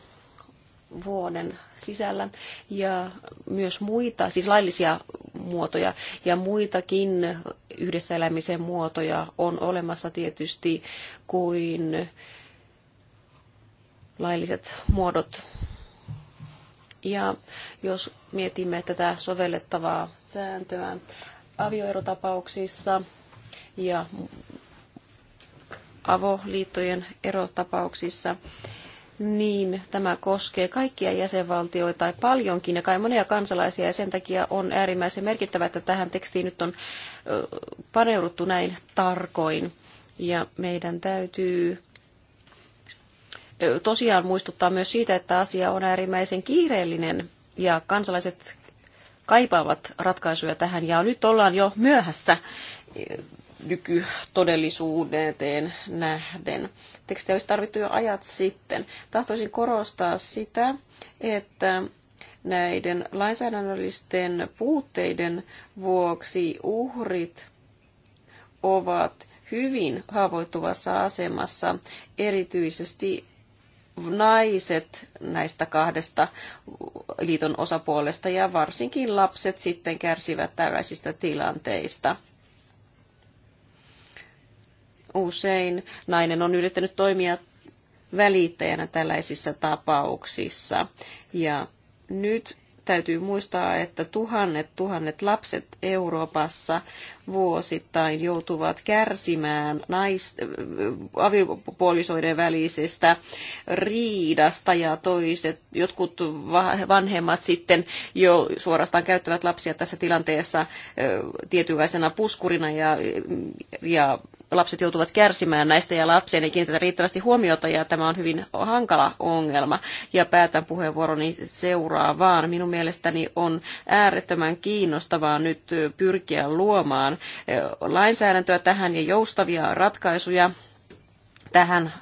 vuoden sisällä ja myös muita, siis laillisia muotoja ja muitakin yhdessä elämisen muotoja on olemassa tietysti kuin lailliset muodot. Ja jos mietimme tätä sovellettavaa sääntöä avioerotapauksissa ja avoliittojen erotapauksissa, niin tämä koskee kaikkia jäsenvaltioita tai paljonkin ja kai monia kansalaisia ja sen takia on äärimmäisen merkittävää, että tähän tekstiin nyt on paneuduttu näin tarkoin ja meidän täytyy tosiaan muistuttaa myös siitä, että asia on äärimmäisen kiireellinen ja kansalaiset kaipaavat ratkaisuja tähän ja nyt ollaan jo myöhässä nykytodellisuuteen nähden. Tekstiä olisi tarvittu jo ajat sitten. Tahtoisin korostaa sitä, että näiden lainsäädännöllisten puutteiden vuoksi uhrit ovat hyvin haavoittuvassa asemassa, erityisesti naiset näistä kahdesta liiton osapuolesta ja varsinkin lapset sitten kärsivät tällaisista tilanteista usein nainen on yrittänyt toimia välittäjänä tällaisissa tapauksissa. Ja nyt täytyy muistaa, että tuhannet, tuhannet lapset Euroopassa vuosittain joutuvat kärsimään nais, aviopuolisoiden välisestä riidasta ja toiset, jotkut vanhemmat sitten jo suorastaan käyttävät lapsia tässä tilanteessa tietynlaisena puskurina ja, ja lapset joutuvat kärsimään näistä ja lapseen ei kiinnitetä riittävästi huomiota ja tämä on hyvin hankala ongelma. Ja päätän puheenvuoroni seuraavaan. Minun mielestäni on äärettömän kiinnostavaa nyt pyrkiä luomaan lainsäädäntöä tähän ja joustavia ratkaisuja tähän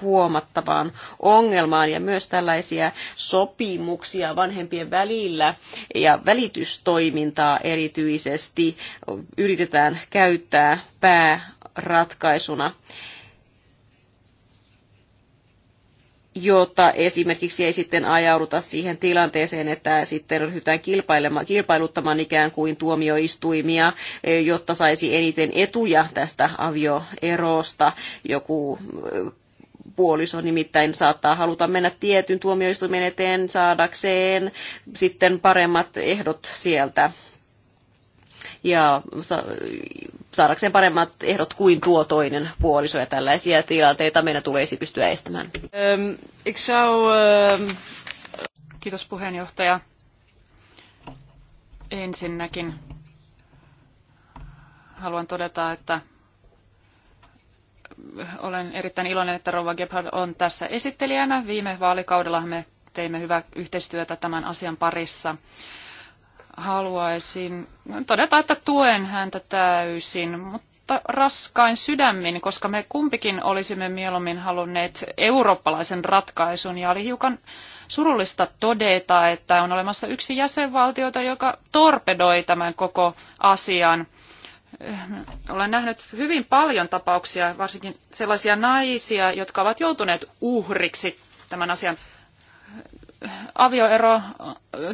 huomattavaan ongelmaan ja myös tällaisia sopimuksia vanhempien välillä ja välitystoimintaa erityisesti yritetään käyttää pääratkaisuna jotta esimerkiksi ei sitten ajauduta siihen tilanteeseen, että sitten ryhdytään kilpailuttamaan ikään kuin tuomioistuimia, e, jotta saisi eniten etuja tästä avioerosta. Joku e, puoliso nimittäin saattaa haluta mennä tietyn tuomioistuimen eteen saadakseen sitten paremmat ehdot sieltä ja saadakseen paremmat ehdot kuin tuo toinen puoliso ja tällaisia tilanteita meidän tulisi pystyä estämään. Ähm, ähm, Kiitos puheenjohtaja. Ensinnäkin haluan todeta, että olen erittäin iloinen, että Rova Gebhard on tässä esittelijänä. Viime vaalikaudella me teimme hyvää yhteistyötä tämän asian parissa haluaisin todeta, että tuen häntä täysin, mutta raskain sydämin, koska me kumpikin olisimme mieluummin halunneet eurooppalaisen ratkaisun ja oli hiukan surullista todeta, että on olemassa yksi jäsenvaltiota, joka torpedoi tämän koko asian. Olen nähnyt hyvin paljon tapauksia, varsinkin sellaisia naisia, jotka ovat joutuneet uhriksi tämän asian avioero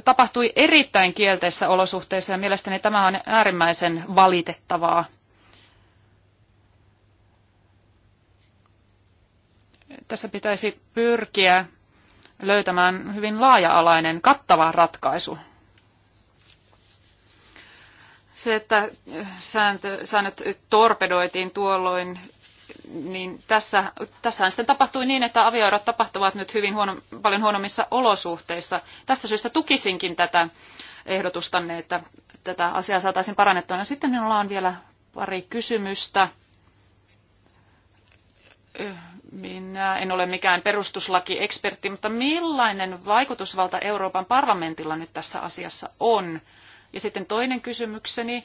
tapahtui erittäin kielteissä olosuhteissa ja mielestäni tämä on äärimmäisen valitettavaa. Tässä pitäisi pyrkiä löytämään hyvin laaja-alainen, kattava ratkaisu. Se, että sääntö, säännöt torpedoitiin tuolloin niin tässä, tässähän sitten tapahtui niin, että avioerot tapahtuvat nyt hyvin huono, paljon huonommissa olosuhteissa. Tästä syystä tukisinkin tätä ehdotustanne, että tätä asiaa saataisiin parannettua. No sitten minulla on vielä pari kysymystä. Minä en ole mikään perustuslakiekspertti, mutta millainen vaikutusvalta Euroopan parlamentilla nyt tässä asiassa on? Ja sitten toinen kysymykseni,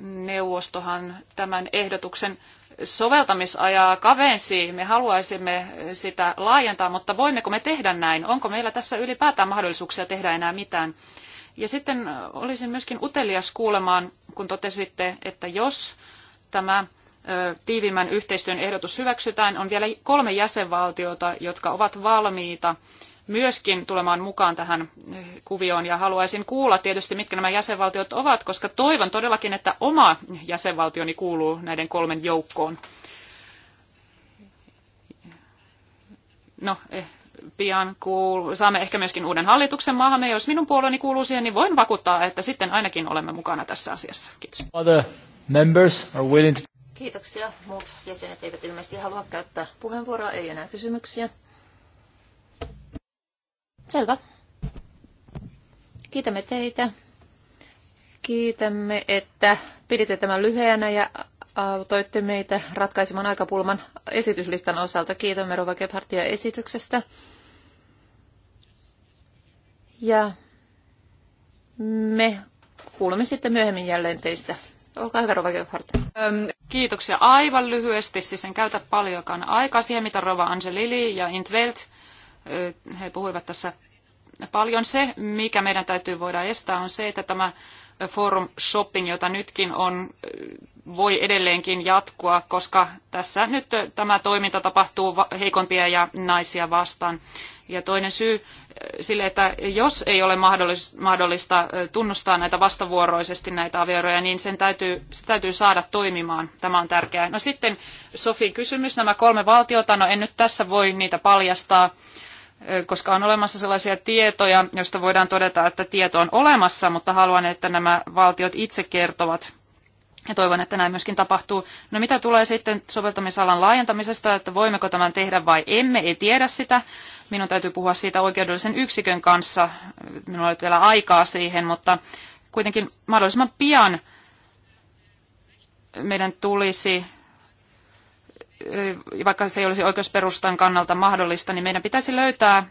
neuvostohan tämän ehdotuksen soveltamisajaa kavensi. Me haluaisimme sitä laajentaa, mutta voimmeko me tehdä näin? Onko meillä tässä ylipäätään mahdollisuuksia tehdä enää mitään? Ja sitten olisin myöskin utelias kuulemaan, kun totesitte, että jos tämä tiivimmän yhteistyön ehdotus hyväksytään, on vielä kolme jäsenvaltiota, jotka ovat valmiita myöskin tulemaan mukaan tähän kuvioon ja haluaisin kuulla tietysti, mitkä nämä jäsenvaltiot ovat, koska toivon todellakin, että oma jäsenvaltioni kuuluu näiden kolmen joukkoon. No, eh, pian kuul... saamme ehkä myöskin uuden hallituksen maahamme. Jos minun puolueeni kuuluu siihen, niin voin vakuuttaa, että sitten ainakin olemme mukana tässä asiassa. Kiitos. Other members are willing to... Kiitoksia. Muut jäsenet eivät ilmeisesti halua käyttää puheenvuoroa, ei enää kysymyksiä. Selvä. Kiitämme teitä. Kiitämme, että piditte tämän lyhyenä ja autoitte meitä ratkaisemaan aikapulman esityslistan osalta. Kiitämme Rova Gebhardtia esityksestä. Ja me kuulemme sitten myöhemmin jälleen teistä. Olkaa hyvä, Rova Gebhardt. Ähm, kiitoksia aivan lyhyesti. Siis en käytä paljonkaan aikaa siihen, mitä Rova Angelili ja Intvelt he puhuivat tässä paljon. Se, mikä meidän täytyy voida estää, on se, että tämä forum shopping, jota nytkin on, voi edelleenkin jatkua, koska tässä nyt tämä toiminta tapahtuu heikompia ja naisia vastaan. Ja toinen syy sille, että jos ei ole mahdollista tunnustaa näitä vastavuoroisesti näitä avioeroja, niin sen täytyy, se täytyy saada toimimaan. Tämä on tärkeää. No sitten Sofi kysymys, nämä kolme valtiota, no en nyt tässä voi niitä paljastaa koska on olemassa sellaisia tietoja, joista voidaan todeta, että tieto on olemassa, mutta haluan, että nämä valtiot itse kertovat. Ja toivon, että näin myöskin tapahtuu. No mitä tulee sitten soveltamisalan laajentamisesta, että voimmeko tämän tehdä vai emme, ei tiedä sitä. Minun täytyy puhua siitä oikeudellisen yksikön kanssa. Minulla ei vielä aikaa siihen, mutta kuitenkin mahdollisimman pian meidän tulisi vaikka se ei olisi oikeusperustan kannalta mahdollista, niin meidän pitäisi löytää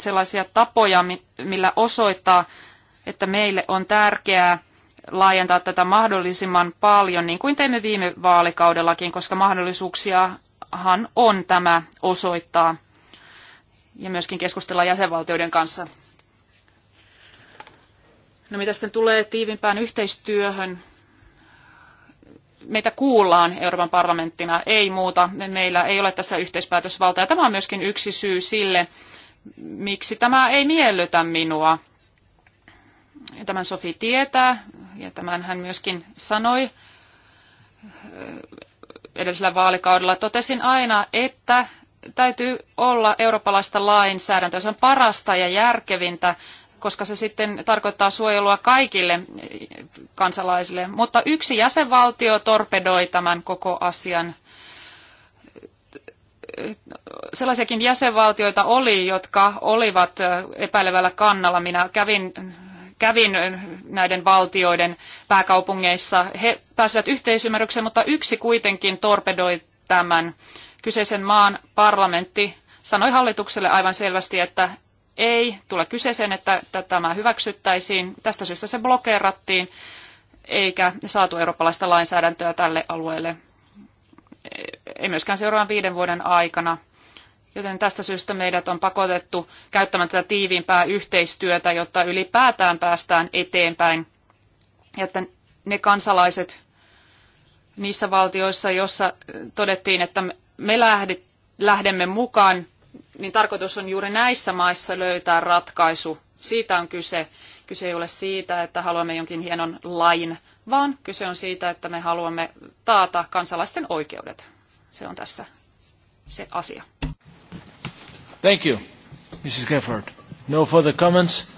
sellaisia tapoja, millä osoittaa, että meille on tärkeää laajentaa tätä mahdollisimman paljon, niin kuin teimme viime vaalikaudellakin, koska mahdollisuuksiahan on tämä osoittaa ja myöskin keskustella jäsenvaltioiden kanssa. No mitä sitten tulee tiivimpään yhteistyöhön meitä kuullaan Euroopan parlamenttina, ei muuta. Meillä ei ole tässä yhteispäätösvaltaa. Ja tämä on myöskin yksi syy sille, miksi tämä ei miellytä minua. Tämän Sofi tietää, ja tämän hän myöskin sanoi edellisellä vaalikaudella. Totesin aina, että täytyy olla eurooppalaista lainsäädäntöä. Se on parasta ja järkevintä koska se sitten tarkoittaa suojelua kaikille kansalaisille. Mutta yksi jäsenvaltio torpedoi tämän koko asian. Sellaisiakin jäsenvaltioita oli, jotka olivat epäilevällä kannalla. Minä kävin kävin näiden valtioiden pääkaupungeissa. He pääsivät yhteisymmärrykseen, mutta yksi kuitenkin torpedoi tämän. Kyseisen maan parlamentti sanoi hallitukselle aivan selvästi, että ei tule kyseeseen, että tämä hyväksyttäisiin. Tästä syystä se blokeerattiin, eikä saatu eurooppalaista lainsäädäntöä tälle alueelle. E-, ei myöskään seuraavan viiden vuoden aikana. Joten tästä syystä meidät on pakotettu käyttämään tätä tiiviimpää yhteistyötä, jotta ylipäätään päästään eteenpäin. Ja että ne kansalaiset niissä valtioissa, joissa e, todettiin, että me lähdemme mukaan niin tarkoitus on juuri näissä maissa löytää ratkaisu. Siitä on kyse. Kyse ei ole siitä, että haluamme jonkin hienon lain, vaan kyse on siitä, että me haluamme taata kansalaisten oikeudet. Se on tässä se asia. Thank you, Mrs. Gefford. No further comments?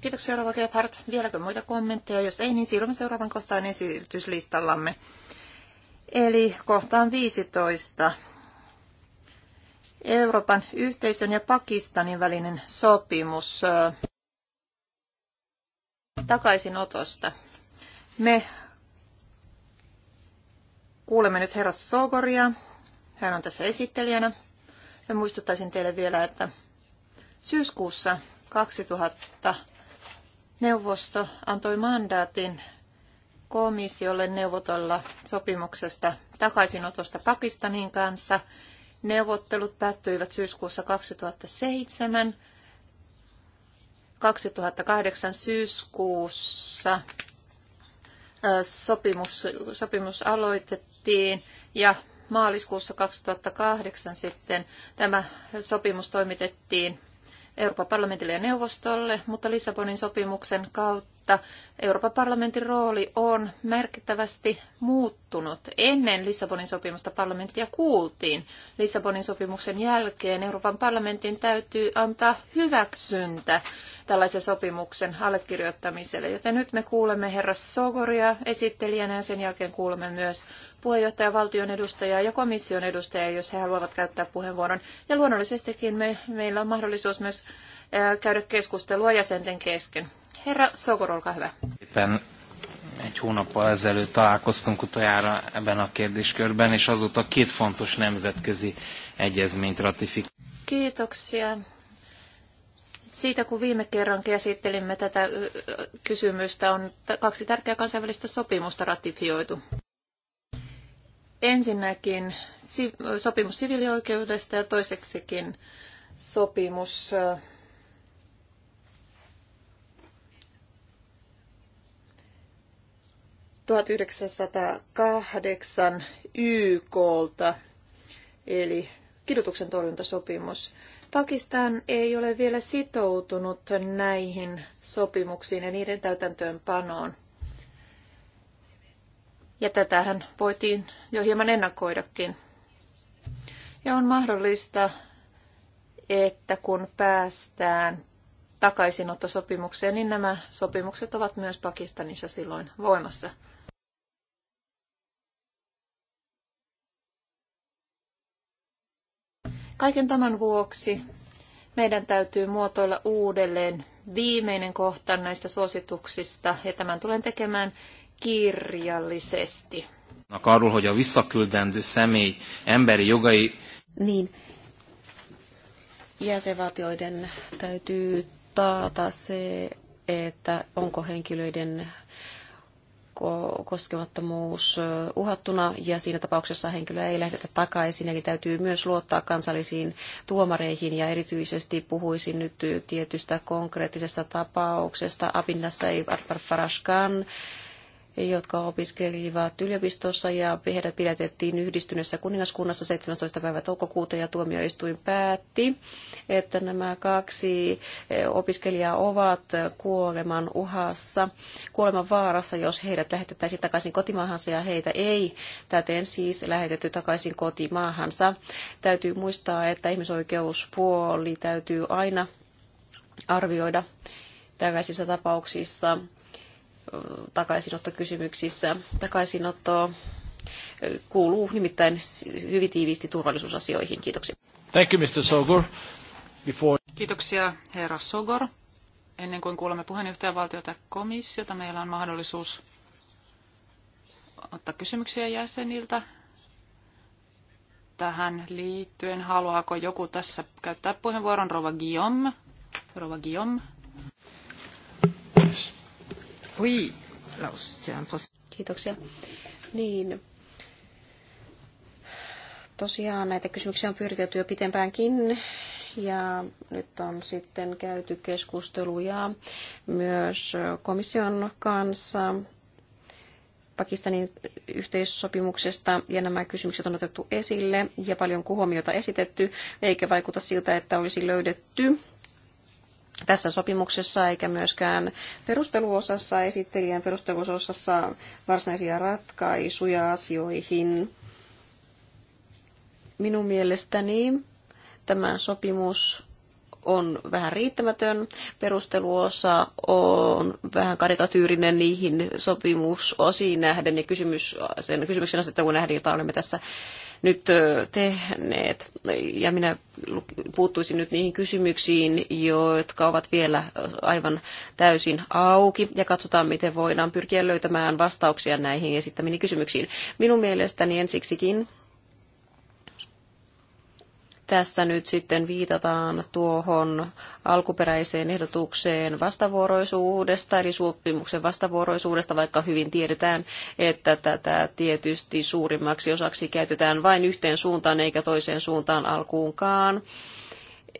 Kiitoksia, Rova Gebhardt. Vieläkö muita kommentteja? Jos ei, niin siirrymme seuraavan kohtaan esityslistallamme. Eli kohtaan 15. Euroopan yhteisön ja Pakistanin välinen sopimus takaisinotosta. Me kuulemme nyt herra Sogoria. Hän on tässä esittelijänä. Ja muistuttaisin teille vielä, että syyskuussa 2000 neuvosto antoi mandaatin komissiolle neuvotella sopimuksesta takaisinotosta Pakistanin kanssa – Neuvottelut päättyivät syyskuussa 2007. 2008 syyskuussa sopimus, sopimus aloitettiin ja maaliskuussa 2008 sitten tämä sopimus toimitettiin Euroopan parlamentille ja neuvostolle, mutta Lissabonin sopimuksen kautta että Euroopan parlamentin rooli on merkittävästi muuttunut. Ennen Lissabonin sopimusta parlamenttia kuultiin. Lissabonin sopimuksen jälkeen Euroopan parlamentin täytyy antaa hyväksyntä tällaisen sopimuksen allekirjoittamiselle. Joten nyt me kuulemme herra Sogoria esittelijänä ja sen jälkeen kuulemme myös puheenjohtaja, valtion edustaja ja komission edustaja, jos he haluavat käyttää puheenvuoron. Ja luonnollisestikin me, meillä on mahdollisuus myös käydä keskustelua jäsenten kesken. Herra Sogor, olkaa hyvä. Éppen egy hónappal ezelőtt találkoztunk utoljára ebben a kérdéskörben, és azóta két fontos nemzetközi egyezményt ratifikáltuk. Kiitoksia siitä, kun viime kerran käsittelimme tätä kysymystä, on kaksi tärkeää kansainvälistä sopimusta ratifioitu. Ensinnäkin sopimus siviilioikeudesta ja toiseksikin sopimus 1908 YKlta, eli kidutuksen torjuntasopimus. Pakistan ei ole vielä sitoutunut näihin sopimuksiin ja niiden täytäntöönpanoon. Ja tätähän voitiin jo hieman ennakoidakin. Ja on mahdollista, että kun päästään takaisinottosopimukseen, niin nämä sopimukset ovat myös Pakistanissa silloin voimassa. Kaiken tämän vuoksi meidän täytyy muotoilla uudelleen viimeinen kohta näistä suosituksista, ja tämän tulen tekemään kirjallisesti. Arról, hogy a visszaküldendő személy emberi jogai... Niin, jäsenvaltioiden täytyy taata se, että onko henkilöiden koskemattomuus uhattuna ja siinä tapauksessa henkilöä ei lähdetä takaisin. Eli täytyy myös luottaa kansallisiin tuomareihin ja erityisesti puhuisin nyt tietystä konkreettisesta tapauksesta. Apinnassa ei Arpar Farashkan jotka opiskelivat yliopistossa ja heidät pidätettiin yhdistyneessä kuningaskunnassa 17. päivä toukokuuta ja tuomioistuin päätti, että nämä kaksi e, opiskelijaa ovat kuoleman uhassa, kuoleman vaarassa, jos heidät lähetettäisiin takaisin kotimaahansa ja heitä ei täten siis lähetetty takaisin kotimaahansa. Täytyy muistaa, että ihmisoikeuspuoli täytyy aina arvioida tällaisissa tapauksissa takaisinottokysymyksissä. Takaisinotto kuuluu nimittäin hyvin tiiviisti turvallisuusasioihin. Kiitoksia. Thank you, Mr. Sogor. Before... Kiitoksia, herra Sogor. Ennen kuin kuulemme puheenjohtajavaltiota komissiota, meillä on mahdollisuus ottaa kysymyksiä jäseniltä. Tähän liittyen, haluaako joku tässä käyttää puheenvuoron? Rova Guillaume. Rova Guillaume. Yes. Oui. Kiitoksia. Niin, tosiaan näitä kysymyksiä on pyöritelty jo pitempäänkin ja nyt on sitten käyty keskusteluja myös komission kanssa Pakistanin yhteissopimuksesta ja nämä kysymykset on otettu esille ja paljon huomiota esitetty, eikä vaikuta siltä, että olisi löydetty tässä sopimuksessa eikä myöskään perusteluosassa, esittelijän perusteluosassa varsinaisia ratkaisuja asioihin. Minun mielestäni tämä sopimus on vähän riittämätön. Perusteluosa on vähän karikatyyrinen niihin sopimusosiin nähden ja kysymys, sen kysymyksen asettelun nähden, jota olemme tässä nyt tehneet. Ja minä puuttuisin nyt niihin kysymyksiin, jotka ovat vielä aivan täysin auki, ja katsotaan, miten voidaan pyrkiä löytämään vastauksia näihin esittämiin kysymyksiin. Minun mielestäni ensiksikin tässä nyt sitten viitataan tuohon alkuperäiseen ehdotukseen vastavuoroisuudesta, eli sopimuksen vastavuoroisuudesta, vaikka hyvin tiedetään, että tätä tietysti suurimmaksi osaksi käytetään vain yhteen suuntaan eikä toiseen suuntaan alkuunkaan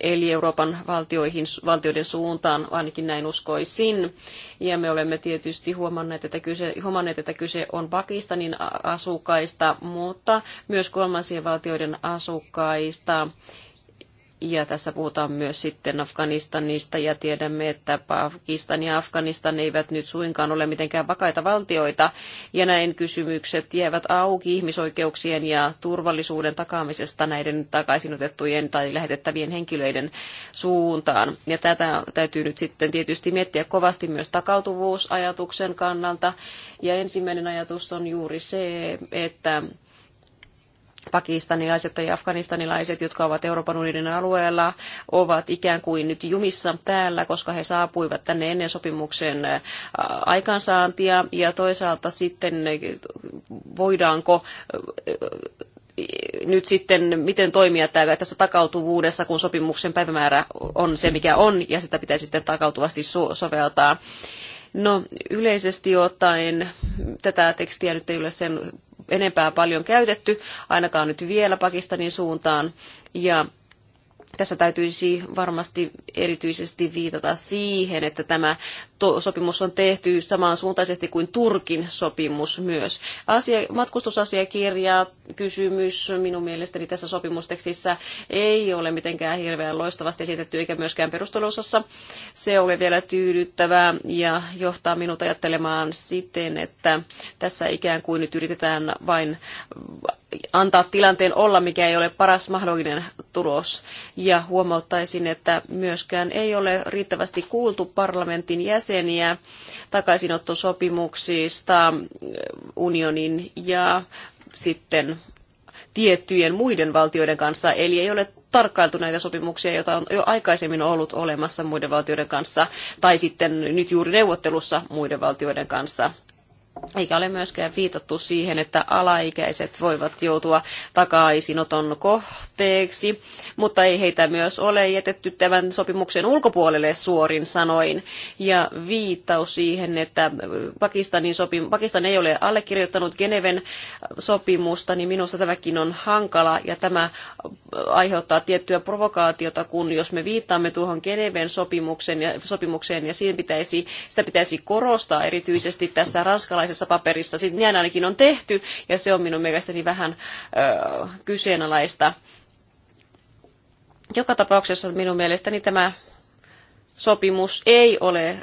eli Euroopan valtioihin, valtioiden suuntaan, ainakin näin uskoisin. Ja me olemme tietysti huomanneet, että kyse, huomanneet, että kyse on Pakistanin asukkaista, mutta myös kolmansien valtioiden asukkaista ja tässä puhutaan myös sitten Afganistanista ja tiedämme, että Pakistan ja Afganistan eivät nyt suinkaan ole mitenkään vakaita valtioita. Ja näin kysymykset jäävät auki ihmisoikeuksien ja turvallisuuden takaamisesta näiden takaisinotettujen tai lähetettävien henkilöiden suuntaan. Ja tätä täytyy nyt sitten tietysti miettiä kovasti myös takautuvuusajatuksen kannalta. Ja ensimmäinen ajatus on juuri se, että pakistanilaiset tai afganistanilaiset, jotka ovat Euroopan unionin alueella, ovat ikään kuin nyt jumissa täällä, koska he saapuivat tänne ennen sopimuksen aikaansaantia. Ja toisaalta sitten voidaanko nyt sitten, miten toimia täällä tässä takautuvuudessa, kun sopimuksen päivämäärä on se, mikä on, ja sitä pitäisi sitten takautuvasti soveltaa. No yleisesti ottaen tätä tekstiä nyt ei ole sen enempää paljon käytetty, ainakaan nyt vielä Pakistanin suuntaan. Ja tässä täytyisi varmasti erityisesti viitata siihen, että tämä sopimus on tehty samansuuntaisesti kuin Turkin sopimus myös. Asia, matkustusasiakirja kysymys minun mielestäni tässä sopimustekstissä ei ole mitenkään hirveän loistavasti esitetty eikä myöskään perusteluosassa. Se oli vielä tyydyttävää ja johtaa minut ajattelemaan siten, että tässä ikään kuin nyt yritetään vain antaa tilanteen olla, mikä ei ole paras mahdollinen tulos. Ja huomauttaisin, että myöskään ei ole riittävästi kuultu parlamentin jäseniä jäseniä takaisinottosopimuksista äh, unionin ja sitten tiettyjen muiden valtioiden kanssa, eli ei ole tarkkailtu näitä sopimuksia, joita on jo aikaisemmin ollut olemassa muiden valtioiden kanssa, tai sitten nyt juuri neuvottelussa muiden valtioiden kanssa. Eikä ole myöskään viitattu siihen, että alaikäiset voivat joutua takaisinoton kohteeksi, mutta ei heitä myös ole jätetty tämän sopimuksen ulkopuolelle suorin sanoin. Ja viittaus siihen, että Pakistanin sopim- Pakistan ei ole allekirjoittanut Geneven sopimusta, niin minusta tämäkin on hankala ja tämä aiheuttaa tiettyä provokaatiota, kun jos me viittaamme tuohon Geneven sopimukseen ja, sopimukseen, ja siinä pitäisi, sitä pitäisi korostaa erityisesti tässä ranskalaisessa tällaisessa paperissa. Sitten niin ainakin on tehty, ja se on minun mielestäni vähän ö, kyseenalaista. Joka tapauksessa minun mielestäni tämä sopimus ei ole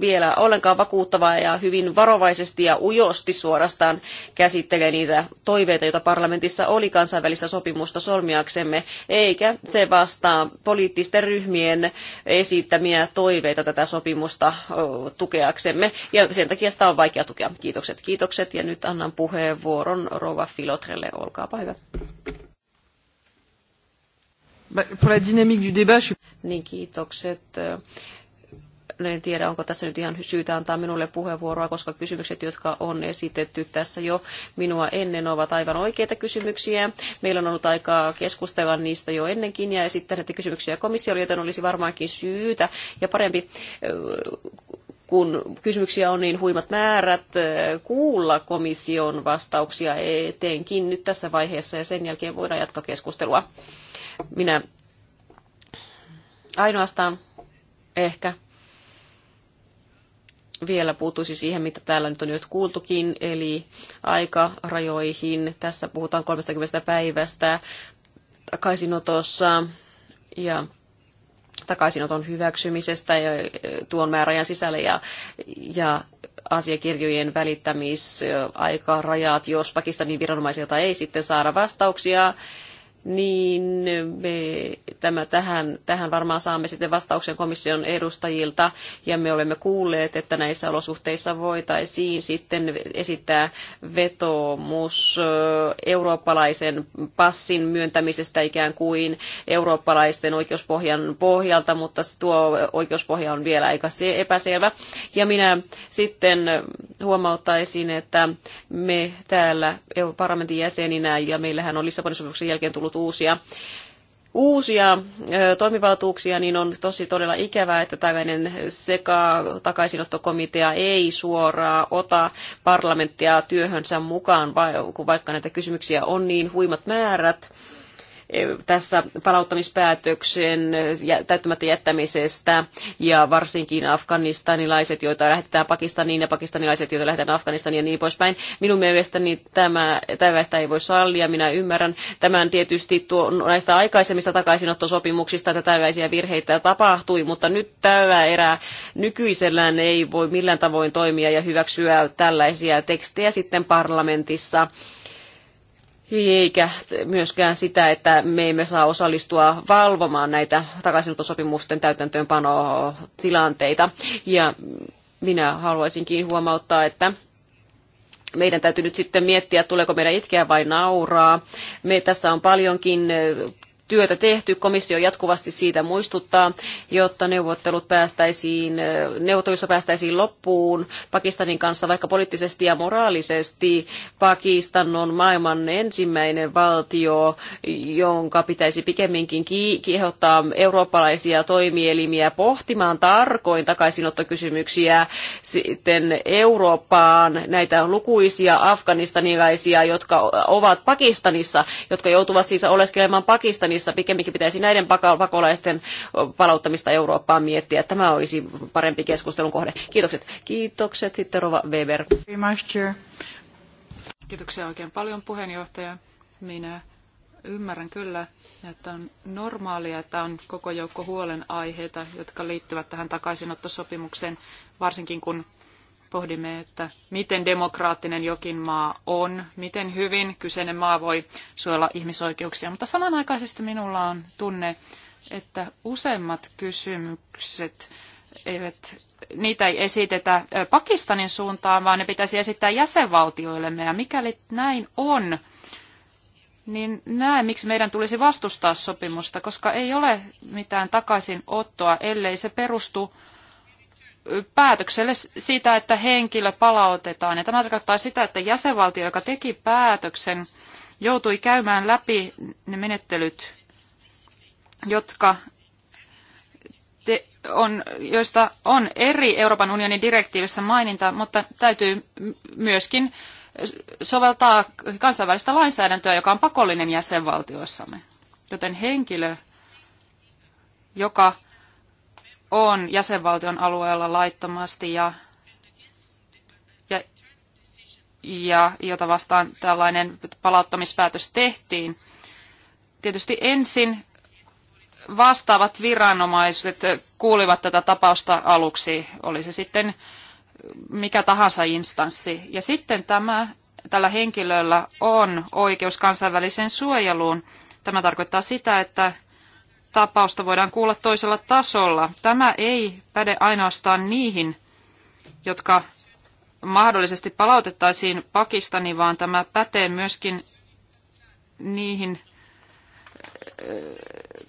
vielä ollenkaan vakuuttava ja hyvin varovaisesti ja ujosti suorastaan käsittelee niitä toiveita, joita parlamentissa oli kansainvälistä sopimusta solmiaksemme, eikä se vastaa poliittisten ryhmien esittämiä toiveita tätä sopimusta tukeaksemme. Ja sen takia sitä on vaikea tukea. Kiitokset, kiitokset. Ja nyt annan puheenvuoron Rova Filotrelle. Olkaapa hyvä. Pour la dynamique du débat, je... Niin, kiitokset. No en tiedä, onko tässä nyt ihan syytä antaa minulle puheenvuoroa, koska kysymykset, jotka on esitetty tässä jo minua ennen, ovat aivan oikeita kysymyksiä. Meillä on ollut aikaa keskustella niistä jo ennenkin ja esittää näitä kysymyksiä komissiolle, joten olisi varmaankin syytä ja parempi kun kysymyksiä on niin huimat määrät, äh, kuulla komission vastauksia etenkin nyt tässä vaiheessa ja sen jälkeen voidaan jatkaa keskustelua. Minä ainoastaan ehkä vielä puuttuisi siihen, mitä täällä nyt on jo kuultukin, eli aikarajoihin. Tässä puhutaan 30 päivästä takaisinotossa ja takaisinoton hyväksymisestä ja e, tuon määräajan sisällä ja, ja asiakirjojen välittämisaikarajat, jos Pakistanin viranomaisilta ei sitten saada vastauksia niin me, tämä, tähän, tähän varmaan saamme sitten vastauksen komission edustajilta, ja me olemme kuulleet, että näissä olosuhteissa voitaisiin sitten esittää vetoomus eurooppalaisen passin myöntämisestä ikään kuin eurooppalaisten oikeuspohjan pohjalta, mutta tuo oikeuspohja on vielä aika epäselvä. Ja minä sitten huomauttaisin, että me täällä parlamentin jäseninä, ja meillähän on Lissabonin sopimuksen jälkeen tullut tullut uusia uusia toimivaltuuksia, niin on tosi todella ikävää, että tällainen seka takaisinottokomitea ei suoraan ota parlamenttia työhönsä mukaan, kun vaikka näitä kysymyksiä on niin huimat määrät tässä palauttamispäätöksen täyttämättä jättämisestä ja varsinkin afganistanilaiset, joita lähetetään Pakistaniin ja pakistanilaiset, joita lähetetään Afganistaniin ja niin poispäin. Minun mielestäni tämä, tällaista ei voi sallia. Minä ymmärrän tämän tietysti tuo, näistä aikaisemmista takaisinottosopimuksista, että tällaisia virheitä tapahtui, mutta nyt tällä erää nykyisellään ei voi millään tavoin toimia ja hyväksyä tällaisia tekstejä sitten parlamentissa eikä myöskään sitä, että me emme saa osallistua valvomaan näitä takaisinottosopimusten täytäntöönpanotilanteita. Ja minä haluaisinkin huomauttaa, että meidän täytyy nyt sitten miettiä, tuleeko meidän itkeä vai nauraa. Me tässä on paljonkin työtä tehty. Komissio jatkuvasti siitä muistuttaa, jotta neuvottelut päästäisiin, neuvotteluissa päästäisiin loppuun Pakistanin kanssa, vaikka poliittisesti ja moraalisesti Pakistan on maailman ensimmäinen valtio, jonka pitäisi pikemminkin kiihottaa eurooppalaisia toimielimiä pohtimaan tarkoin takaisinottokysymyksiä sitten Eurooppaan näitä lukuisia afganistanilaisia, jotka ovat Pakistanissa, jotka joutuvat siis oleskelemaan Pakistanissa Unionissa. Pikemminkin pitäisi näiden pakolaisten palauttamista Eurooppaan miettiä. Tämä olisi parempi keskustelun kohde. Kiitokset. Kiitokset. Sitten Rova Weber. Kiitoksia oikein paljon puheenjohtaja. Minä ymmärrän kyllä, että on normaalia, että on koko joukko huolenaiheita, jotka liittyvät tähän takaisinottosopimukseen, varsinkin kun pohdimme, että miten demokraattinen jokin maa on, miten hyvin kyseinen maa voi suojella ihmisoikeuksia. Mutta samanaikaisesti minulla on tunne, että useimmat kysymykset eivät, niitä ei esitetä Pakistanin suuntaan, vaan ne pitäisi esittää jäsenvaltioillemme. Ja mikäli näin on, niin näe, miksi meidän tulisi vastustaa sopimusta, koska ei ole mitään takaisinottoa, ellei se perustu päätökselle siitä, että henkilö palautetaan. Ja tämä tarkoittaa sitä, että jäsenvaltio, joka teki päätöksen, joutui käymään läpi ne menettelyt, jotka te, on, joista on eri Euroopan unionin direktiivissä maininta, mutta täytyy myöskin soveltaa kansainvälistä lainsäädäntöä, joka on pakollinen jäsenvaltioissamme. Joten henkilö, joka on jäsenvaltion alueella laittomasti ja, ja, ja jota vastaan tällainen palauttamispäätös tehtiin. Tietysti ensin vastaavat viranomaiset kuulivat tätä tapausta aluksi, oli se sitten mikä tahansa instanssi. Ja sitten tämä, tällä henkilöllä on oikeus kansainväliseen suojeluun. Tämä tarkoittaa sitä, että tapausta voidaan kuulla toisella tasolla. Tämä ei päde ainoastaan niihin, jotka mahdollisesti palautettaisiin Pakistaniin, vaan tämä pätee myöskin niihin äh,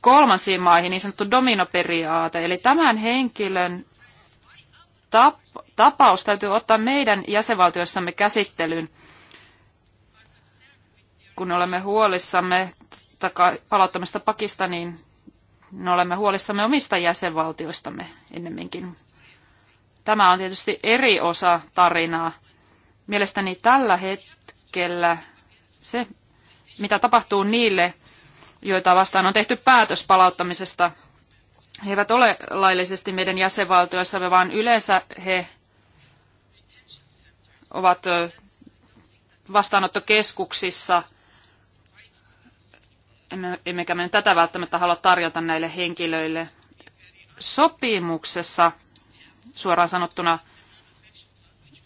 kolmansiin maihin, niin sanottu dominoperiaate. Eli tämän henkilön tap- tapaus täytyy ottaa meidän jäsenvaltioissamme käsittelyyn, kun olemme huolissamme palauttamista Pakistaniin, no olemme huolissamme omista jäsenvaltioistamme ennemminkin. Tämä on tietysti eri osa tarinaa. Mielestäni tällä hetkellä se, mitä tapahtuu niille, joita vastaan on tehty päätös palauttamisesta, he eivät ole laillisesti meidän jäsenvaltioissamme, vaan yleensä he ovat vastaanottokeskuksissa – emmekä me tätä välttämättä halua tarjota näille henkilöille. Sopimuksessa suoraan sanottuna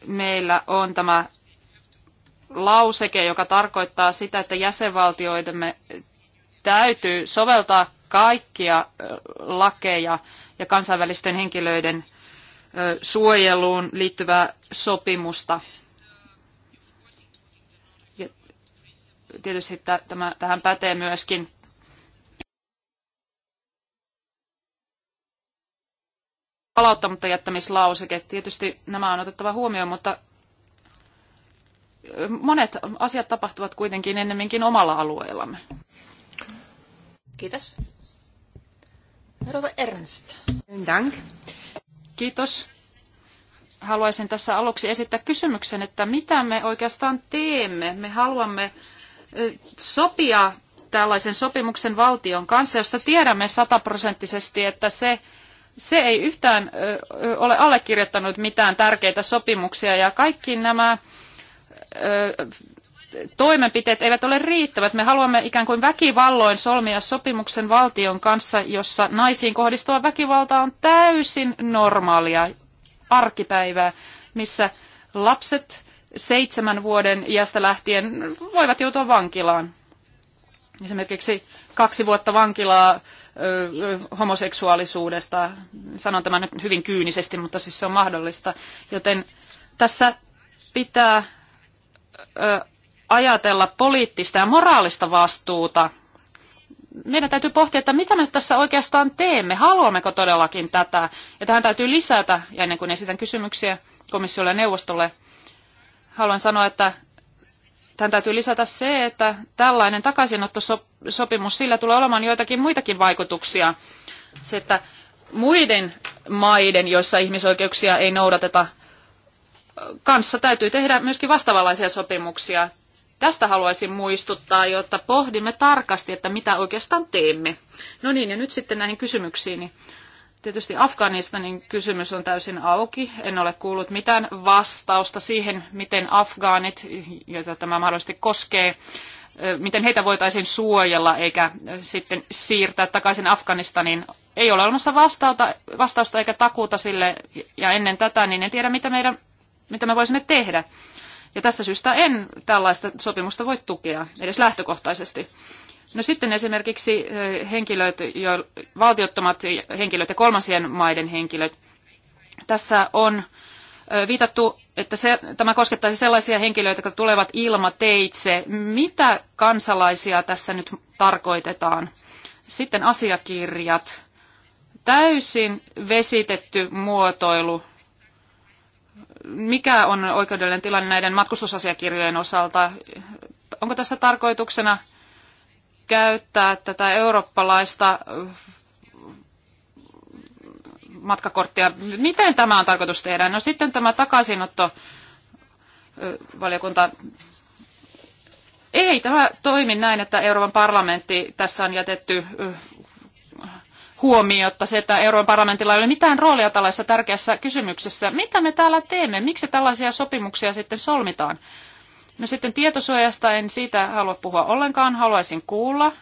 meillä on tämä lauseke, joka tarkoittaa sitä, että jäsenvaltioidemme täytyy soveltaa kaikkia lakeja ja kansainvälisten henkilöiden suojeluun liittyvää sopimusta. tietysti tämä, tähän pätee myöskin palauttamatta jättämislauseke. Tietysti nämä on otettava huomioon, mutta monet asiat tapahtuvat kuitenkin ennemminkin omalla alueellamme. Kiitos. Rova Ernst. Kiitos. Haluaisin tässä aluksi esittää kysymyksen, että mitä me oikeastaan teemme. Me haluamme sopia tällaisen sopimuksen valtion kanssa, josta tiedämme sataprosenttisesti, että se, se ei yhtään ole allekirjoittanut mitään tärkeitä sopimuksia ja kaikki nämä toimenpiteet eivät ole riittävät. Me haluamme ikään kuin väkivalloin solmia sopimuksen valtion kanssa, jossa naisiin kohdistuva väkivalta on täysin normaalia arkipäivää, missä lapset seitsemän vuoden iästä lähtien voivat joutua vankilaan. Esimerkiksi kaksi vuotta vankilaa homoseksuaalisuudesta. Sanon tämän nyt hyvin kyynisesti, mutta siis se on mahdollista. Joten tässä pitää ajatella poliittista ja moraalista vastuuta. Meidän täytyy pohtia, että mitä me nyt tässä oikeastaan teemme. Haluammeko todellakin tätä? Ja tähän täytyy lisätä, ja ennen kuin esitän kysymyksiä komissiolle ja neuvostolle, haluan sanoa, että tämän täytyy lisätä se, että tällainen takaisinottosopimus, sillä tulee olemaan joitakin muitakin vaikutuksia. Se, että muiden maiden, joissa ihmisoikeuksia ei noudateta, kanssa täytyy tehdä myöskin vastaavanlaisia sopimuksia. Tästä haluaisin muistuttaa, jotta pohdimme tarkasti, että mitä oikeastaan teemme. No niin, ja nyt sitten näihin kysymyksiin. Tietysti Afganistanin kysymys on täysin auki. En ole kuullut mitään vastausta siihen, miten afgaanit, joita tämä mahdollisesti koskee, miten heitä voitaisiin suojella eikä sitten siirtää takaisin Afganistaniin. Ei ole olemassa vastausta, vastausta eikä takuuta sille, ja ennen tätä niin en tiedä, mitä, meidän, mitä me voisimme tehdä. Ja tästä syystä en tällaista sopimusta voi tukea, edes lähtökohtaisesti. No sitten esimerkiksi henkilöt, jo, valtiottomat henkilöt ja kolmansien maiden henkilöt. Tässä on viitattu, että se, tämä koskettaisi sellaisia henkilöitä, jotka tulevat ilma teitse. Mitä kansalaisia tässä nyt tarkoitetaan? Sitten asiakirjat. Täysin vesitetty muotoilu. Mikä on oikeudellinen tilanne näiden matkustusasiakirjojen osalta? Onko tässä tarkoituksena käyttää tätä eurooppalaista matkakorttia. Miten tämä on tarkoitus tehdä? No sitten tämä takaisinotto valiokunta. Ei tämä toimi näin, että Euroopan parlamentti tässä on jätetty huomiota se, että Euroopan parlamentilla ei ole mitään roolia tällaisessa tärkeässä kysymyksessä. Mitä me täällä teemme? Miksi tällaisia sopimuksia sitten solmitaan? No sitten tietosuojasta en siitä halua puhua ollenkaan. Haluaisin kuulla,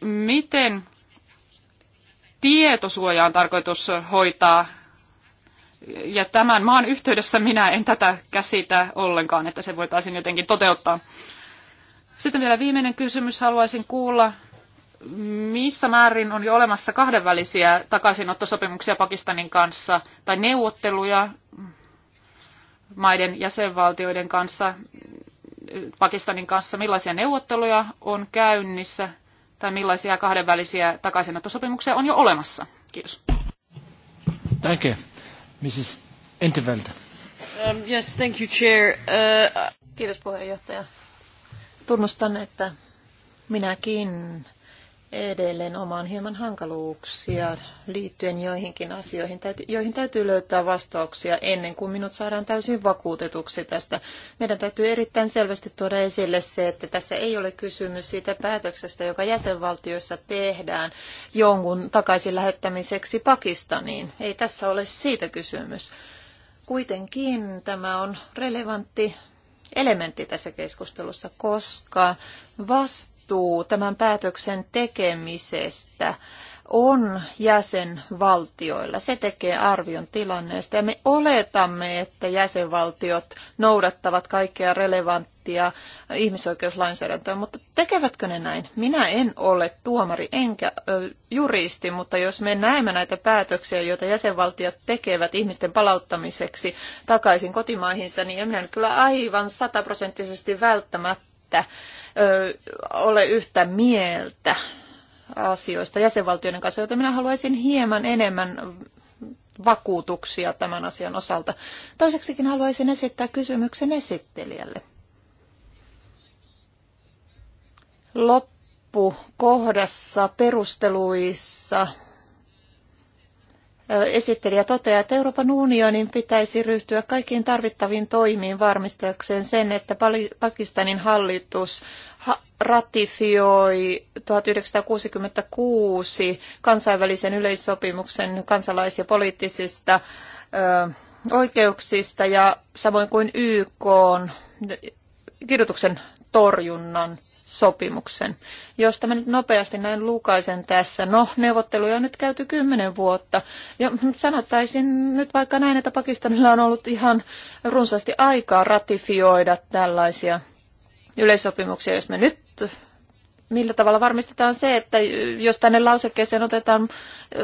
miten tietosuoja on tarkoitus hoitaa. Ja tämän maan yhteydessä minä en tätä käsitä ollenkaan, että se voitaisiin jotenkin toteuttaa. Sitten vielä viimeinen kysymys. Haluaisin kuulla, missä määrin on jo olemassa kahdenvälisiä takaisinottosopimuksia Pakistanin kanssa tai neuvotteluja maiden jäsenvaltioiden kanssa, Pakistanin kanssa, millaisia neuvotteluja on käynnissä tai millaisia kahdenvälisiä takaisinottosopimuksia on jo olemassa? Kiitos. Danke. Mrs. Enteveld. Um, yes, thank you, Chair. Uh... Kiitos puheenjohtaja. Tunnustan, että minäkin edelleen omaan hieman hankaluuksia liittyen joihinkin asioihin, joihin täytyy löytää vastauksia ennen kuin minut saadaan täysin vakuutetuksi tästä. Meidän täytyy erittäin selvästi tuoda esille se, että tässä ei ole kysymys siitä päätöksestä, joka jäsenvaltioissa tehdään jonkun takaisin lähettämiseksi Pakistaniin. Ei tässä ole siitä kysymys. Kuitenkin tämä on relevantti elementti tässä keskustelussa, koska vasta vastuu tämän päätöksen tekemisestä on jäsenvaltioilla. Se tekee arvion tilanneesta ja me oletamme, että jäsenvaltiot noudattavat kaikkea relevanttia ihmisoikeuslainsäädäntöä, mutta tekevätkö ne näin? Minä en ole tuomari enkä ö, juristi, mutta jos me näemme näitä päätöksiä, joita jäsenvaltiot tekevät ihmisten palauttamiseksi takaisin kotimaihinsa, niin en minä nyt kyllä aivan sataprosenttisesti välttämättä yhtä, ö, ole yhtä mieltä asioista jäsenvaltioiden kanssa, joten minä haluaisin hieman enemmän vakuutuksia tämän asian osalta. Toiseksikin haluaisin esittää kysymyksen esittelijälle. Loppukohdassa perusteluissa esittelijä toteaa, että Euroopan unionin pitäisi ryhtyä kaikkiin tarvittaviin toimiin varmistaakseen sen, että Pakistanin hallitus ratifioi 1966 kansainvälisen yleissopimuksen kansalais- ja poliittisista oikeuksista ja samoin kuin YK kidutuksen torjunnan sopimuksen. josta mä nyt nopeasti näin lukaisen tässä, no neuvotteluja on nyt käyty kymmenen vuotta. Ja sanottaisin nyt vaikka näin, että Pakistanilla on ollut ihan runsaasti aikaa ratifioida tällaisia yleissopimuksia, jos me nyt millä tavalla varmistetaan se, että jos tänne lausekkeeseen otetaan,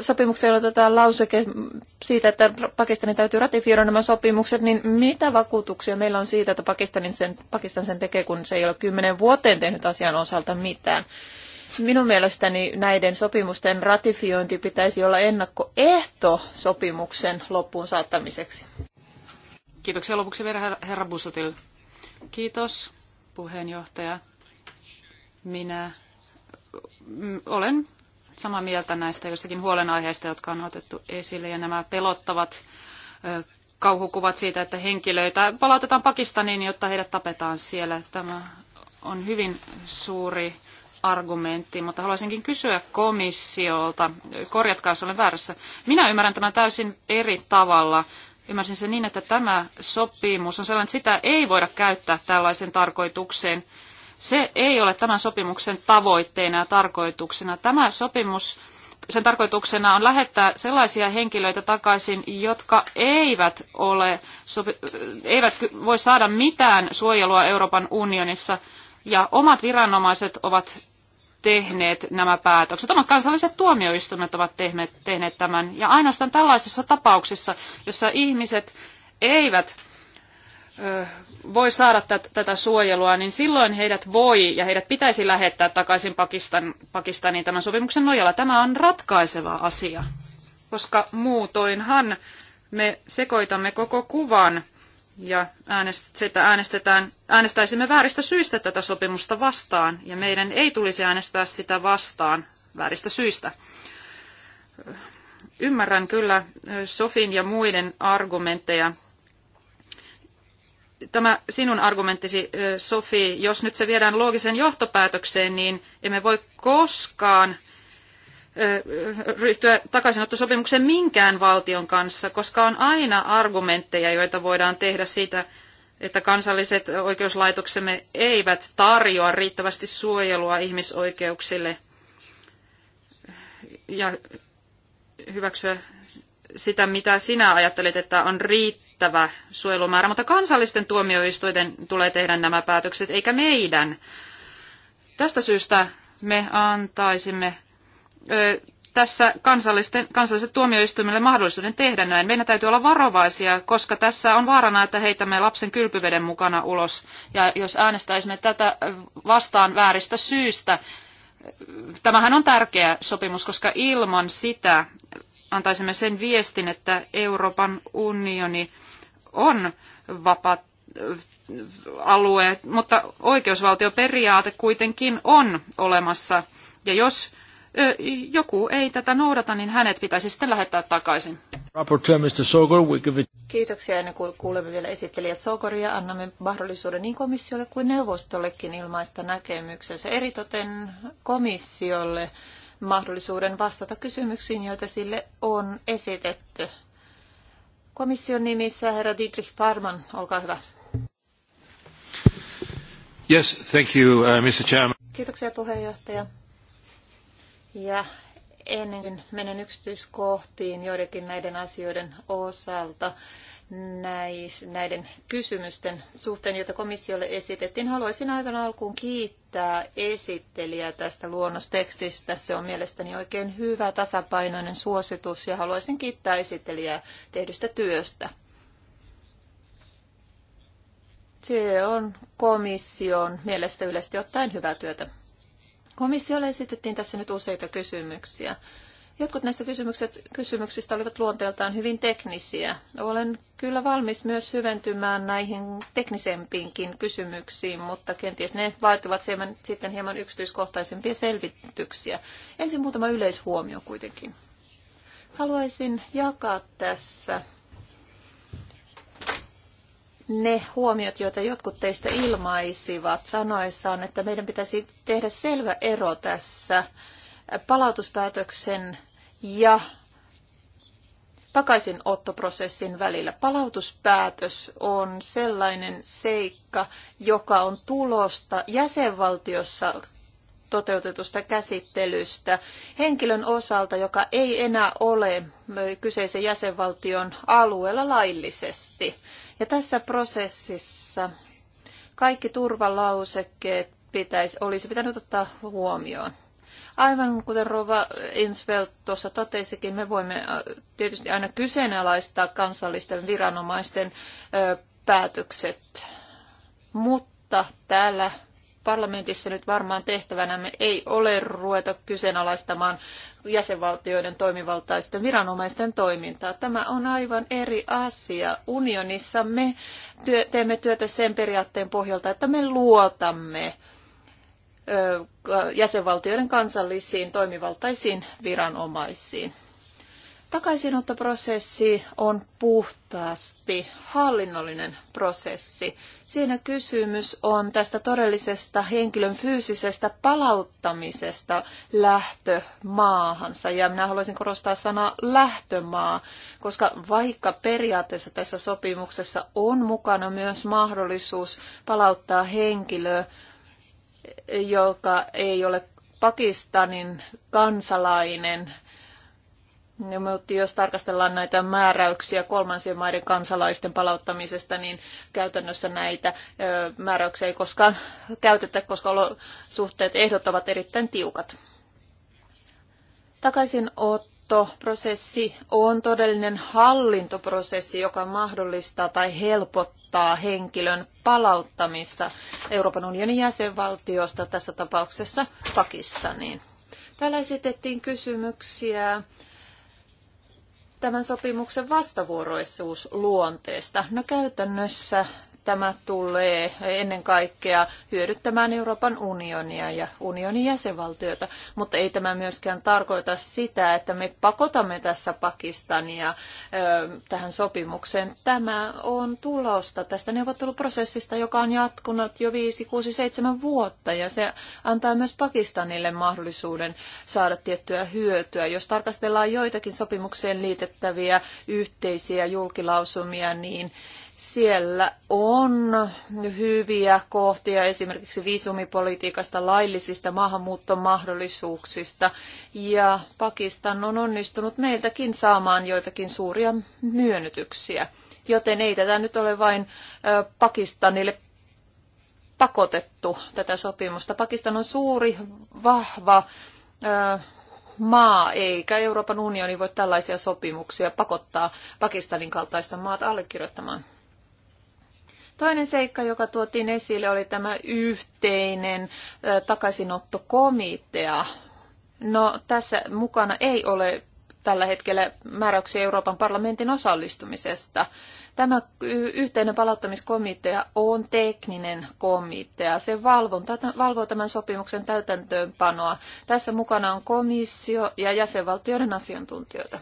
sopimukseen otetaan lauseke siitä, että Pakistanin täytyy ratifioida nämä sopimukset, niin mitä vakuutuksia meillä on siitä, että Pakistanin sen, Pakistan sen tekee, kun se ei ole kymmenen vuoteen tehnyt asian osalta mitään? Minun mielestäni näiden sopimusten ratifiointi pitäisi olla ennakkoehto sopimuksen loppuun saattamiseksi. Kiitoksia lopuksi vielä herra Busotil. Kiitos puheenjohtaja. Minä mm, olen samaa mieltä näistä jostakin huolenaiheista, jotka on otettu esille, ja nämä pelottavat kauhukuvat siitä, että henkilöitä palautetaan Pakistaniin, jotta heidät tapetaan siellä. Tämä on hyvin suuri argumentti, mutta haluaisinkin kysyä komissiolta, korjatkaa jos olen väärässä. Minä ymmärrän tämän täysin eri tavalla. Ymmärsin sen niin, että tämä sopimus on sellainen, että sitä ei voida käyttää tällaisen tarkoitukseen. Se ei ole tämän sopimuksen tavoitteena ja tarkoituksena. Tämä sopimus sen tarkoituksena on lähettää sellaisia henkilöitä takaisin, jotka eivät, ole, eivät voi saada mitään suojelua Euroopan unionissa, ja omat viranomaiset ovat tehneet nämä päätökset. Omat kansalliset tuomioistuimet ovat tehneet, tehneet tämän. Ja ainoastaan tällaisissa tapauksissa, jossa ihmiset eivät voi saada tätä suojelua, niin silloin heidät voi ja heidät pitäisi lähettää takaisin Pakistan, Pakistaniin tämän sopimuksen nojalla. Tämä on ratkaiseva asia, koska muutoinhan me sekoitamme koko kuvan ja äänest, sitä äänestetään, äänestäisimme vääristä syistä tätä sopimusta vastaan ja meidän ei tulisi äänestää sitä vastaan vääristä syistä. Ymmärrän kyllä Sofin ja muiden argumentteja tämä sinun argumenttisi, Sofi, jos nyt se viedään loogisen johtopäätökseen, niin emme voi koskaan ryhtyä takaisinottosopimukseen minkään valtion kanssa, koska on aina argumentteja, joita voidaan tehdä siitä, että kansalliset oikeuslaitoksemme eivät tarjoa riittävästi suojelua ihmisoikeuksille ja hyväksyä sitä, mitä sinä ajattelet, että on riittävä riittävä suojelumäärä, mutta kansallisten tuomioistuinten tulee tehdä nämä päätökset, eikä meidän. Tästä syystä me antaisimme ö, tässä kansallisten, kansalliset tuomioistuimille mahdollisuuden tehdä näin. Meidän täytyy olla varovaisia, koska tässä on vaarana, että heitämme lapsen kylpyveden mukana ulos. Ja jos äänestäisimme tätä vastaan vääristä syistä, tämähän on tärkeä sopimus, koska ilman sitä antaisimme sen viestin, että Euroopan unioni on vapaat äh, alueet, mutta oikeusvaltioperiaate kuitenkin on olemassa. Ja jos joku ei tätä noudata, niin hänet pitäisi sitten lähettää takaisin. Kiitoksia ennen kuin kuulemme vielä esittelijä Sogoria. Annamme mahdollisuuden niin komissiolle kuin neuvostollekin ilmaista näkemyksensä. Eritoten komissiolle mahdollisuuden vastata kysymyksiin, joita sille on esitetty. Komission nimissä herra Dietrich Parman, olkaa hyvä. Yes, thank you, uh, Mr. Chairman. Kiitoksia puheenjohtaja. Ja ennen kuin menen yksityiskohtiin joidenkin näiden asioiden osalta, näiden kysymysten suhteen, joita komissiolle esitettiin. Haluaisin aivan alkuun kiittää esittelijää tästä luonnostekstistä. Se on mielestäni oikein hyvä tasapainoinen suositus ja haluaisin kiittää esittelijää tehdystä työstä. Se on komission mielestä yleisesti ottaen hyvää työtä. Komissiolle esitettiin tässä nyt useita kysymyksiä. Jotkut näistä kysymyksistä olivat luonteeltaan hyvin teknisiä. Olen kyllä valmis myös syventymään näihin teknisempiinkin kysymyksiin, mutta kenties ne vaativat sitten hieman yksityiskohtaisempia selvityksiä. Ensin muutama yleishuomio kuitenkin. Haluaisin jakaa tässä ne huomiot, joita jotkut teistä ilmaisivat sanoessaan, että meidän pitäisi tehdä selvä ero tässä palautuspäätöksen ja takaisinottoprosessin välillä. Palautuspäätös on sellainen seikka, joka on tulosta jäsenvaltiossa toteutetusta käsittelystä henkilön osalta, joka ei enää ole kyseisen jäsenvaltion alueella laillisesti. Ja tässä prosessissa kaikki turvalausekkeet pitäisi, olisi pitänyt ottaa huomioon. Aivan kuten Rova Insveld tuossa totesikin, me voimme tietysti aina kyseenalaistaa kansallisten viranomaisten päätökset, mutta täällä parlamentissa nyt varmaan tehtävänämme ei ole ruveta kyseenalaistamaan jäsenvaltioiden toimivaltaisten viranomaisten toimintaa. Tämä on aivan eri asia. Unionissa me työ, teemme työtä sen periaatteen pohjalta, että me luotamme jäsenvaltioiden kansallisiin toimivaltaisiin viranomaisiin. Takaisinottoprosessi on puhtaasti hallinnollinen prosessi. Siinä kysymys on tästä todellisesta henkilön fyysisestä palauttamisesta lähtömaahansa. Ja minä haluaisin korostaa sanaa lähtömaa, koska vaikka periaatteessa tässä sopimuksessa on mukana myös mahdollisuus palauttaa henkilö joka ei ole Pakistanin kansalainen, mutta jos tarkastellaan näitä määräyksiä kolmansien maiden kansalaisten palauttamisesta, niin käytännössä näitä määräyksiä ei koskaan käytetä, koska olosuhteet ehdot ovat erittäin tiukat. Takaisin ottaa muuttoprosessi on todellinen hallintoprosessi, joka mahdollistaa tai helpottaa henkilön palauttamista Euroopan unionin jäsenvaltiosta, tässä tapauksessa Pakistaniin. Täällä esitettiin kysymyksiä tämän sopimuksen vastavuoroisuusluonteesta. No käytännössä tämä tulee ennen kaikkea hyödyttämään Euroopan unionia ja unionin jäsenvaltioita, mutta ei tämä myöskään tarkoita sitä, että me pakotamme tässä Pakistania tähän sopimukseen. Tämä on tulosta tästä neuvotteluprosessista, joka on jatkunut jo 5, 6, 7 vuotta ja se antaa myös Pakistanille mahdollisuuden saada tiettyä hyötyä. Jos tarkastellaan joitakin sopimukseen liitettäviä yhteisiä julkilausumia, niin siellä on hyviä kohtia esimerkiksi viisumipolitiikasta, laillisista maahanmuuttomahdollisuuksista ja Pakistan on onnistunut meiltäkin saamaan joitakin suuria myönnytyksiä. Joten ei tätä nyt ole vain Pakistanille pakotettu tätä sopimusta. Pakistan on suuri, vahva maa, eikä Euroopan unioni voi tällaisia sopimuksia pakottaa Pakistanin kaltaista maata allekirjoittamaan. Toinen seikka, joka tuotiin esille, oli tämä yhteinen takaisinottokomitea. No tässä mukana ei ole tällä hetkellä määräyksiä Euroopan parlamentin osallistumisesta. Tämä yhteinen palauttamiskomitea on tekninen komitea. Se valvoo tämän sopimuksen täytäntöönpanoa. Tässä mukana on komissio ja jäsenvaltioiden asiantuntijoita.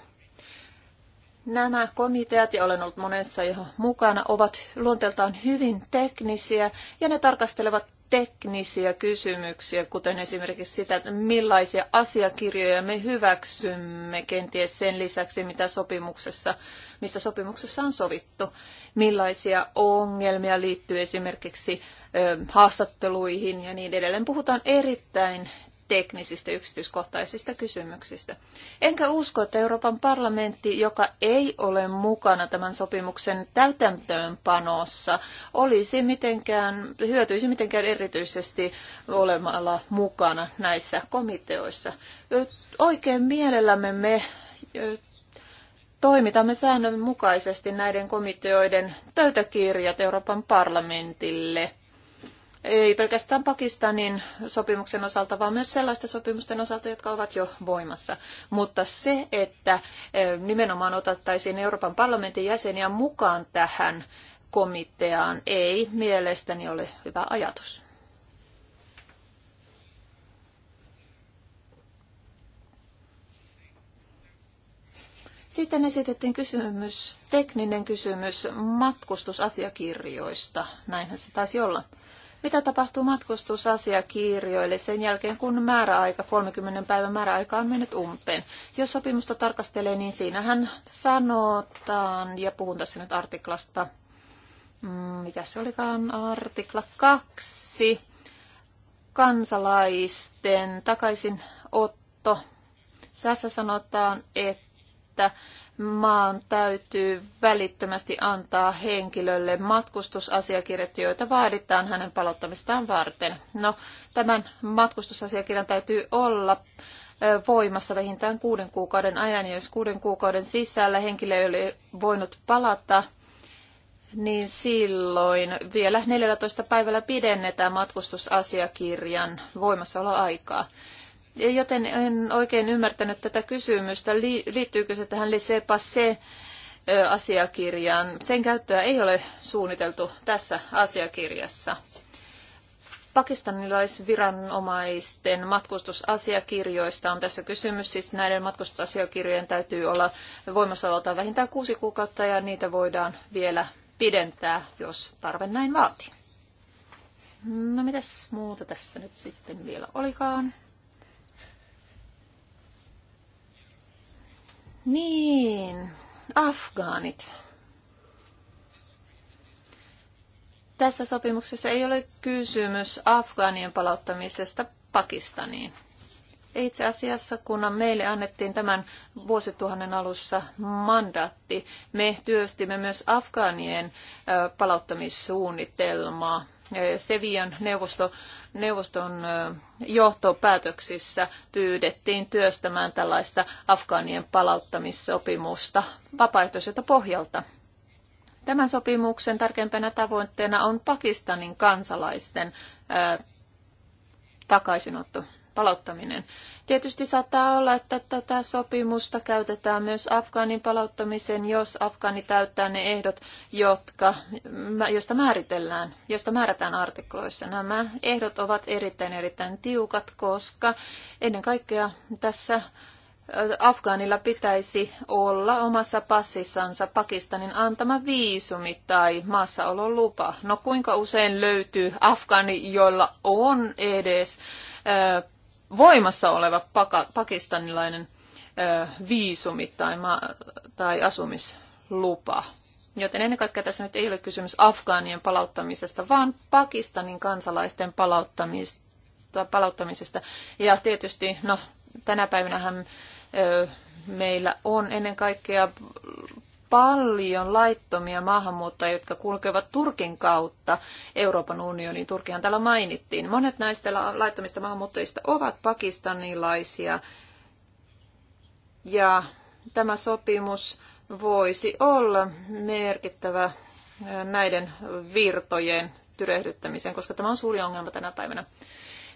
Nämä komiteat, ja olen ollut monessa jo mukana, ovat luonteeltaan hyvin teknisiä ja ne tarkastelevat teknisiä kysymyksiä, kuten esimerkiksi sitä, että millaisia asiakirjoja me hyväksymme kenties sen lisäksi, mitä sopimuksessa, mistä sopimuksessa on sovittu. Millaisia ongelmia liittyy esimerkiksi ö, haastatteluihin ja niin edelleen. Puhutaan erittäin teknisistä yksityiskohtaisista kysymyksistä. Enkä usko, että Euroopan parlamentti, joka ei ole mukana tämän sopimuksen täytäntöönpanossa, olisi mitenkään, hyötyisi mitenkään erityisesti olemalla mukana näissä komiteoissa. Oikein mielellämme me toimitamme säännönmukaisesti näiden komiteoiden pöytäkirjat Euroopan parlamentille – ei pelkästään Pakistanin sopimuksen osalta, vaan myös sellaisten sopimusten osalta, jotka ovat jo voimassa. Mutta se, että eh, nimenomaan otettaisiin Euroopan parlamentin jäseniä mukaan tähän komiteaan, ei mielestäni ole hyvä ajatus. Sitten esitettiin kysymys, tekninen kysymys matkustusasiakirjoista. Näinhän se taisi olla. Mitä tapahtuu matkustusasiakirjoille sen jälkeen, kun määräaika, 30 päivän määräaika on mennyt umpeen? Jos sopimusta tarkastelee, niin siinähän sanotaan, ja puhun tässä nyt artiklasta, mm, mikä se olikaan, artikla 2, kansalaisten takaisinotto. Tässä sanotaan, että maan täytyy välittömästi antaa henkilölle matkustusasiakirjat, joita vaaditaan hänen palauttamistaan varten. No, tämän matkustusasiakirjan täytyy olla voimassa vähintään kuuden kuukauden ajan. Ja jos kuuden kuukauden sisällä henkilö ei ole voinut palata, niin silloin vielä 14 päivällä pidennetään matkustusasiakirjan voimassaoloaikaa. aikaa. Joten en oikein ymmärtänyt tätä kysymystä, liittyykö se tähän laissez passer asiakirjaan. Sen käyttöä ei ole suunniteltu tässä asiakirjassa. Pakistanilaisviranomaisten matkustusasiakirjoista on tässä kysymys. Siis näiden matkustusasiakirjojen täytyy olla voimassaololtaan vähintään kuusi kuukautta ja niitä voidaan vielä pidentää, jos tarve näin vaatii. No mitäs muuta tässä nyt sitten vielä olikaan? Niin, afgaanit. Tässä sopimuksessa ei ole kysymys afgaanien palauttamisesta Pakistaniin. Itse asiassa, kun meille annettiin tämän vuosituhannen alussa mandaatti, me työstimme myös afgaanien palauttamissuunnitelmaa Sevian neuvosto, neuvoston johtopäätöksissä pyydettiin työstämään tällaista afgaanien palauttamissopimusta vapaaehtoiselta pohjalta. Tämän sopimuksen tärkeimpänä tavoitteena on Pakistanin kansalaisten takaisinotto palauttaminen. Tietysti saattaa olla, että tätä sopimusta käytetään myös Afgaanin palauttamiseen, jos Afgaani täyttää ne ehdot, jotka, josta määritellään, josta määrätään artikloissa. Nämä ehdot ovat erittäin erittäin tiukat, koska ennen kaikkea tässä Afgaanilla pitäisi olla omassa passissansa Pakistanin antama viisumi tai maassaolon lupa. No kuinka usein löytyy Afgaani, jolla on edes voimassa oleva paka, pakistanilainen ö, viisumi tai, ma, tai asumislupa. Joten ennen kaikkea tässä nyt ei ole kysymys afgaanien palauttamisesta, vaan Pakistanin kansalaisten palauttamista, palauttamisesta. Ja tietysti, no, tänä päivänähän ö, meillä on ennen kaikkea paljon laittomia maahanmuuttajia, jotka kulkevat Turkin kautta Euroopan unioniin. Turkihan täällä mainittiin. Monet näistä laittomista maahanmuuttajista ovat pakistanilaisia. Ja tämä sopimus voisi olla merkittävä näiden virtojen tyrehdyttämiseen, koska tämä on suuri ongelma tänä päivänä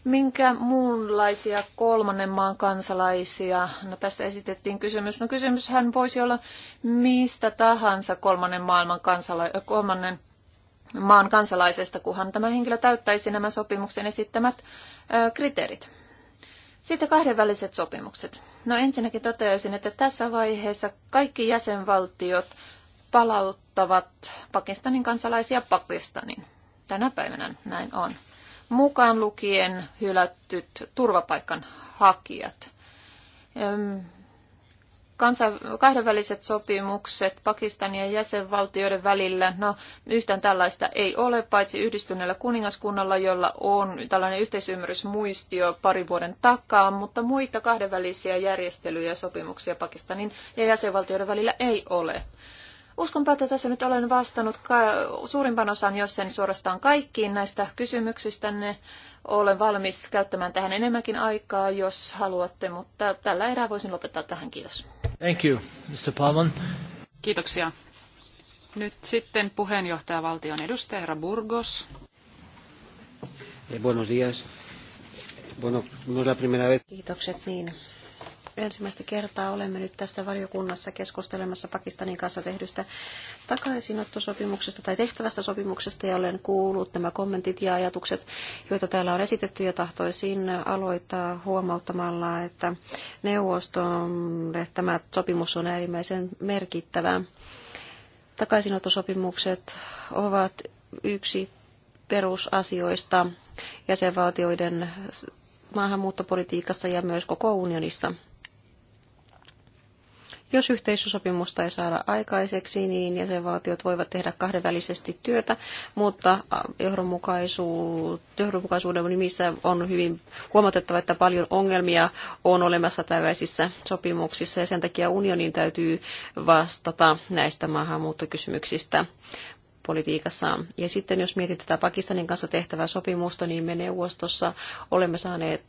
minkä muunlaisia kolmannen maan kansalaisia? No tästä esitettiin kysymys. No kysymyshän voisi olla mistä tahansa kolmannen, maailman kansala- kolmannen maan kansalaisesta, kunhan tämä henkilö täyttäisi nämä sopimuksen esittämät kriteerit. Sitten kahdenväliset sopimukset. No ensinnäkin toteaisin, että tässä vaiheessa kaikki jäsenvaltiot palauttavat Pakistanin kansalaisia Pakistanin. Tänä päivänä näin on mukaan lukien hylättyt turvapaikanhakijat. Kansa, kahdenväliset sopimukset Pakistanin ja jäsenvaltioiden välillä, no yhtään tällaista ei ole, paitsi yhdistyneellä kuningaskunnalla, jolla on tällainen yhteisymmärrysmuistio parin vuoden takaa, mutta muita kahdenvälisiä järjestelyjä ja sopimuksia Pakistanin ja jäsenvaltioiden välillä ei ole. Uskonpa, että tässä nyt olen vastannut ka- suurimpan osan, jos en suorastaan kaikkiin näistä kysymyksistänne. Olen valmis käyttämään tähän enemmänkin aikaa, jos haluatte, mutta tällä erää voisin lopettaa tähän. Kiitos. Thank you, Mr. Palman. Kiitoksia. Nyt sitten valtion edustaja herra Burgos. Eh, buenos días. Bueno, no es la primera vez. Kiitokset niin ensimmäistä kertaa olemme nyt tässä valiokunnassa keskustelemassa Pakistanin kanssa tehdystä takaisinottosopimuksesta tai tehtävästä sopimuksesta ja olen kuullut nämä kommentit ja ajatukset, joita täällä on esitetty ja tahtoisin aloittaa huomauttamalla, että neuvostolle tämä sopimus on äärimmäisen merkittävä. Takaisinottosopimukset ovat yksi perusasioista jäsenvaltioiden maahanmuuttopolitiikassa ja myös koko unionissa. Jos yhteisösopimusta ei saada aikaiseksi, niin jäsenvaltiot voivat tehdä kahdenvälisesti työtä, mutta johdonmukaisuuden nimissä on hyvin huomatettava, että paljon ongelmia on olemassa tällaisissa sopimuksissa ja sen takia unionin täytyy vastata näistä maahanmuuttokysymyksistä politiikassaan. Ja sitten jos mietin tätä Pakistanin kanssa tehtävää sopimusta, niin me neuvostossa olemme saaneet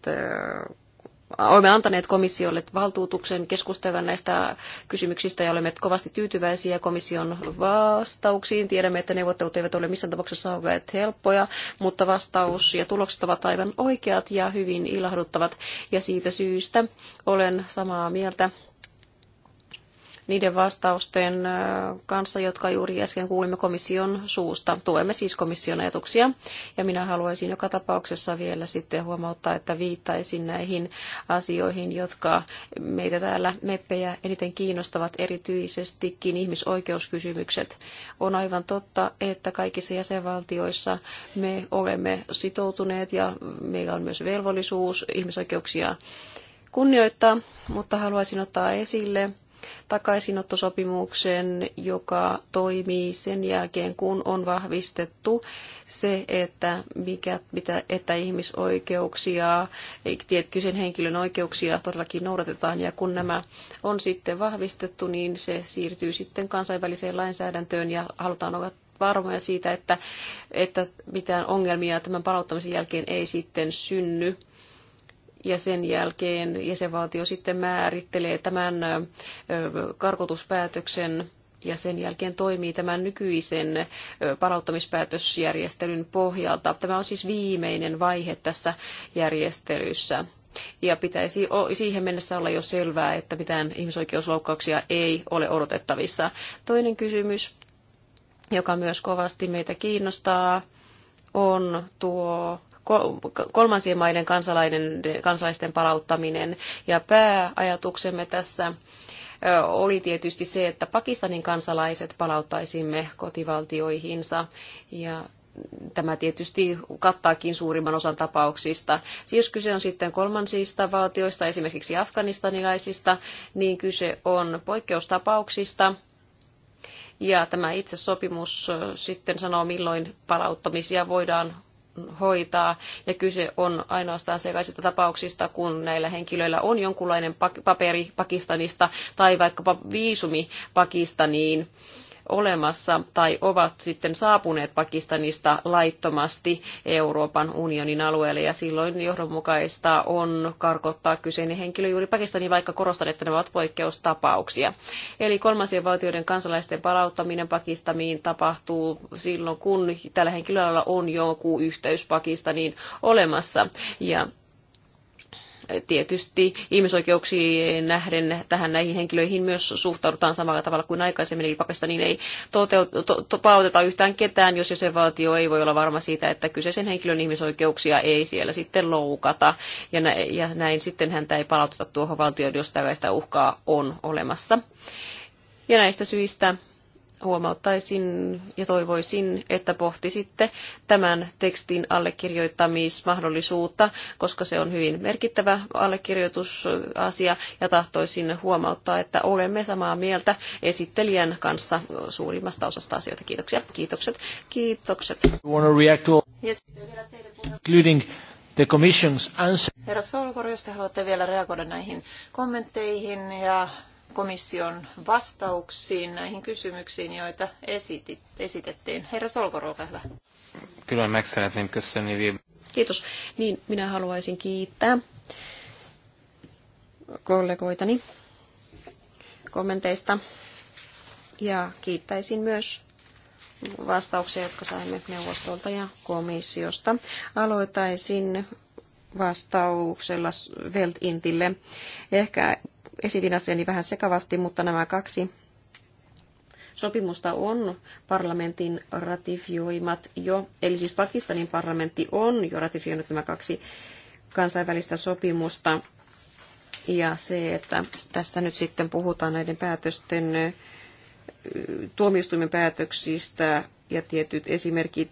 olemme antaneet komissiolle valtuutuksen keskustella näistä kysymyksistä ja olemme kovasti tyytyväisiä komission vastauksiin. Tiedämme, että neuvottelut eivät ole missään tapauksessa olleet helppoja, mutta vastaus ja tulokset ovat aivan oikeat ja hyvin ilahduttavat. Ja siitä syystä olen samaa mieltä niiden vastausten kanssa, jotka juuri äsken kuulimme komission suusta. Tuemme siis komission ajatuksia. Ja minä haluaisin joka tapauksessa vielä sitten huomauttaa, että viittaisin näihin asioihin, jotka meitä täällä meppejä eniten kiinnostavat, erityisestikin ihmisoikeuskysymykset. On aivan totta, että kaikissa jäsenvaltioissa me olemme sitoutuneet ja meillä on myös velvollisuus ihmisoikeuksia kunnioittaa, mutta haluaisin ottaa esille takaisinottosopimukseen, joka toimii sen jälkeen, kun on vahvistettu se, että, mikä, mitä, että ihmisoikeuksia, kyseisen henkilön oikeuksia todellakin noudatetaan. Ja kun nämä on sitten vahvistettu, niin se siirtyy sitten kansainväliseen lainsäädäntöön ja halutaan olla varmoja siitä, että, että mitään ongelmia tämän palauttamisen jälkeen ei sitten synny ja sen jälkeen jäsenvaltio sitten määrittelee tämän karkotuspäätöksen ja sen jälkeen toimii tämän nykyisen palauttamispäätösjärjestelyn pohjalta. Tämä on siis viimeinen vaihe tässä järjestelyssä. Ja pitäisi siihen mennessä olla jo selvää, että mitään ihmisoikeusloukkauksia ei ole odotettavissa. Toinen kysymys, joka myös kovasti meitä kiinnostaa, on tuo kolmansien maiden kansalaisten palauttaminen. Ja pääajatuksemme tässä oli tietysti se, että Pakistanin kansalaiset palauttaisimme kotivaltioihinsa. Ja tämä tietysti kattaakin suurimman osan tapauksista. Siis jos kyse on sitten kolmansista valtioista, esimerkiksi afganistanilaisista, niin kyse on poikkeustapauksista. Ja tämä itse sopimus sitten sanoo, milloin palauttamisia voidaan hoitaa. Ja kyse on ainoastaan sellaisista tapauksista, kun näillä henkilöillä on jonkunlainen paperi Pakistanista tai vaikkapa viisumi Pakistaniin olemassa tai ovat sitten saapuneet Pakistanista laittomasti Euroopan unionin alueelle ja silloin johdonmukaista on karkottaa kyseinen henkilö juuri Pakistaniin, vaikka korostan, että ne ovat poikkeustapauksia. Eli kolmansien valtioiden kansalaisten palauttaminen Pakistaniin tapahtuu silloin, kun tällä henkilöllä on joku yhteys Pakistaniin olemassa. Ja tietysti ihmisoikeuksiin nähden tähän näihin henkilöihin myös suhtaudutaan samalla tavalla kuin aikaisemmin, eli Pakistaniin ei toteut- to- to- palauteta yhtään ketään, jos jäsenvaltio ei voi olla varma siitä, että kyseisen henkilön ihmisoikeuksia ei siellä sitten loukata, ja, nä- ja näin sitten häntä ei palauteta tuohon valtioon, jos tällaista uhkaa on olemassa. Ja näistä syistä huomauttaisin ja toivoisin, että pohtisitte tämän tekstin allekirjoittamismahdollisuutta, koska se on hyvin merkittävä allekirjoitusasia ja tahtoisin huomauttaa, että olemme samaa mieltä esittelijän kanssa suurimmasta osasta asioita. Kiitoksia. Kiitokset. Kiitokset. Including the commission's answer. Herra Solkor, jos te haluatte vielä reagoida näihin kommentteihin ja komission vastauksiin näihin kysymyksiin, joita esitit, esitettiin. Herra Solkor, olkaa hyvä. Kyllä, mä niin kysyä. Kiitos. Niin, minä haluaisin kiittää kollegoitani kommenteista ja kiittäisin myös vastauksia, jotka saimme neuvostolta ja komissiosta. Aloitaisin vastauksella Veltintille. Ehkä esitin asiani vähän sekavasti, mutta nämä kaksi sopimusta on parlamentin ratifioimat jo, eli siis Pakistanin parlamentti on jo ratifioinut nämä kaksi kansainvälistä sopimusta. Ja se, että tässä nyt sitten puhutaan näiden päätösten tuomioistuimen päätöksistä ja tietyt esimerkit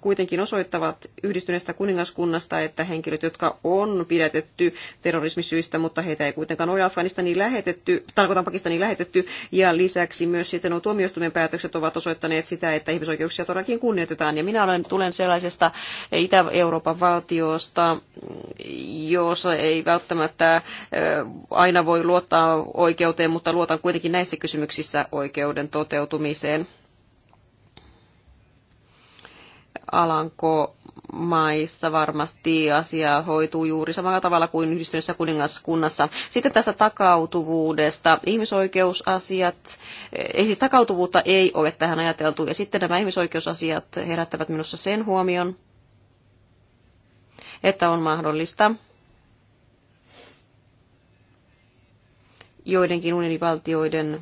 kuitenkin osoittavat yhdistyneestä kuningaskunnasta, että henkilöt, jotka on pidätetty terrorismisyistä, mutta heitä ei kuitenkaan ole Afganistaniin lähetetty, tarkoitan Pakistaniin lähetetty, ja lisäksi myös sitten nuo tuomioistuimen päätökset ovat osoittaneet sitä, että ihmisoikeuksia todellakin kunnioitetaan. Ja minä olen, tulen sellaisesta Itä-Euroopan valtiosta, jossa ei välttämättä aina voi luottaa oikeuteen, mutta luotan kuitenkin näissä kysymyksissä oikeuden toteutumiseen. Alanko maissa varmasti asia hoituu juuri samalla tavalla kuin yhdistyneessä kuningaskunnassa. Sitten tästä takautuvuudesta. Ihmisoikeusasiat, eh, ei siis takautuvuutta ei ole tähän ajateltu. Ja sitten nämä ihmisoikeusasiat herättävät minussa sen huomion, että on mahdollista joidenkin unionivaltioiden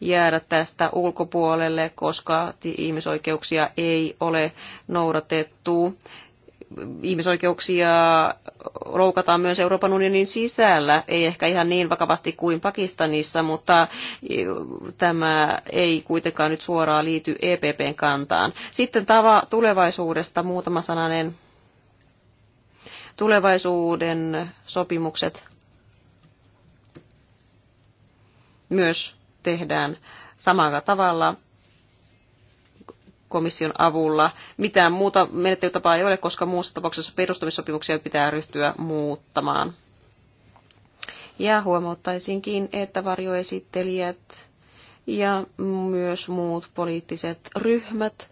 jäädä tästä ulkopuolelle, koska ihmisoikeuksia ei ole noudatettu. Ihmisoikeuksia loukataan myös Euroopan unionin sisällä, ei ehkä ihan niin vakavasti kuin Pakistanissa, mutta tämä ei kuitenkaan nyt suoraan liity EPPn kantaan. Sitten tava tulevaisuudesta muutama sananen. Tulevaisuuden sopimukset myös tehdään samalla tavalla komission avulla. Mitään muuta menettelytapaa ei ole, koska muussa tapauksessa perustamissopimuksia pitää ryhtyä muuttamaan. Ja huomauttaisinkin, että varjoesittelijät ja myös muut poliittiset ryhmät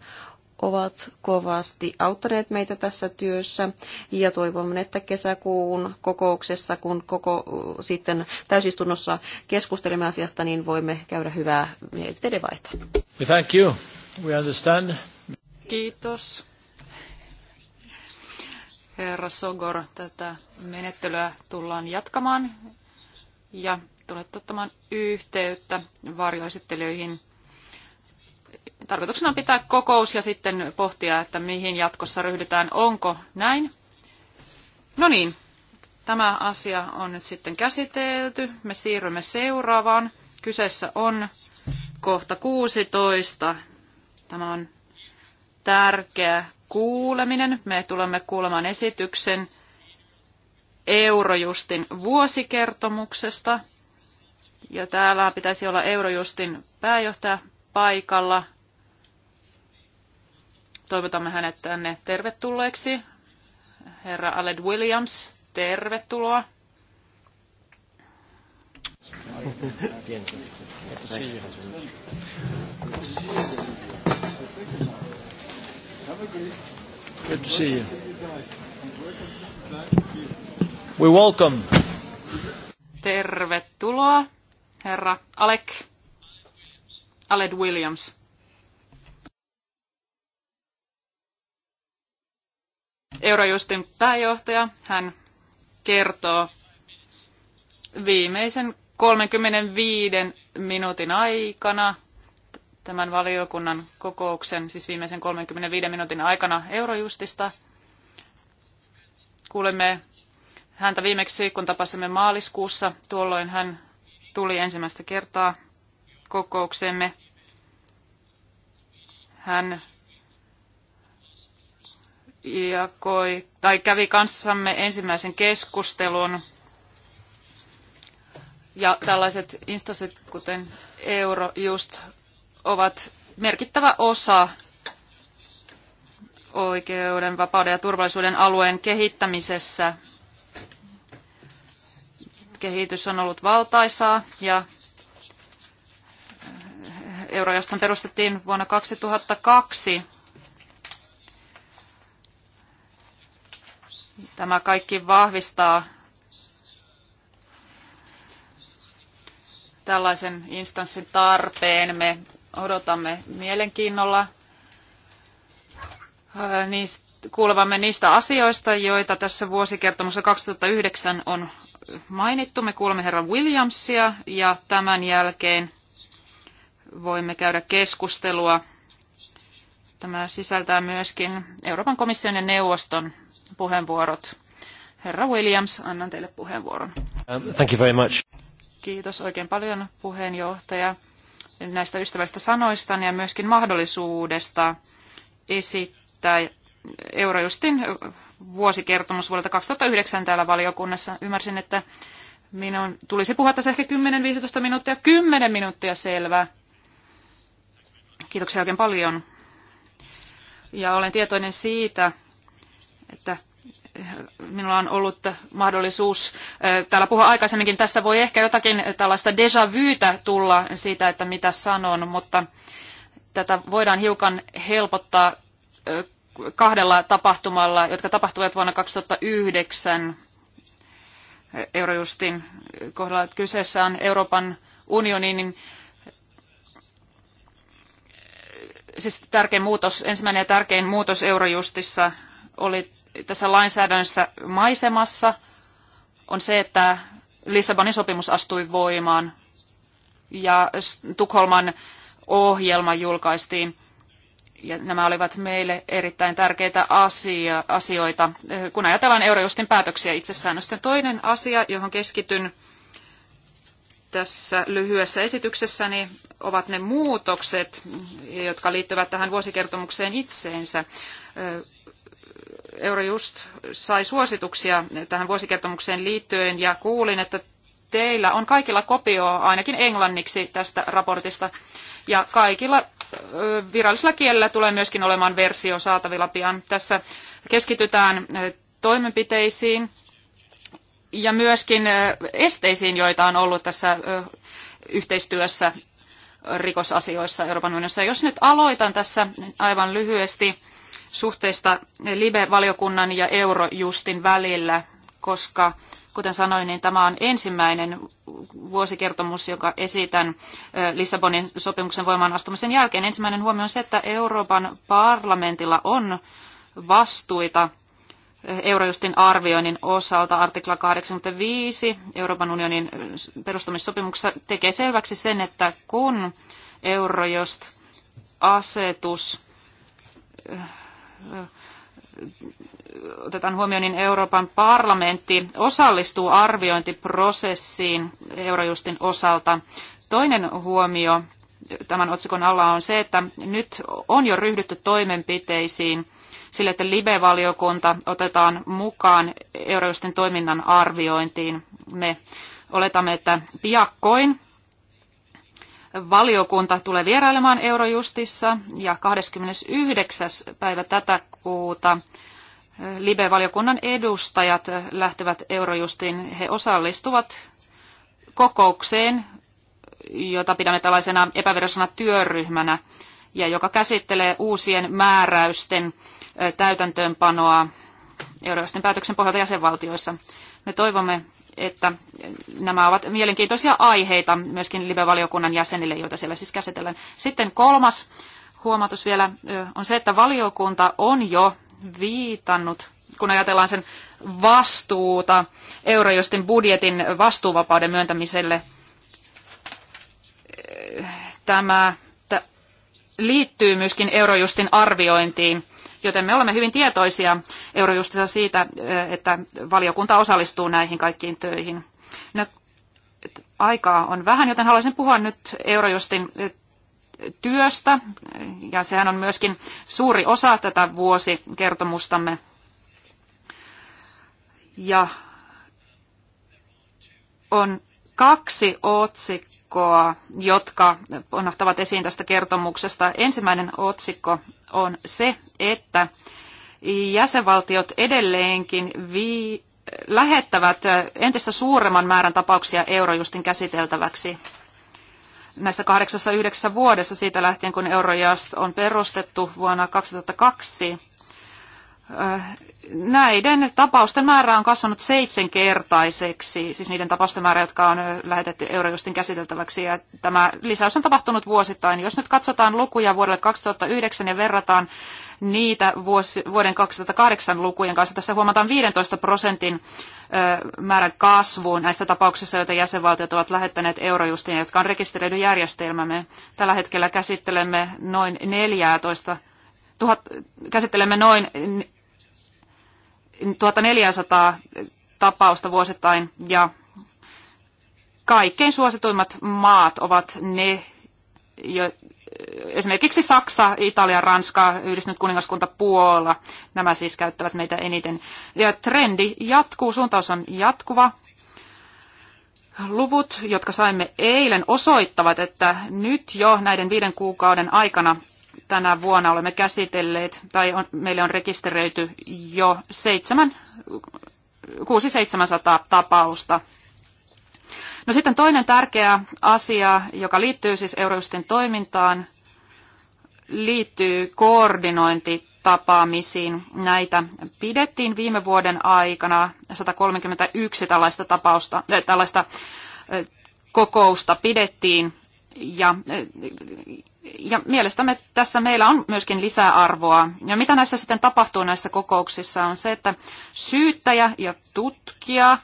ovat kovasti auttaneet meitä tässä työssä ja toivon, että kesäkuun kokouksessa, kun koko sitten täysistunnossa keskustelemme asiasta, niin voimme käydä hyvää mielipiteiden vaihtoa. Thank you. We understand. Kiitos. Herra Sogor, tätä menettelyä tullaan jatkamaan ja tulet ottamaan yhteyttä varjoesittelijöihin tarkoituksena on pitää kokous ja sitten pohtia, että mihin jatkossa ryhdytään. Onko näin? No niin, tämä asia on nyt sitten käsitelty. Me siirrymme seuraavaan. Kyseessä on kohta 16. Tämä on tärkeä kuuleminen. Me tulemme kuulemaan esityksen Eurojustin vuosikertomuksesta. Ja täällä pitäisi olla Eurojustin pääjohtaja paikalla. Toivotamme hänet tänne tervetulleeksi. Herra Aled Williams, tervetuloa. Good to see you. We welcome. Tervetuloa, herra Alek. Aled Williams. Eurojustin pääjohtaja, hän kertoo viimeisen 35 minuutin aikana tämän valiokunnan kokouksen, siis viimeisen 35 minuutin aikana Eurojustista. Kuulemme häntä viimeksi, kun tapasimme maaliskuussa. Tuolloin hän tuli ensimmäistä kertaa kokouksemme. Hän jakoi tai kävi kanssamme ensimmäisen keskustelun. Ja tällaiset instanssit, kuten Eurojust, ovat merkittävä osa oikeuden, vapauden ja turvallisuuden alueen kehittämisessä. Kehitys on ollut valtaisaa ja Eurojustan perustettiin vuonna 2002. Tämä kaikki vahvistaa tällaisen instanssin tarpeen. Me odotamme mielenkiinnolla niistä, kuulevamme niistä asioista, joita tässä vuosikertomuksessa 2009 on mainittu. Me kuulemme herra Williamsia ja tämän jälkeen voimme käydä keskustelua. Tämä sisältää myöskin Euroopan komission ja neuvoston puheenvuorot. Herra Williams, annan teille puheenvuoron. Um, thank you very much. Kiitos oikein paljon puheenjohtaja näistä ystävällisistä sanoista ja myöskin mahdollisuudesta esittää Eurojustin vuosikertomus vuodelta 2009 täällä valiokunnassa. Ymmärsin, että minun tulisi puhua tässä ehkä 10-15 minuuttia. 10 minuuttia selvä. Kiitoksia oikein paljon. Ja olen tietoinen siitä, että minulla on ollut mahdollisuus täällä puhua aikaisemminkin. Tässä voi ehkä jotakin tällaista déjà vuta tulla siitä, että mitä sanon, mutta tätä voidaan hiukan helpottaa kahdella tapahtumalla, jotka tapahtuivat vuonna 2009 Eurojustin kohdalla. Kyseessä on Euroopan unionin siis tärkein muutos, ensimmäinen ja tärkein muutos Eurojustissa oli tässä lainsäädännössä maisemassa, on se, että Lissabonin sopimus astui voimaan ja Tukholman ohjelma julkaistiin. Ja nämä olivat meille erittäin tärkeitä asia, asioita, kun ajatellaan Eurojustin päätöksiä itsessään. No sitten toinen asia, johon keskityn, tässä lyhyessä esityksessäni ovat ne muutokset, jotka liittyvät tähän vuosikertomukseen itseensä. Eurojust sai suosituksia tähän vuosikertomukseen liittyen ja kuulin, että teillä on kaikilla kopio ainakin englanniksi tästä raportista ja kaikilla virallisella kielellä tulee myöskin olemaan versio saatavilla pian. Tässä keskitytään toimenpiteisiin ja myöskin esteisiin, joita on ollut tässä yhteistyössä rikosasioissa Euroopan unionissa. Jos nyt aloitan tässä aivan lyhyesti suhteesta Libe-valiokunnan ja Eurojustin välillä, koska kuten sanoin, niin tämä on ensimmäinen vuosikertomus, joka esitän Lissabonin sopimuksen voimaan astumisen jälkeen. Ensimmäinen huomio on se, että Euroopan parlamentilla on vastuita Eurojustin arvioinnin osalta artikla 85 Euroopan unionin perustamissopimuksessa tekee selväksi sen, että kun Eurojust-asetus äh, otetaan huomioon, niin Euroopan parlamentti osallistuu arviointiprosessiin Eurojustin osalta. Toinen huomio tämän otsikon alla on se, että nyt on jo ryhdytty toimenpiteisiin sille, että LIBE-valiokunta otetaan mukaan Eurojustin toiminnan arviointiin. Me oletamme, että piakkoin valiokunta tulee vierailemaan Eurojustissa ja 29. päivä tätä kuuta Libe-valiokunnan edustajat lähtevät Eurojustiin. He osallistuvat kokoukseen, jota pidämme tällaisena epävirallisena työryhmänä ja joka käsittelee uusien määräysten täytäntöönpanoa Eurojustin päätöksen pohjalta jäsenvaltioissa. Me toivomme, että nämä ovat mielenkiintoisia aiheita myöskin live-valiokunnan jäsenille, joita siellä siis käsitellään. Sitten kolmas huomautus vielä on se, että valiokunta on jo viitannut, kun ajatellaan sen vastuuta Eurojustin budjetin vastuuvapauden myöntämiselle, tämä liittyy myöskin Eurojustin arviointiin joten me olemme hyvin tietoisia Eurojustissa siitä, eh, että valiokunta osallistuu näihin kaikkiin töihin. No, aikaa on vähän, joten haluaisin puhua nyt Eurojustin eh, työstä, ja sehän on myöskin suuri osa tätä vuosikertomustamme. Ja on kaksi otsikkoa, jotka nohtavat esiin tästä kertomuksesta. Ensimmäinen otsikko on se, että jäsenvaltiot edelleenkin vii lähettävät entistä suuremman määrän tapauksia Eurojustin käsiteltäväksi näissä kahdeksassa yhdeksässä vuodessa siitä lähtien, kun Eurojust on perustettu vuonna 2002. Äh, näiden tapausten määrä on kasvanut seitsemänkertaiseksi, siis niiden tapausten määrä, jotka on äh, lähetetty Eurojustin käsiteltäväksi. Ja tämä lisäys on tapahtunut vuosittain. Jos nyt katsotaan lukuja vuodelle 2009 ja verrataan niitä vuosi, vuoden 2008 lukujen kanssa, tässä huomataan 15 prosentin äh, määrän kasvu näissä tapauksissa, joita jäsenvaltiot ovat lähettäneet ja jotka on rekisteröidy järjestelmämme. Tällä hetkellä käsittelemme noin 14 Tuhat, käsittelemme noin 1400 tapausta vuosittain ja kaikkein suosituimmat maat ovat ne, jo, esimerkiksi Saksa, Italia, Ranska, Yhdistynyt kuningaskunta, Puola, nämä siis käyttävät meitä eniten. Ja trendi jatkuu, suuntaus on jatkuva. Luvut, jotka saimme eilen, osoittavat, että nyt jo näiden viiden kuukauden aikana tänä vuonna olemme käsitelleet, tai on, meille on rekisteröity jo 6-700 tapausta. No sitten toinen tärkeä asia, joka liittyy siis Eurojustin toimintaan, liittyy koordinointitapaamisiin. Näitä pidettiin viime vuoden aikana 131 tällaista, tapausta, äh, tällaista äh, kokousta pidettiin ja, ja mielestämme tässä meillä on myöskin lisäarvoa. Ja mitä näissä sitten tapahtuu näissä kokouksissa on se, että syyttäjä ja tutkija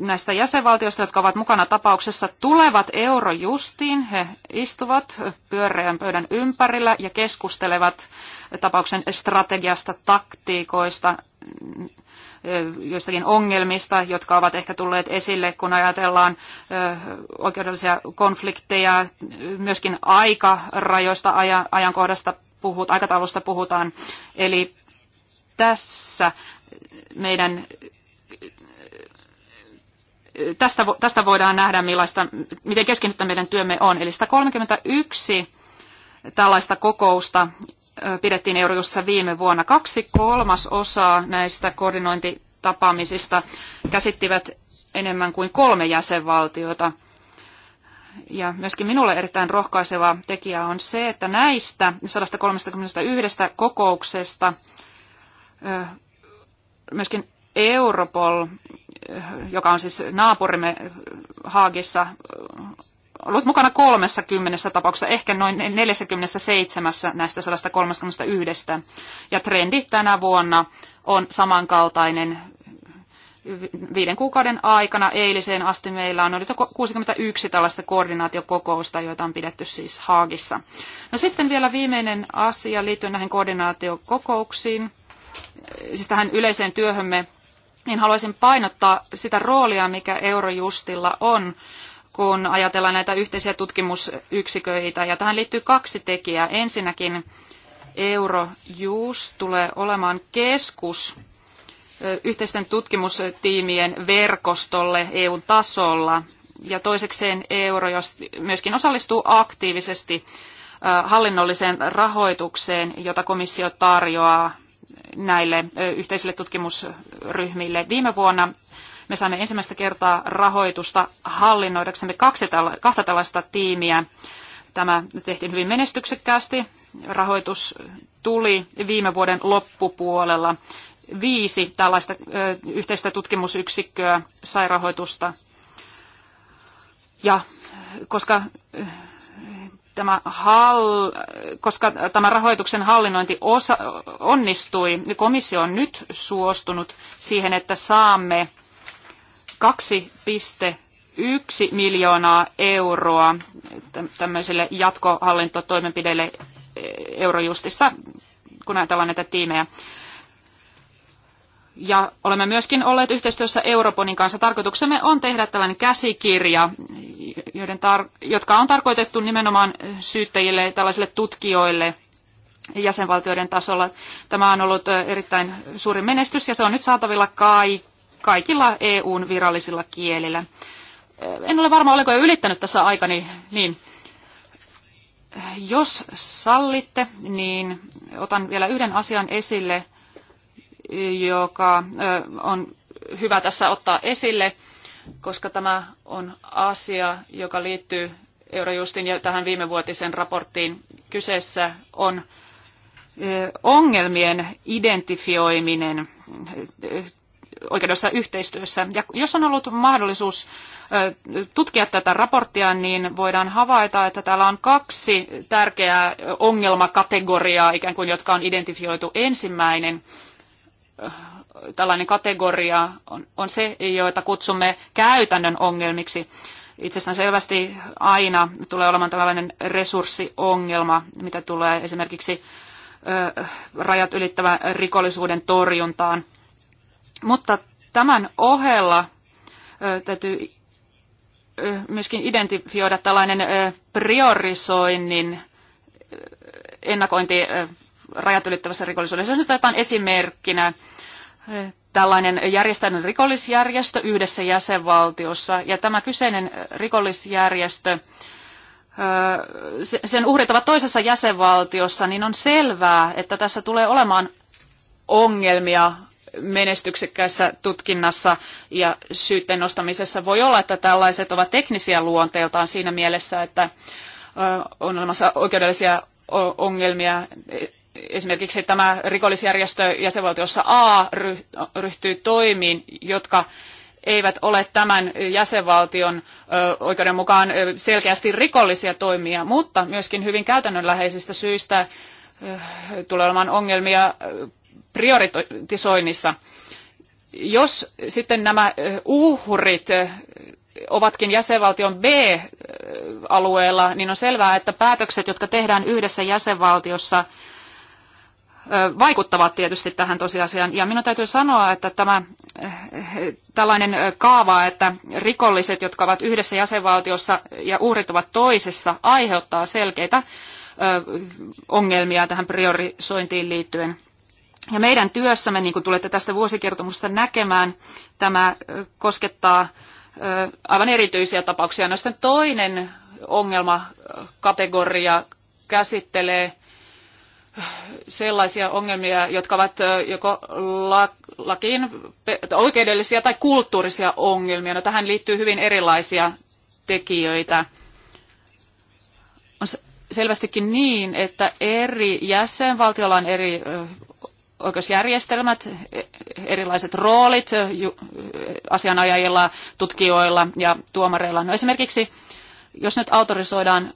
näistä jäsenvaltioista, jotka ovat mukana tapauksessa, tulevat eurojustiin. He istuvat pyöreän pöydän ympärillä ja keskustelevat tapauksen strategiasta, taktiikoista, joistakin ongelmista, jotka ovat ehkä tulleet esille, kun ajatellaan oikeudellisia konflikteja, myöskin aikarajoista, ajankohdasta puhut, aikataulusta puhutaan. Eli tässä meidän tästä, tästä voidaan nähdä, millaista, miten keskinyttä meidän työmme on. Eli 131 tällaista kokousta pidettiin Eurojussa viime vuonna. Kaksi kolmasosaa näistä koordinointitapaamisista käsittivät enemmän kuin kolme jäsenvaltiota. Ja myöskin minulle erittäin rohkaiseva tekijä on se, että näistä 131 kokouksesta myöskin Europol, joka on siis naapurimme Haagissa, ollut mukana 30 tapauksessa, ehkä noin 47 näistä 131. Ja trendi tänä vuonna on samankaltainen. Viiden kuukauden aikana eiliseen asti meillä on ollut 61 tällaista koordinaatiokokousta, joita on pidetty siis Haagissa. No sitten vielä viimeinen asia liittyen näihin koordinaatiokokouksiin, siis tähän yleiseen työhömme, niin haluaisin painottaa sitä roolia, mikä Eurojustilla on kun ajatellaan näitä yhteisiä tutkimusyksiköitä. Ja tähän liittyy kaksi tekijää. Ensinnäkin Eurojust tulee olemaan keskus yhteisten tutkimustiimien verkostolle EUn tasolla. Ja toisekseen euro myöskin osallistuu aktiivisesti hallinnolliseen rahoitukseen, jota komissio tarjoaa näille yhteisille tutkimusryhmille. Viime vuonna me saimme ensimmäistä kertaa rahoitusta hallinnoidaksemme kaksi, kahta tällaista tiimiä. Tämä tehtiin hyvin menestyksekkäästi. Rahoitus tuli viime vuoden loppupuolella. Viisi tällaista yhteistä tutkimusyksikköä sai rahoitusta. Ja koska tämä, hall, koska tämä rahoituksen hallinnointi osa, onnistui, komissio on nyt suostunut siihen, että saamme 2,1 miljoonaa euroa tämmöisille jatkohallintotoimenpideille e, Eurojustissa, kun ajatellaan näitä tiimejä. Ja olemme myöskin olleet yhteistyössä Europonin kanssa. Tarkoituksemme on tehdä tällainen käsikirja, joiden tar- jotka on tarkoitettu nimenomaan syyttäjille, tällaisille tutkijoille jäsenvaltioiden tasolla. Tämä on ollut erittäin suuri menestys ja se on nyt saatavilla kaikille kaikilla EUn virallisilla kielillä. En ole varma, oliko jo ylittänyt tässä aikani, niin jos sallitte, niin otan vielä yhden asian esille, joka on hyvä tässä ottaa esille, koska tämä on asia, joka liittyy Eurojustin ja tähän viimevuotisen raporttiin. Kyseessä on ongelmien identifioiminen oikeudessa yhteistyössä. Ja jos on ollut mahdollisuus tutkia tätä raporttia, niin voidaan havaita, että täällä on kaksi tärkeää ongelmakategoriaa, ikään kuin, jotka on identifioitu. Ensimmäinen tällainen kategoria on, on se, joita kutsumme käytännön ongelmiksi. Itsestään selvästi aina tulee olemaan tällainen resurssiongelma, mitä tulee esimerkiksi rajat ylittävän rikollisuuden torjuntaan. Mutta tämän ohella täytyy myöskin identifioida tällainen priorisoinnin ennakointi rajat ylittävässä rikollisuudessa. Jos nyt otetaan esimerkkinä tällainen järjestäinen rikollisjärjestö yhdessä jäsenvaltiossa, ja tämä kyseinen rikollisjärjestö, sen uhrit ovat toisessa jäsenvaltiossa, niin on selvää, että tässä tulee olemaan ongelmia menestyksekkäässä tutkinnassa ja syytteen nostamisessa. Voi olla, että tällaiset ovat teknisiä luonteeltaan siinä mielessä, että on olemassa oikeudellisia ongelmia. Esimerkiksi tämä rikollisjärjestö jäsenvaltiossa A ryhtyy toimiin, jotka eivät ole tämän jäsenvaltion oikeuden mukaan selkeästi rikollisia toimia, mutta myöskin hyvin käytännönläheisistä syistä tulee olemaan ongelmia prioritisoinnissa. Jos sitten nämä uhrit ovatkin jäsenvaltion B-alueella, niin on selvää, että päätökset, jotka tehdään yhdessä jäsenvaltiossa, vaikuttavat tietysti tähän tosiasiaan. Ja minun täytyy sanoa, että tämä tällainen kaava, että rikolliset, jotka ovat yhdessä jäsenvaltiossa ja uhrit ovat toisessa, aiheuttaa selkeitä ongelmia tähän priorisointiin liittyen. Ja meidän työssämme, niin kuin tulette tästä vuosikertomusta näkemään, tämä koskettaa aivan erityisiä tapauksia. No sitten toinen ongelmakategoria käsittelee sellaisia ongelmia, jotka ovat joko lakiin oikeudellisia tai kulttuurisia ongelmia. No, tähän liittyy hyvin erilaisia tekijöitä. On selvästikin niin, että eri jäsenvaltioilla on eri oikeusjärjestelmät, erilaiset roolit asianajajilla, tutkijoilla ja tuomareilla. No esimerkiksi, jos nyt autorisoidaan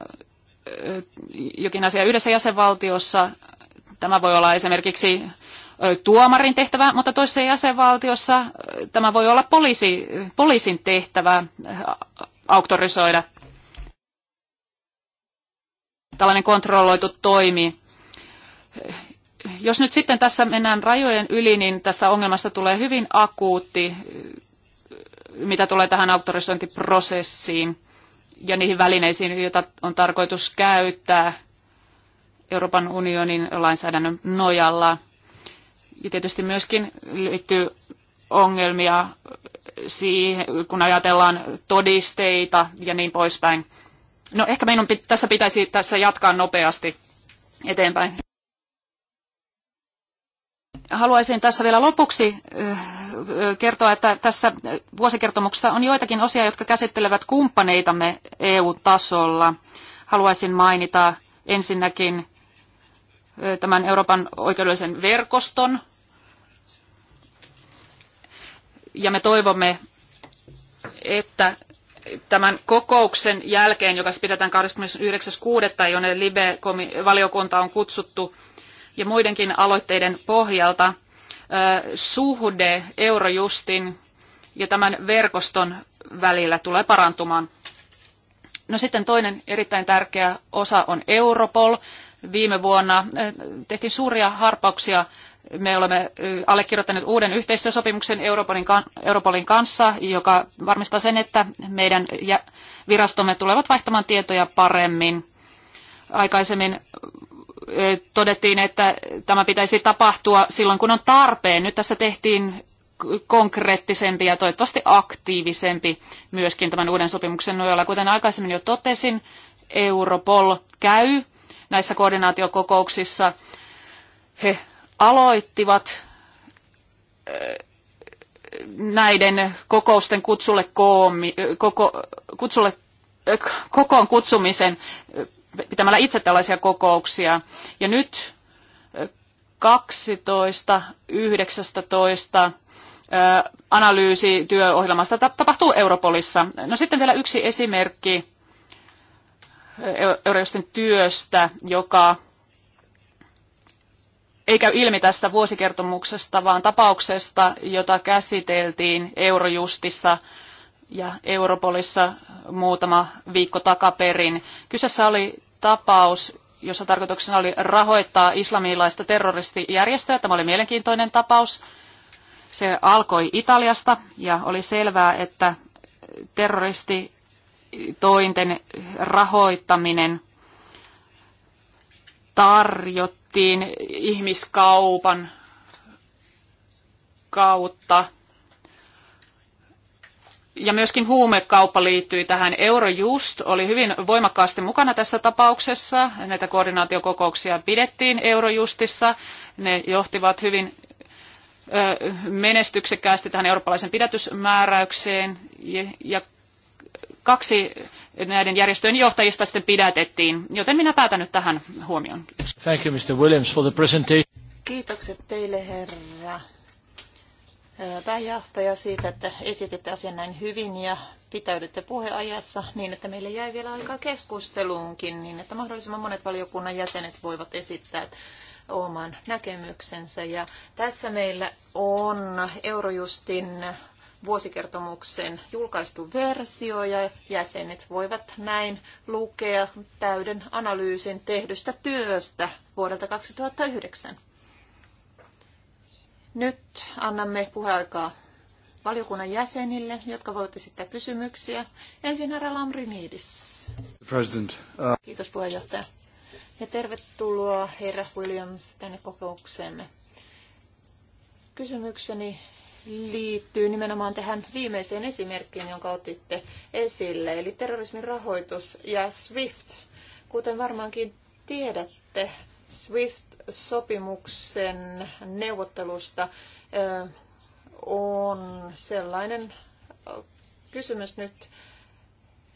jokin asia yhdessä jäsenvaltiossa, tämä voi olla esimerkiksi tuomarin tehtävä, mutta toisessa jäsenvaltiossa tämä voi olla poliisi, poliisin tehtävä autorisoida. tällainen kontrolloitu toimi jos nyt sitten tässä mennään rajojen yli, niin tästä ongelmasta tulee hyvin akuutti, mitä tulee tähän auktorisointiprosessiin ja niihin välineisiin, joita on tarkoitus käyttää Euroopan unionin lainsäädännön nojalla. Ja tietysti myöskin liittyy ongelmia siihen, kun ajatellaan todisteita ja niin poispäin. No ehkä meidän tässä pitäisi tässä jatkaa nopeasti eteenpäin. Haluaisin tässä vielä lopuksi kertoa, että tässä vuosikertomuksessa on joitakin osia, jotka käsittelevät kumppaneitamme EU-tasolla. Haluaisin mainita ensinnäkin tämän Euroopan oikeudellisen verkoston. Ja me toivomme, että tämän kokouksen jälkeen, joka pidetään 29.6., jonne Libe-valiokunta on kutsuttu, ja muidenkin aloitteiden pohjalta suhde Eurojustin ja tämän verkoston välillä tulee parantumaan. No sitten toinen erittäin tärkeä osa on Europol. Viime vuonna tehtiin suuria harppauksia. Me olemme allekirjoittaneet uuden yhteistyösopimuksen Europolin kanssa, joka varmistaa sen, että meidän virastomme tulevat vaihtamaan tietoja paremmin. Aikaisemmin todettiin, että tämä pitäisi tapahtua silloin, kun on tarpeen. Nyt tässä tehtiin konkreettisempi ja toivottavasti aktiivisempi myöskin tämän uuden sopimuksen nojalla. Kuten aikaisemmin jo totesin, Europol käy näissä koordinaatiokokouksissa. He aloittivat näiden kokousten kutsulle, koomi, koko, kutsulle kokoon kutsumisen pitämällä itse tällaisia kokouksia. Ja nyt 12, 19 analyysi työohjelmasta tapahtuu Europolissa. No sitten vielä yksi esimerkki Eurojustin työstä, joka ei käy ilmi tästä vuosikertomuksesta, vaan tapauksesta, jota käsiteltiin Eurojustissa – ja Europolissa muutama viikko takaperin. Kyseessä oli tapaus, jossa tarkoituksena oli rahoittaa islamilaista terroristijärjestöä. Tämä oli mielenkiintoinen tapaus. Se alkoi Italiasta ja oli selvää, että terroristitointen rahoittaminen tarjottiin ihmiskaupan kautta – ja myöskin huumekauppa liittyi tähän. Eurojust oli hyvin voimakkaasti mukana tässä tapauksessa. Näitä koordinaatiokokouksia pidettiin Eurojustissa. Ne johtivat hyvin menestyksekkäästi tähän eurooppalaisen pidätysmääräykseen ja kaksi näiden järjestöjen johtajista sitten pidätettiin, joten minä päätän nyt tähän huomioon. Thank you, Mr. Williams, for the presentation. Kiitokset teille, herra pääjohtaja siitä, että esititte asian näin hyvin ja pitäydytte puheajassa niin, että meille jäi vielä aikaa keskusteluunkin, niin että mahdollisimman monet valiokunnan jäsenet voivat esittää oman näkemyksensä. Ja tässä meillä on Eurojustin vuosikertomuksen julkaistu versio ja jäsenet voivat näin lukea täyden analyysin tehdystä työstä vuodelta 2009. Nyt annamme puheaikaa valiokunnan jäsenille, jotka voivat esittää kysymyksiä. Ensin herra Lamrinidis. President, uh... Kiitos puheenjohtaja. Ja tervetuloa herra Williams tänne kokoukseemme. Kysymykseni liittyy nimenomaan tähän viimeiseen esimerkkiin, jonka otitte esille, eli terrorismin rahoitus ja SWIFT. Kuten varmaankin tiedätte, SWIFT sopimuksen neuvottelusta on sellainen kysymys nyt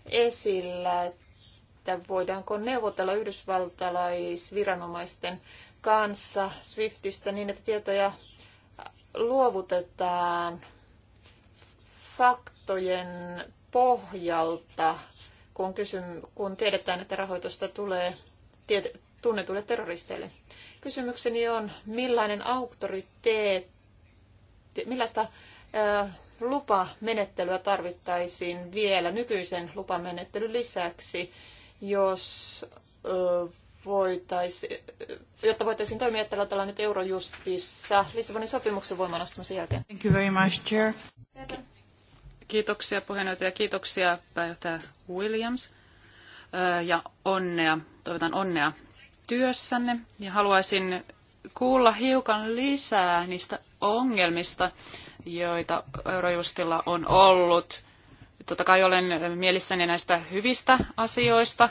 esillä, että voidaanko neuvotella yhdysvaltalaisviranomaisten kanssa Swiftistä niin, että tietoja luovutetaan faktojen pohjalta, kun, kysym, kun tiedetään, että rahoitusta tulee tunnetuille terroristeille. Kysymykseni on, millainen auktoriteetti, millaista lupamenettelyä tarvittaisiin vielä nykyisen lupamenettelyn lisäksi, jos voitaisi, jotta voitaisiin toimia tällä tällä nyt Eurojustissa Lissabonin sopimuksen voimaan astumisen jälkeen. Thank you very much, Chair. Kiitoksia puheenjohtaja, kiitoksia pääjohtaja Williams ja onnea, toivotan onnea työssänne ja haluaisin kuulla hiukan lisää niistä ongelmista, joita Eurojustilla on ollut. Totta kai olen mielissäni näistä hyvistä asioista,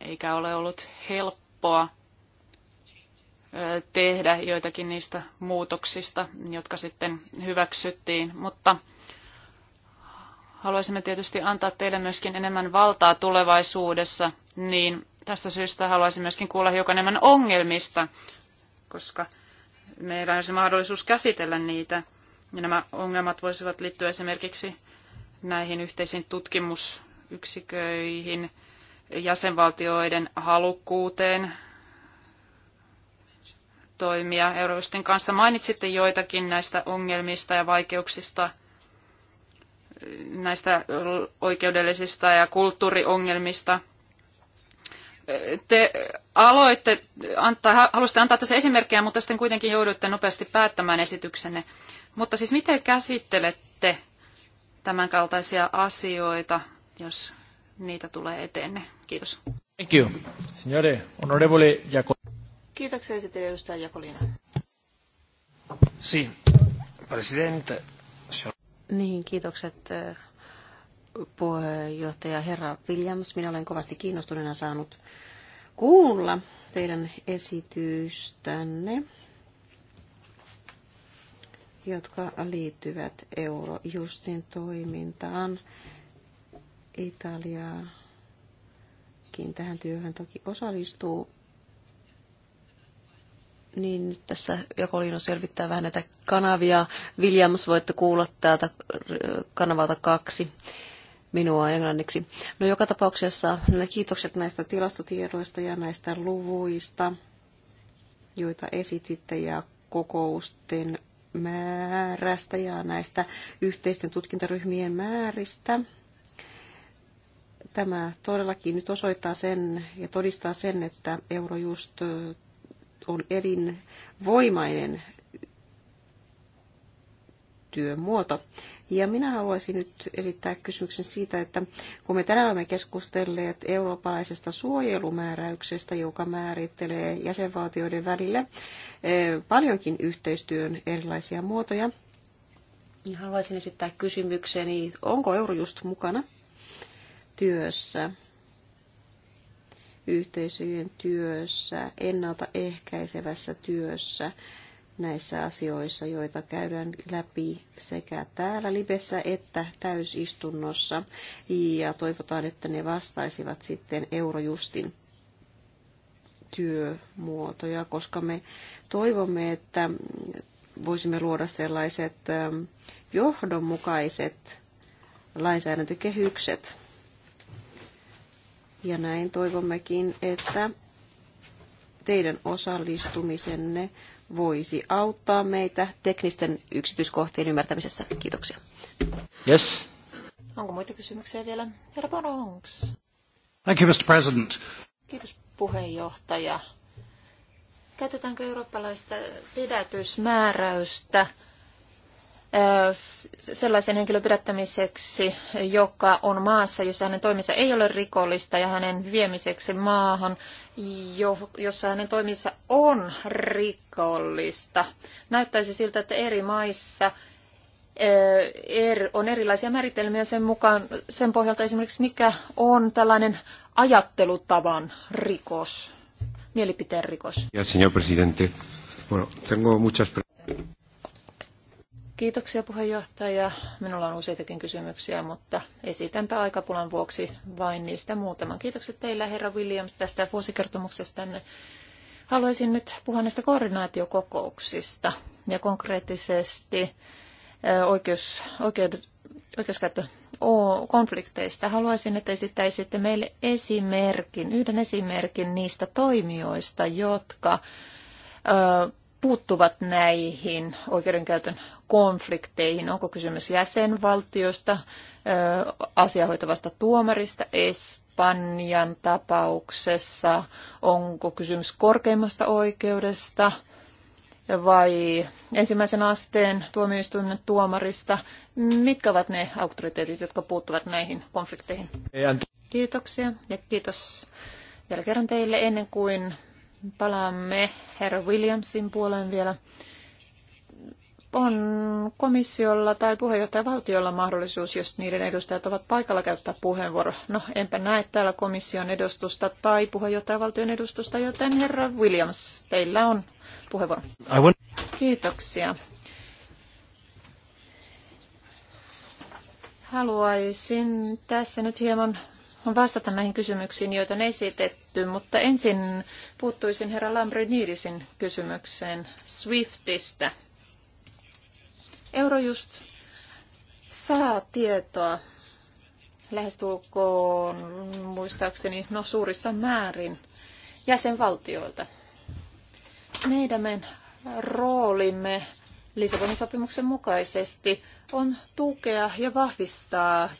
eikä ole ollut helppoa tehdä joitakin niistä muutoksista, jotka sitten hyväksyttiin, mutta haluaisimme tietysti antaa teille myöskin enemmän valtaa tulevaisuudessa, niin tästä syystä haluaisin myöskin kuulla hiukan enemmän ongelmista, koska meillä on se mahdollisuus käsitellä niitä. Ja nämä ongelmat voisivat liittyä esimerkiksi näihin yhteisiin tutkimusyksiköihin, jäsenvaltioiden halukkuuteen toimia Eurojustin kanssa. Mainitsitte joitakin näistä ongelmista ja vaikeuksista, näistä oikeudellisista ja kulttuuriongelmista – te aloitte, antaa, halusitte antaa tässä esimerkkejä, mutta sitten kuitenkin jouduitte nopeasti päättämään esityksenne. Mutta siis miten käsittelette tämänkaltaisia asioita, jos niitä tulee eteenne? Kiitos. Thank you. Signore, onorevole Jaco- Kiitoksia esittelijä edustaja Jakolina. Si, presidente. Niin, kiitokset eh, puheenjohtaja herra Williams. Minä olen kovasti kiinnostuneena saanut kuulla teidän esitystänne, jotka liittyvät Eurojustin toimintaan. Italiakin tähän työhön toki osallistuu. Niin nyt tässä Jakolino selvittää vähän näitä kanavia. Williams voitte kuulla täältä kanavalta kaksi minua englanniksi. No joka tapauksessa kiitokset näistä tilastotiedoista ja näistä luvuista, joita esititte ja kokousten määrästä ja näistä yhteisten tutkintaryhmien määristä. Tämä todellakin nyt osoittaa sen ja todistaa sen, että Eurojust on elinvoimainen työmuoto. Ja minä haluaisin nyt esittää kysymyksen siitä, että kun me tänään olemme keskustelleet eurooppalaisesta suojelumääräyksestä, joka määrittelee jäsenvaltioiden välillä eh, paljonkin yhteistyön erilaisia muotoja, niin haluaisin esittää kysymykseni, onko Eurojust mukana työssä? yhteisöjen työssä, ennaltaehkäisevässä työssä, näissä asioissa, joita käydään läpi sekä täällä Libessä että täysistunnossa. Ja toivotaan, että ne vastaisivat sitten Eurojustin työmuotoja, koska me toivomme, että voisimme luoda sellaiset ähm, johdonmukaiset lainsäädäntökehykset. Ja näin toivommekin, että teidän osallistumisenne voisi auttaa meitä teknisten yksityiskohtien ymmärtämisessä. Kiitoksia. Yes. Onko muita kysymyksiä vielä? Herra Bonongs. Thank you, Mr. President. Kiitos puheenjohtaja. Käytetäänkö eurooppalaista pidätysmääräystä sellaisen henkilön pidättämiseksi, joka on maassa, jossa hänen toimissa ei ole rikollista, ja hänen viemiseksi maahan, jossa hänen toimissa on rikollista. Näyttäisi siltä, että eri maissa er-, on erilaisia määritelmiä sen mukaan, sen pohjalta esimerkiksi mikä on tällainen ajattelutavan rikos, mielipiteen rikos. Ja, señor presidente. Bueno, tengo muchas... Kiitoksia puheenjohtaja. Minulla on useitakin kysymyksiä, mutta esitänpä aikapulan vuoksi vain niistä muutaman. Kiitokset teille, herra Williams, tästä vuosikertomuksesta. Haluaisin nyt puhua näistä koordinaatiokokouksista ja konkreettisesti oikeus, oikeud, oikeuskäyttö konflikteista. Haluaisin, että esittäisitte meille esimerkin, yhden esimerkin niistä toimijoista, jotka puuttuvat näihin oikeudenkäytön konflikteihin? Onko kysymys jäsenvaltiosta, asiahoitavasta tuomarista, Espanjan tapauksessa? Onko kysymys korkeimmasta oikeudesta vai ensimmäisen asteen tuomioistuimen tuomarista? Mitkä ovat ne auktoriteetit, jotka puuttuvat näihin konflikteihin? Kiitoksia ja kiitos vielä kerran teille ennen kuin palaamme herra Williamsin puoleen vielä. On komissiolla tai puheenjohtajavaltiolla mahdollisuus, jos niiden edustajat ovat paikalla käyttää puheenvuoro. No, enpä näe täällä komission edustusta tai puheenjohtajavaltion edustusta, joten herra Williams, teillä on puheenvuoro. Kiitoksia. Haluaisin tässä nyt hieman vastata näihin kysymyksiin, joita on esitetty, mutta ensin puuttuisin herra Lambrinidisin kysymykseen Swiftistä. Eurojust saa tietoa lähestulkoon muistaakseni no suurissa määrin jäsenvaltioilta. Meidän roolimme Lisabonin sopimuksen mukaisesti on tukea ja vahvistaa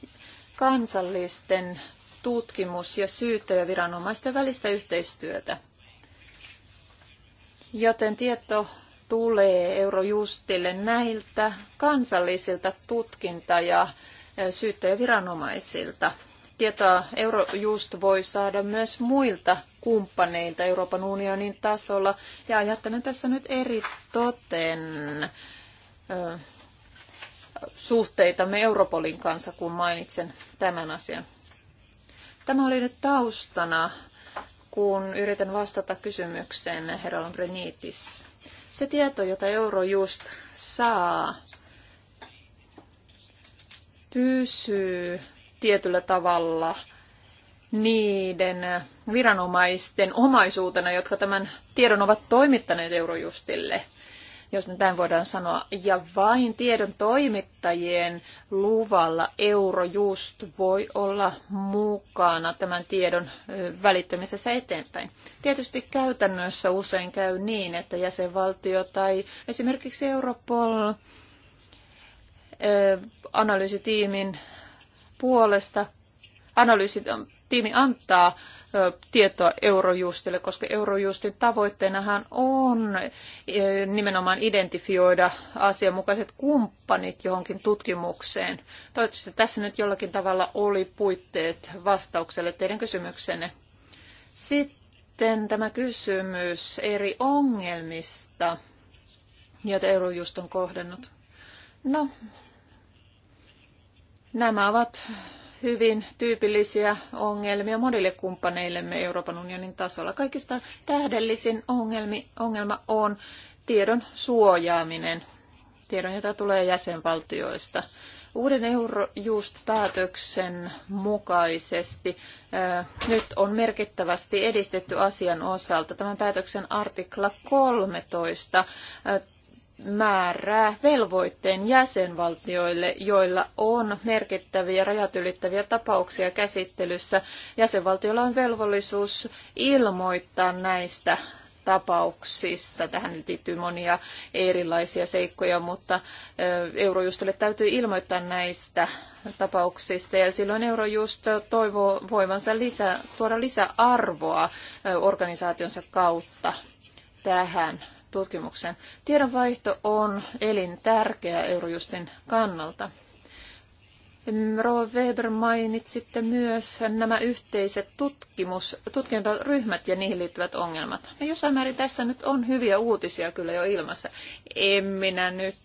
kansallisten tutkimus- ja syyttäjäviranomaisten välistä yhteistyötä. Joten tieto tulee Eurojustille näiltä kansallisilta tutkinta- ja syyttäjäviranomaisilta. Tietoa Eurojust voi saada myös muilta kumppaneilta Euroopan unionin tasolla. Ja ajattelen tässä nyt eri toten suhteitamme Europolin kanssa, kun mainitsen tämän asian. Tämä oli nyt taustana, kun yritän vastata kysymykseen Herolan Brenitis. Se tieto, jota Eurojust saa, pysyy tietyllä tavalla niiden viranomaisten omaisuutena, jotka tämän tiedon ovat toimittaneet Eurojustille – jos nyt näin voidaan sanoa, ja vain tiedon toimittajien luvalla Eurojust voi olla mukana tämän tiedon välittämisessä eteenpäin. Tietysti käytännössä usein käy niin, että jäsenvaltio tai esimerkiksi Europol analyysitiimin puolesta analyysitiimi antaa tietoa Eurojustille, koska Eurojustin tavoitteenahan on nimenomaan identifioida asianmukaiset kumppanit johonkin tutkimukseen. Toivottavasti tässä nyt jollakin tavalla oli puitteet vastaukselle teidän kysymyksenne. Sitten tämä kysymys eri ongelmista, joita Eurojust on kohdannut. No, nämä ovat hyvin tyypillisiä ongelmia monille kumppaneillemme Euroopan unionin tasolla. Kaikista tähdellisin ongelmi, ongelma on tiedon suojaaminen, tiedon, jota tulee jäsenvaltioista. Uuden Eurojust-päätöksen mukaisesti ää, nyt on merkittävästi edistetty asian osalta. Tämän päätöksen artikla 13 ää, määrää velvoitteen jäsenvaltioille, joilla on merkittäviä rajat ylittäviä tapauksia käsittelyssä. Jäsenvaltioilla on velvollisuus ilmoittaa näistä tapauksista. Tähän liittyy monia erilaisia seikkoja, mutta Eurojustille täytyy ilmoittaa näistä tapauksista ja silloin Eurojust toivoo voivansa lisä tuoda lisäarvoa organisaationsa kautta tähän tutkimukseen. Tiedonvaihto on elintärkeä Eurojustin kannalta. Rova Weber mainitsitte myös nämä yhteiset tutkimus, tutkintoryhmät ja niihin liittyvät ongelmat. Ja no, jossain määrin tässä nyt on hyviä uutisia kyllä jo ilmassa. En minä nyt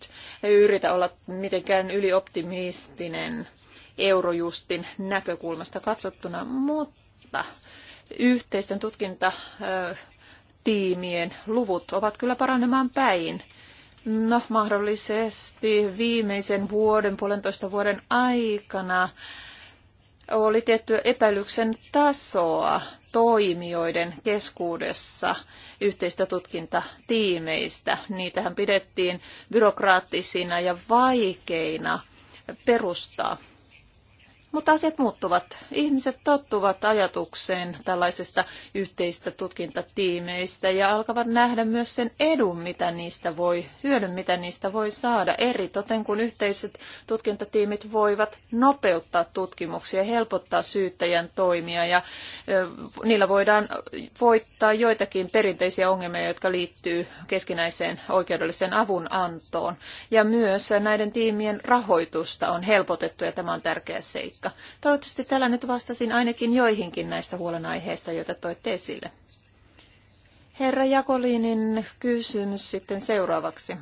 yritä olla mitenkään ylioptimistinen eurojustin näkökulmasta katsottuna, mutta yhteisten tutkinta tiimien luvut ovat kyllä paranemaan päin. No, mahdollisesti viimeisen vuoden, puolentoista vuoden aikana oli tiettyä epäilyksen tasoa toimijoiden keskuudessa yhteistä tutkintatiimeistä. Niitähän pidettiin byrokraattisina ja vaikeina perustaa mutta asiat muuttuvat. Ihmiset tottuvat ajatukseen tällaisista yhteistä tutkintatiimeistä ja alkavat nähdä myös sen edun, mitä niistä voi, hyödyn, mitä niistä voi saada. Eri toten kun yhteiset tutkintatiimit voivat nopeuttaa tutkimuksia, helpottaa syyttäjän toimia ja niillä voidaan voittaa joitakin perinteisiä ongelmia, jotka liittyy keskinäiseen oikeudelliseen antoon. Ja myös näiden tiimien rahoitusta on helpotettu ja tämä on tärkeä seikka seikka. Toivottavasti tällä nyt vastasin ainakin joihinkin näistä huolenaiheista, joita toitte esille. Herra Jakolinin kysymys sitten seuraavaksi.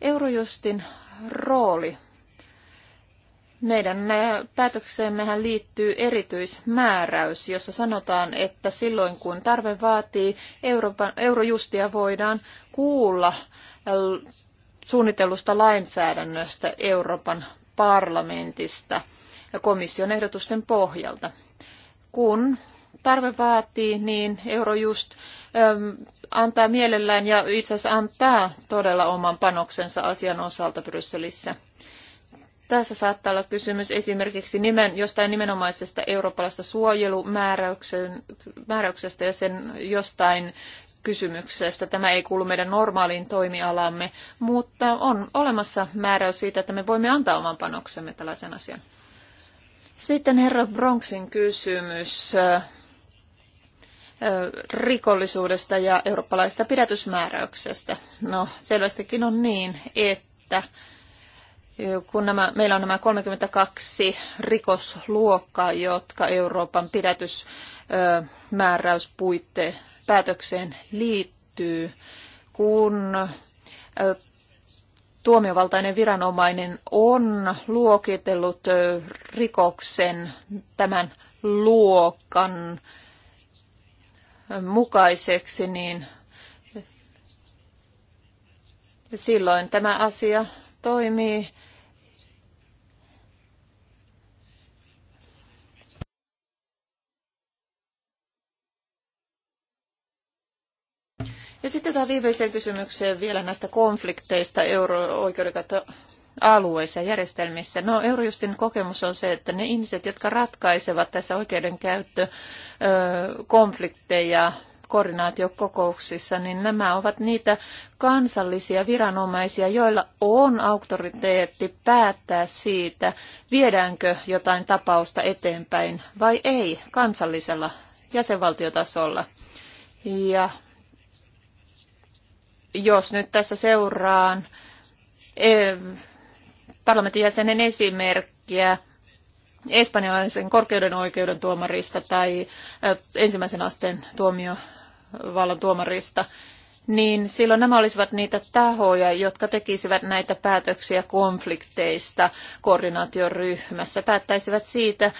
Eurojustin rooli. Meidän äh, päätökseemmehän liittyy erityismääräys, jossa sanotaan, että silloin kun tarve vaatii, Euroopan, Eurojustia voidaan kuulla äh, suunnitellusta lainsäädännöstä Euroopan parlamentista ja komission ehdotusten pohjalta. Kun tarve vaatii, niin Eurojust äm, antaa mielellään ja itse asiassa antaa todella oman panoksensa asian osalta Brysselissä. Tässä saattaa olla kysymys esimerkiksi nimen, jostain nimenomaisesta eurooppalaisesta suojelumääräyksestä ja sen jostain kysymyksestä. Tämä ei kuulu meidän normaaliin toimialamme, mutta on olemassa määräys siitä, että me voimme antaa oman panoksemme tällaisen asian. Sitten herra Bronxin kysymys rikollisuudesta ja eurooppalaisesta pidätysmääräyksestä. No, selvästikin on niin, että kun nämä, meillä on nämä 32 rikosluokkaa, jotka Euroopan pidätysmääräyspuitteissa päätökseen liittyy, kun tuomiovaltainen viranomainen on luokitellut rikoksen tämän luokan mukaiseksi, niin silloin tämä asia toimii Ja sitten tämä viimeiseen kysymykseen vielä näistä konflikteista euro-oikeudenkäyttö alueissa ja järjestelmissä. No Eurojustin kokemus on se, että ne ihmiset, jotka ratkaisevat tässä oikeudenkäyttö konflikteja koordinaatiokokouksissa, niin nämä ovat niitä kansallisia viranomaisia, joilla on auktoriteetti päättää siitä, viedäänkö jotain tapausta eteenpäin vai ei kansallisella jäsenvaltiotasolla. Ja jos nyt tässä seuraan eh, parlamentin jäsenen esimerkkiä espanjalaisen korkeuden oikeuden tuomarista tai eh, ensimmäisen asteen tuomiovallan tuomarista, niin silloin nämä olisivat niitä tahoja, jotka tekisivät näitä päätöksiä konflikteista koordinaatioryhmässä, päättäisivät siitä,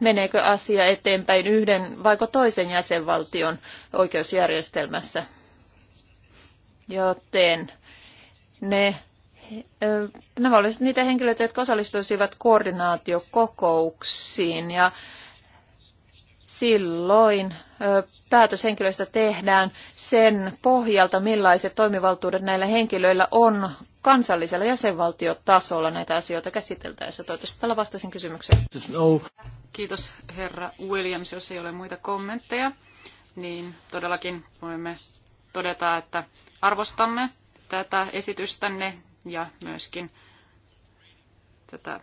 meneekö asia eteenpäin yhden vaiko toisen jäsenvaltion oikeusjärjestelmässä joten ne, nämä olisivat niitä henkilöitä, jotka osallistuisivat koordinaatiokokouksiin ja silloin päätös henkilöistä tehdään sen pohjalta, millaiset toimivaltuudet näillä henkilöillä on kansallisella jäsenvaltiotasolla näitä asioita käsiteltäessä. Toivottavasti tällä vastasin kysymykseen. Kiitos herra Williams, jos ei ole muita kommentteja, niin todellakin voimme todeta, että arvostamme tätä esitystänne ja myöskin tätä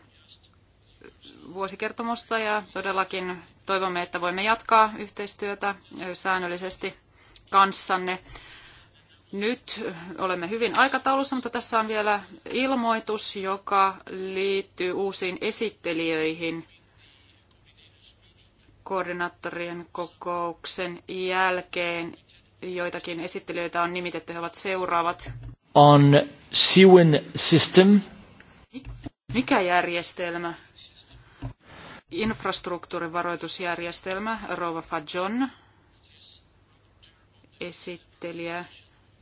vuosikertomusta ja todellakin toivomme, että voimme jatkaa yhteistyötä säännöllisesti kanssanne. Nyt olemme hyvin aikataulussa, mutta tässä on vielä ilmoitus, joka liittyy uusiin esittelijöihin koordinaattorien kokouksen jälkeen joitakin esittelijöitä on nimitetty, he ovat seuraavat. On Siwin System. Mikä järjestelmä? Infrastruktuurivaroitusjärjestelmä, Rova Fajon, esittelijä,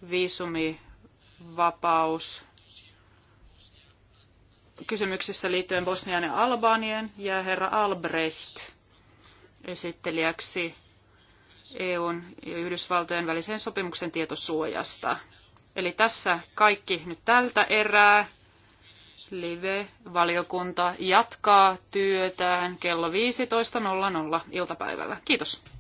viisumivapaus, kysymyksessä liittyen Bosnian ja Albanien ja herra Albrecht esittelijäksi EUn ja Yhdysvaltojen välisen sopimuksen tietosuojasta. Eli tässä kaikki nyt tältä erää. Live-valiokunta jatkaa työtään kello 15.00 iltapäivällä. Kiitos.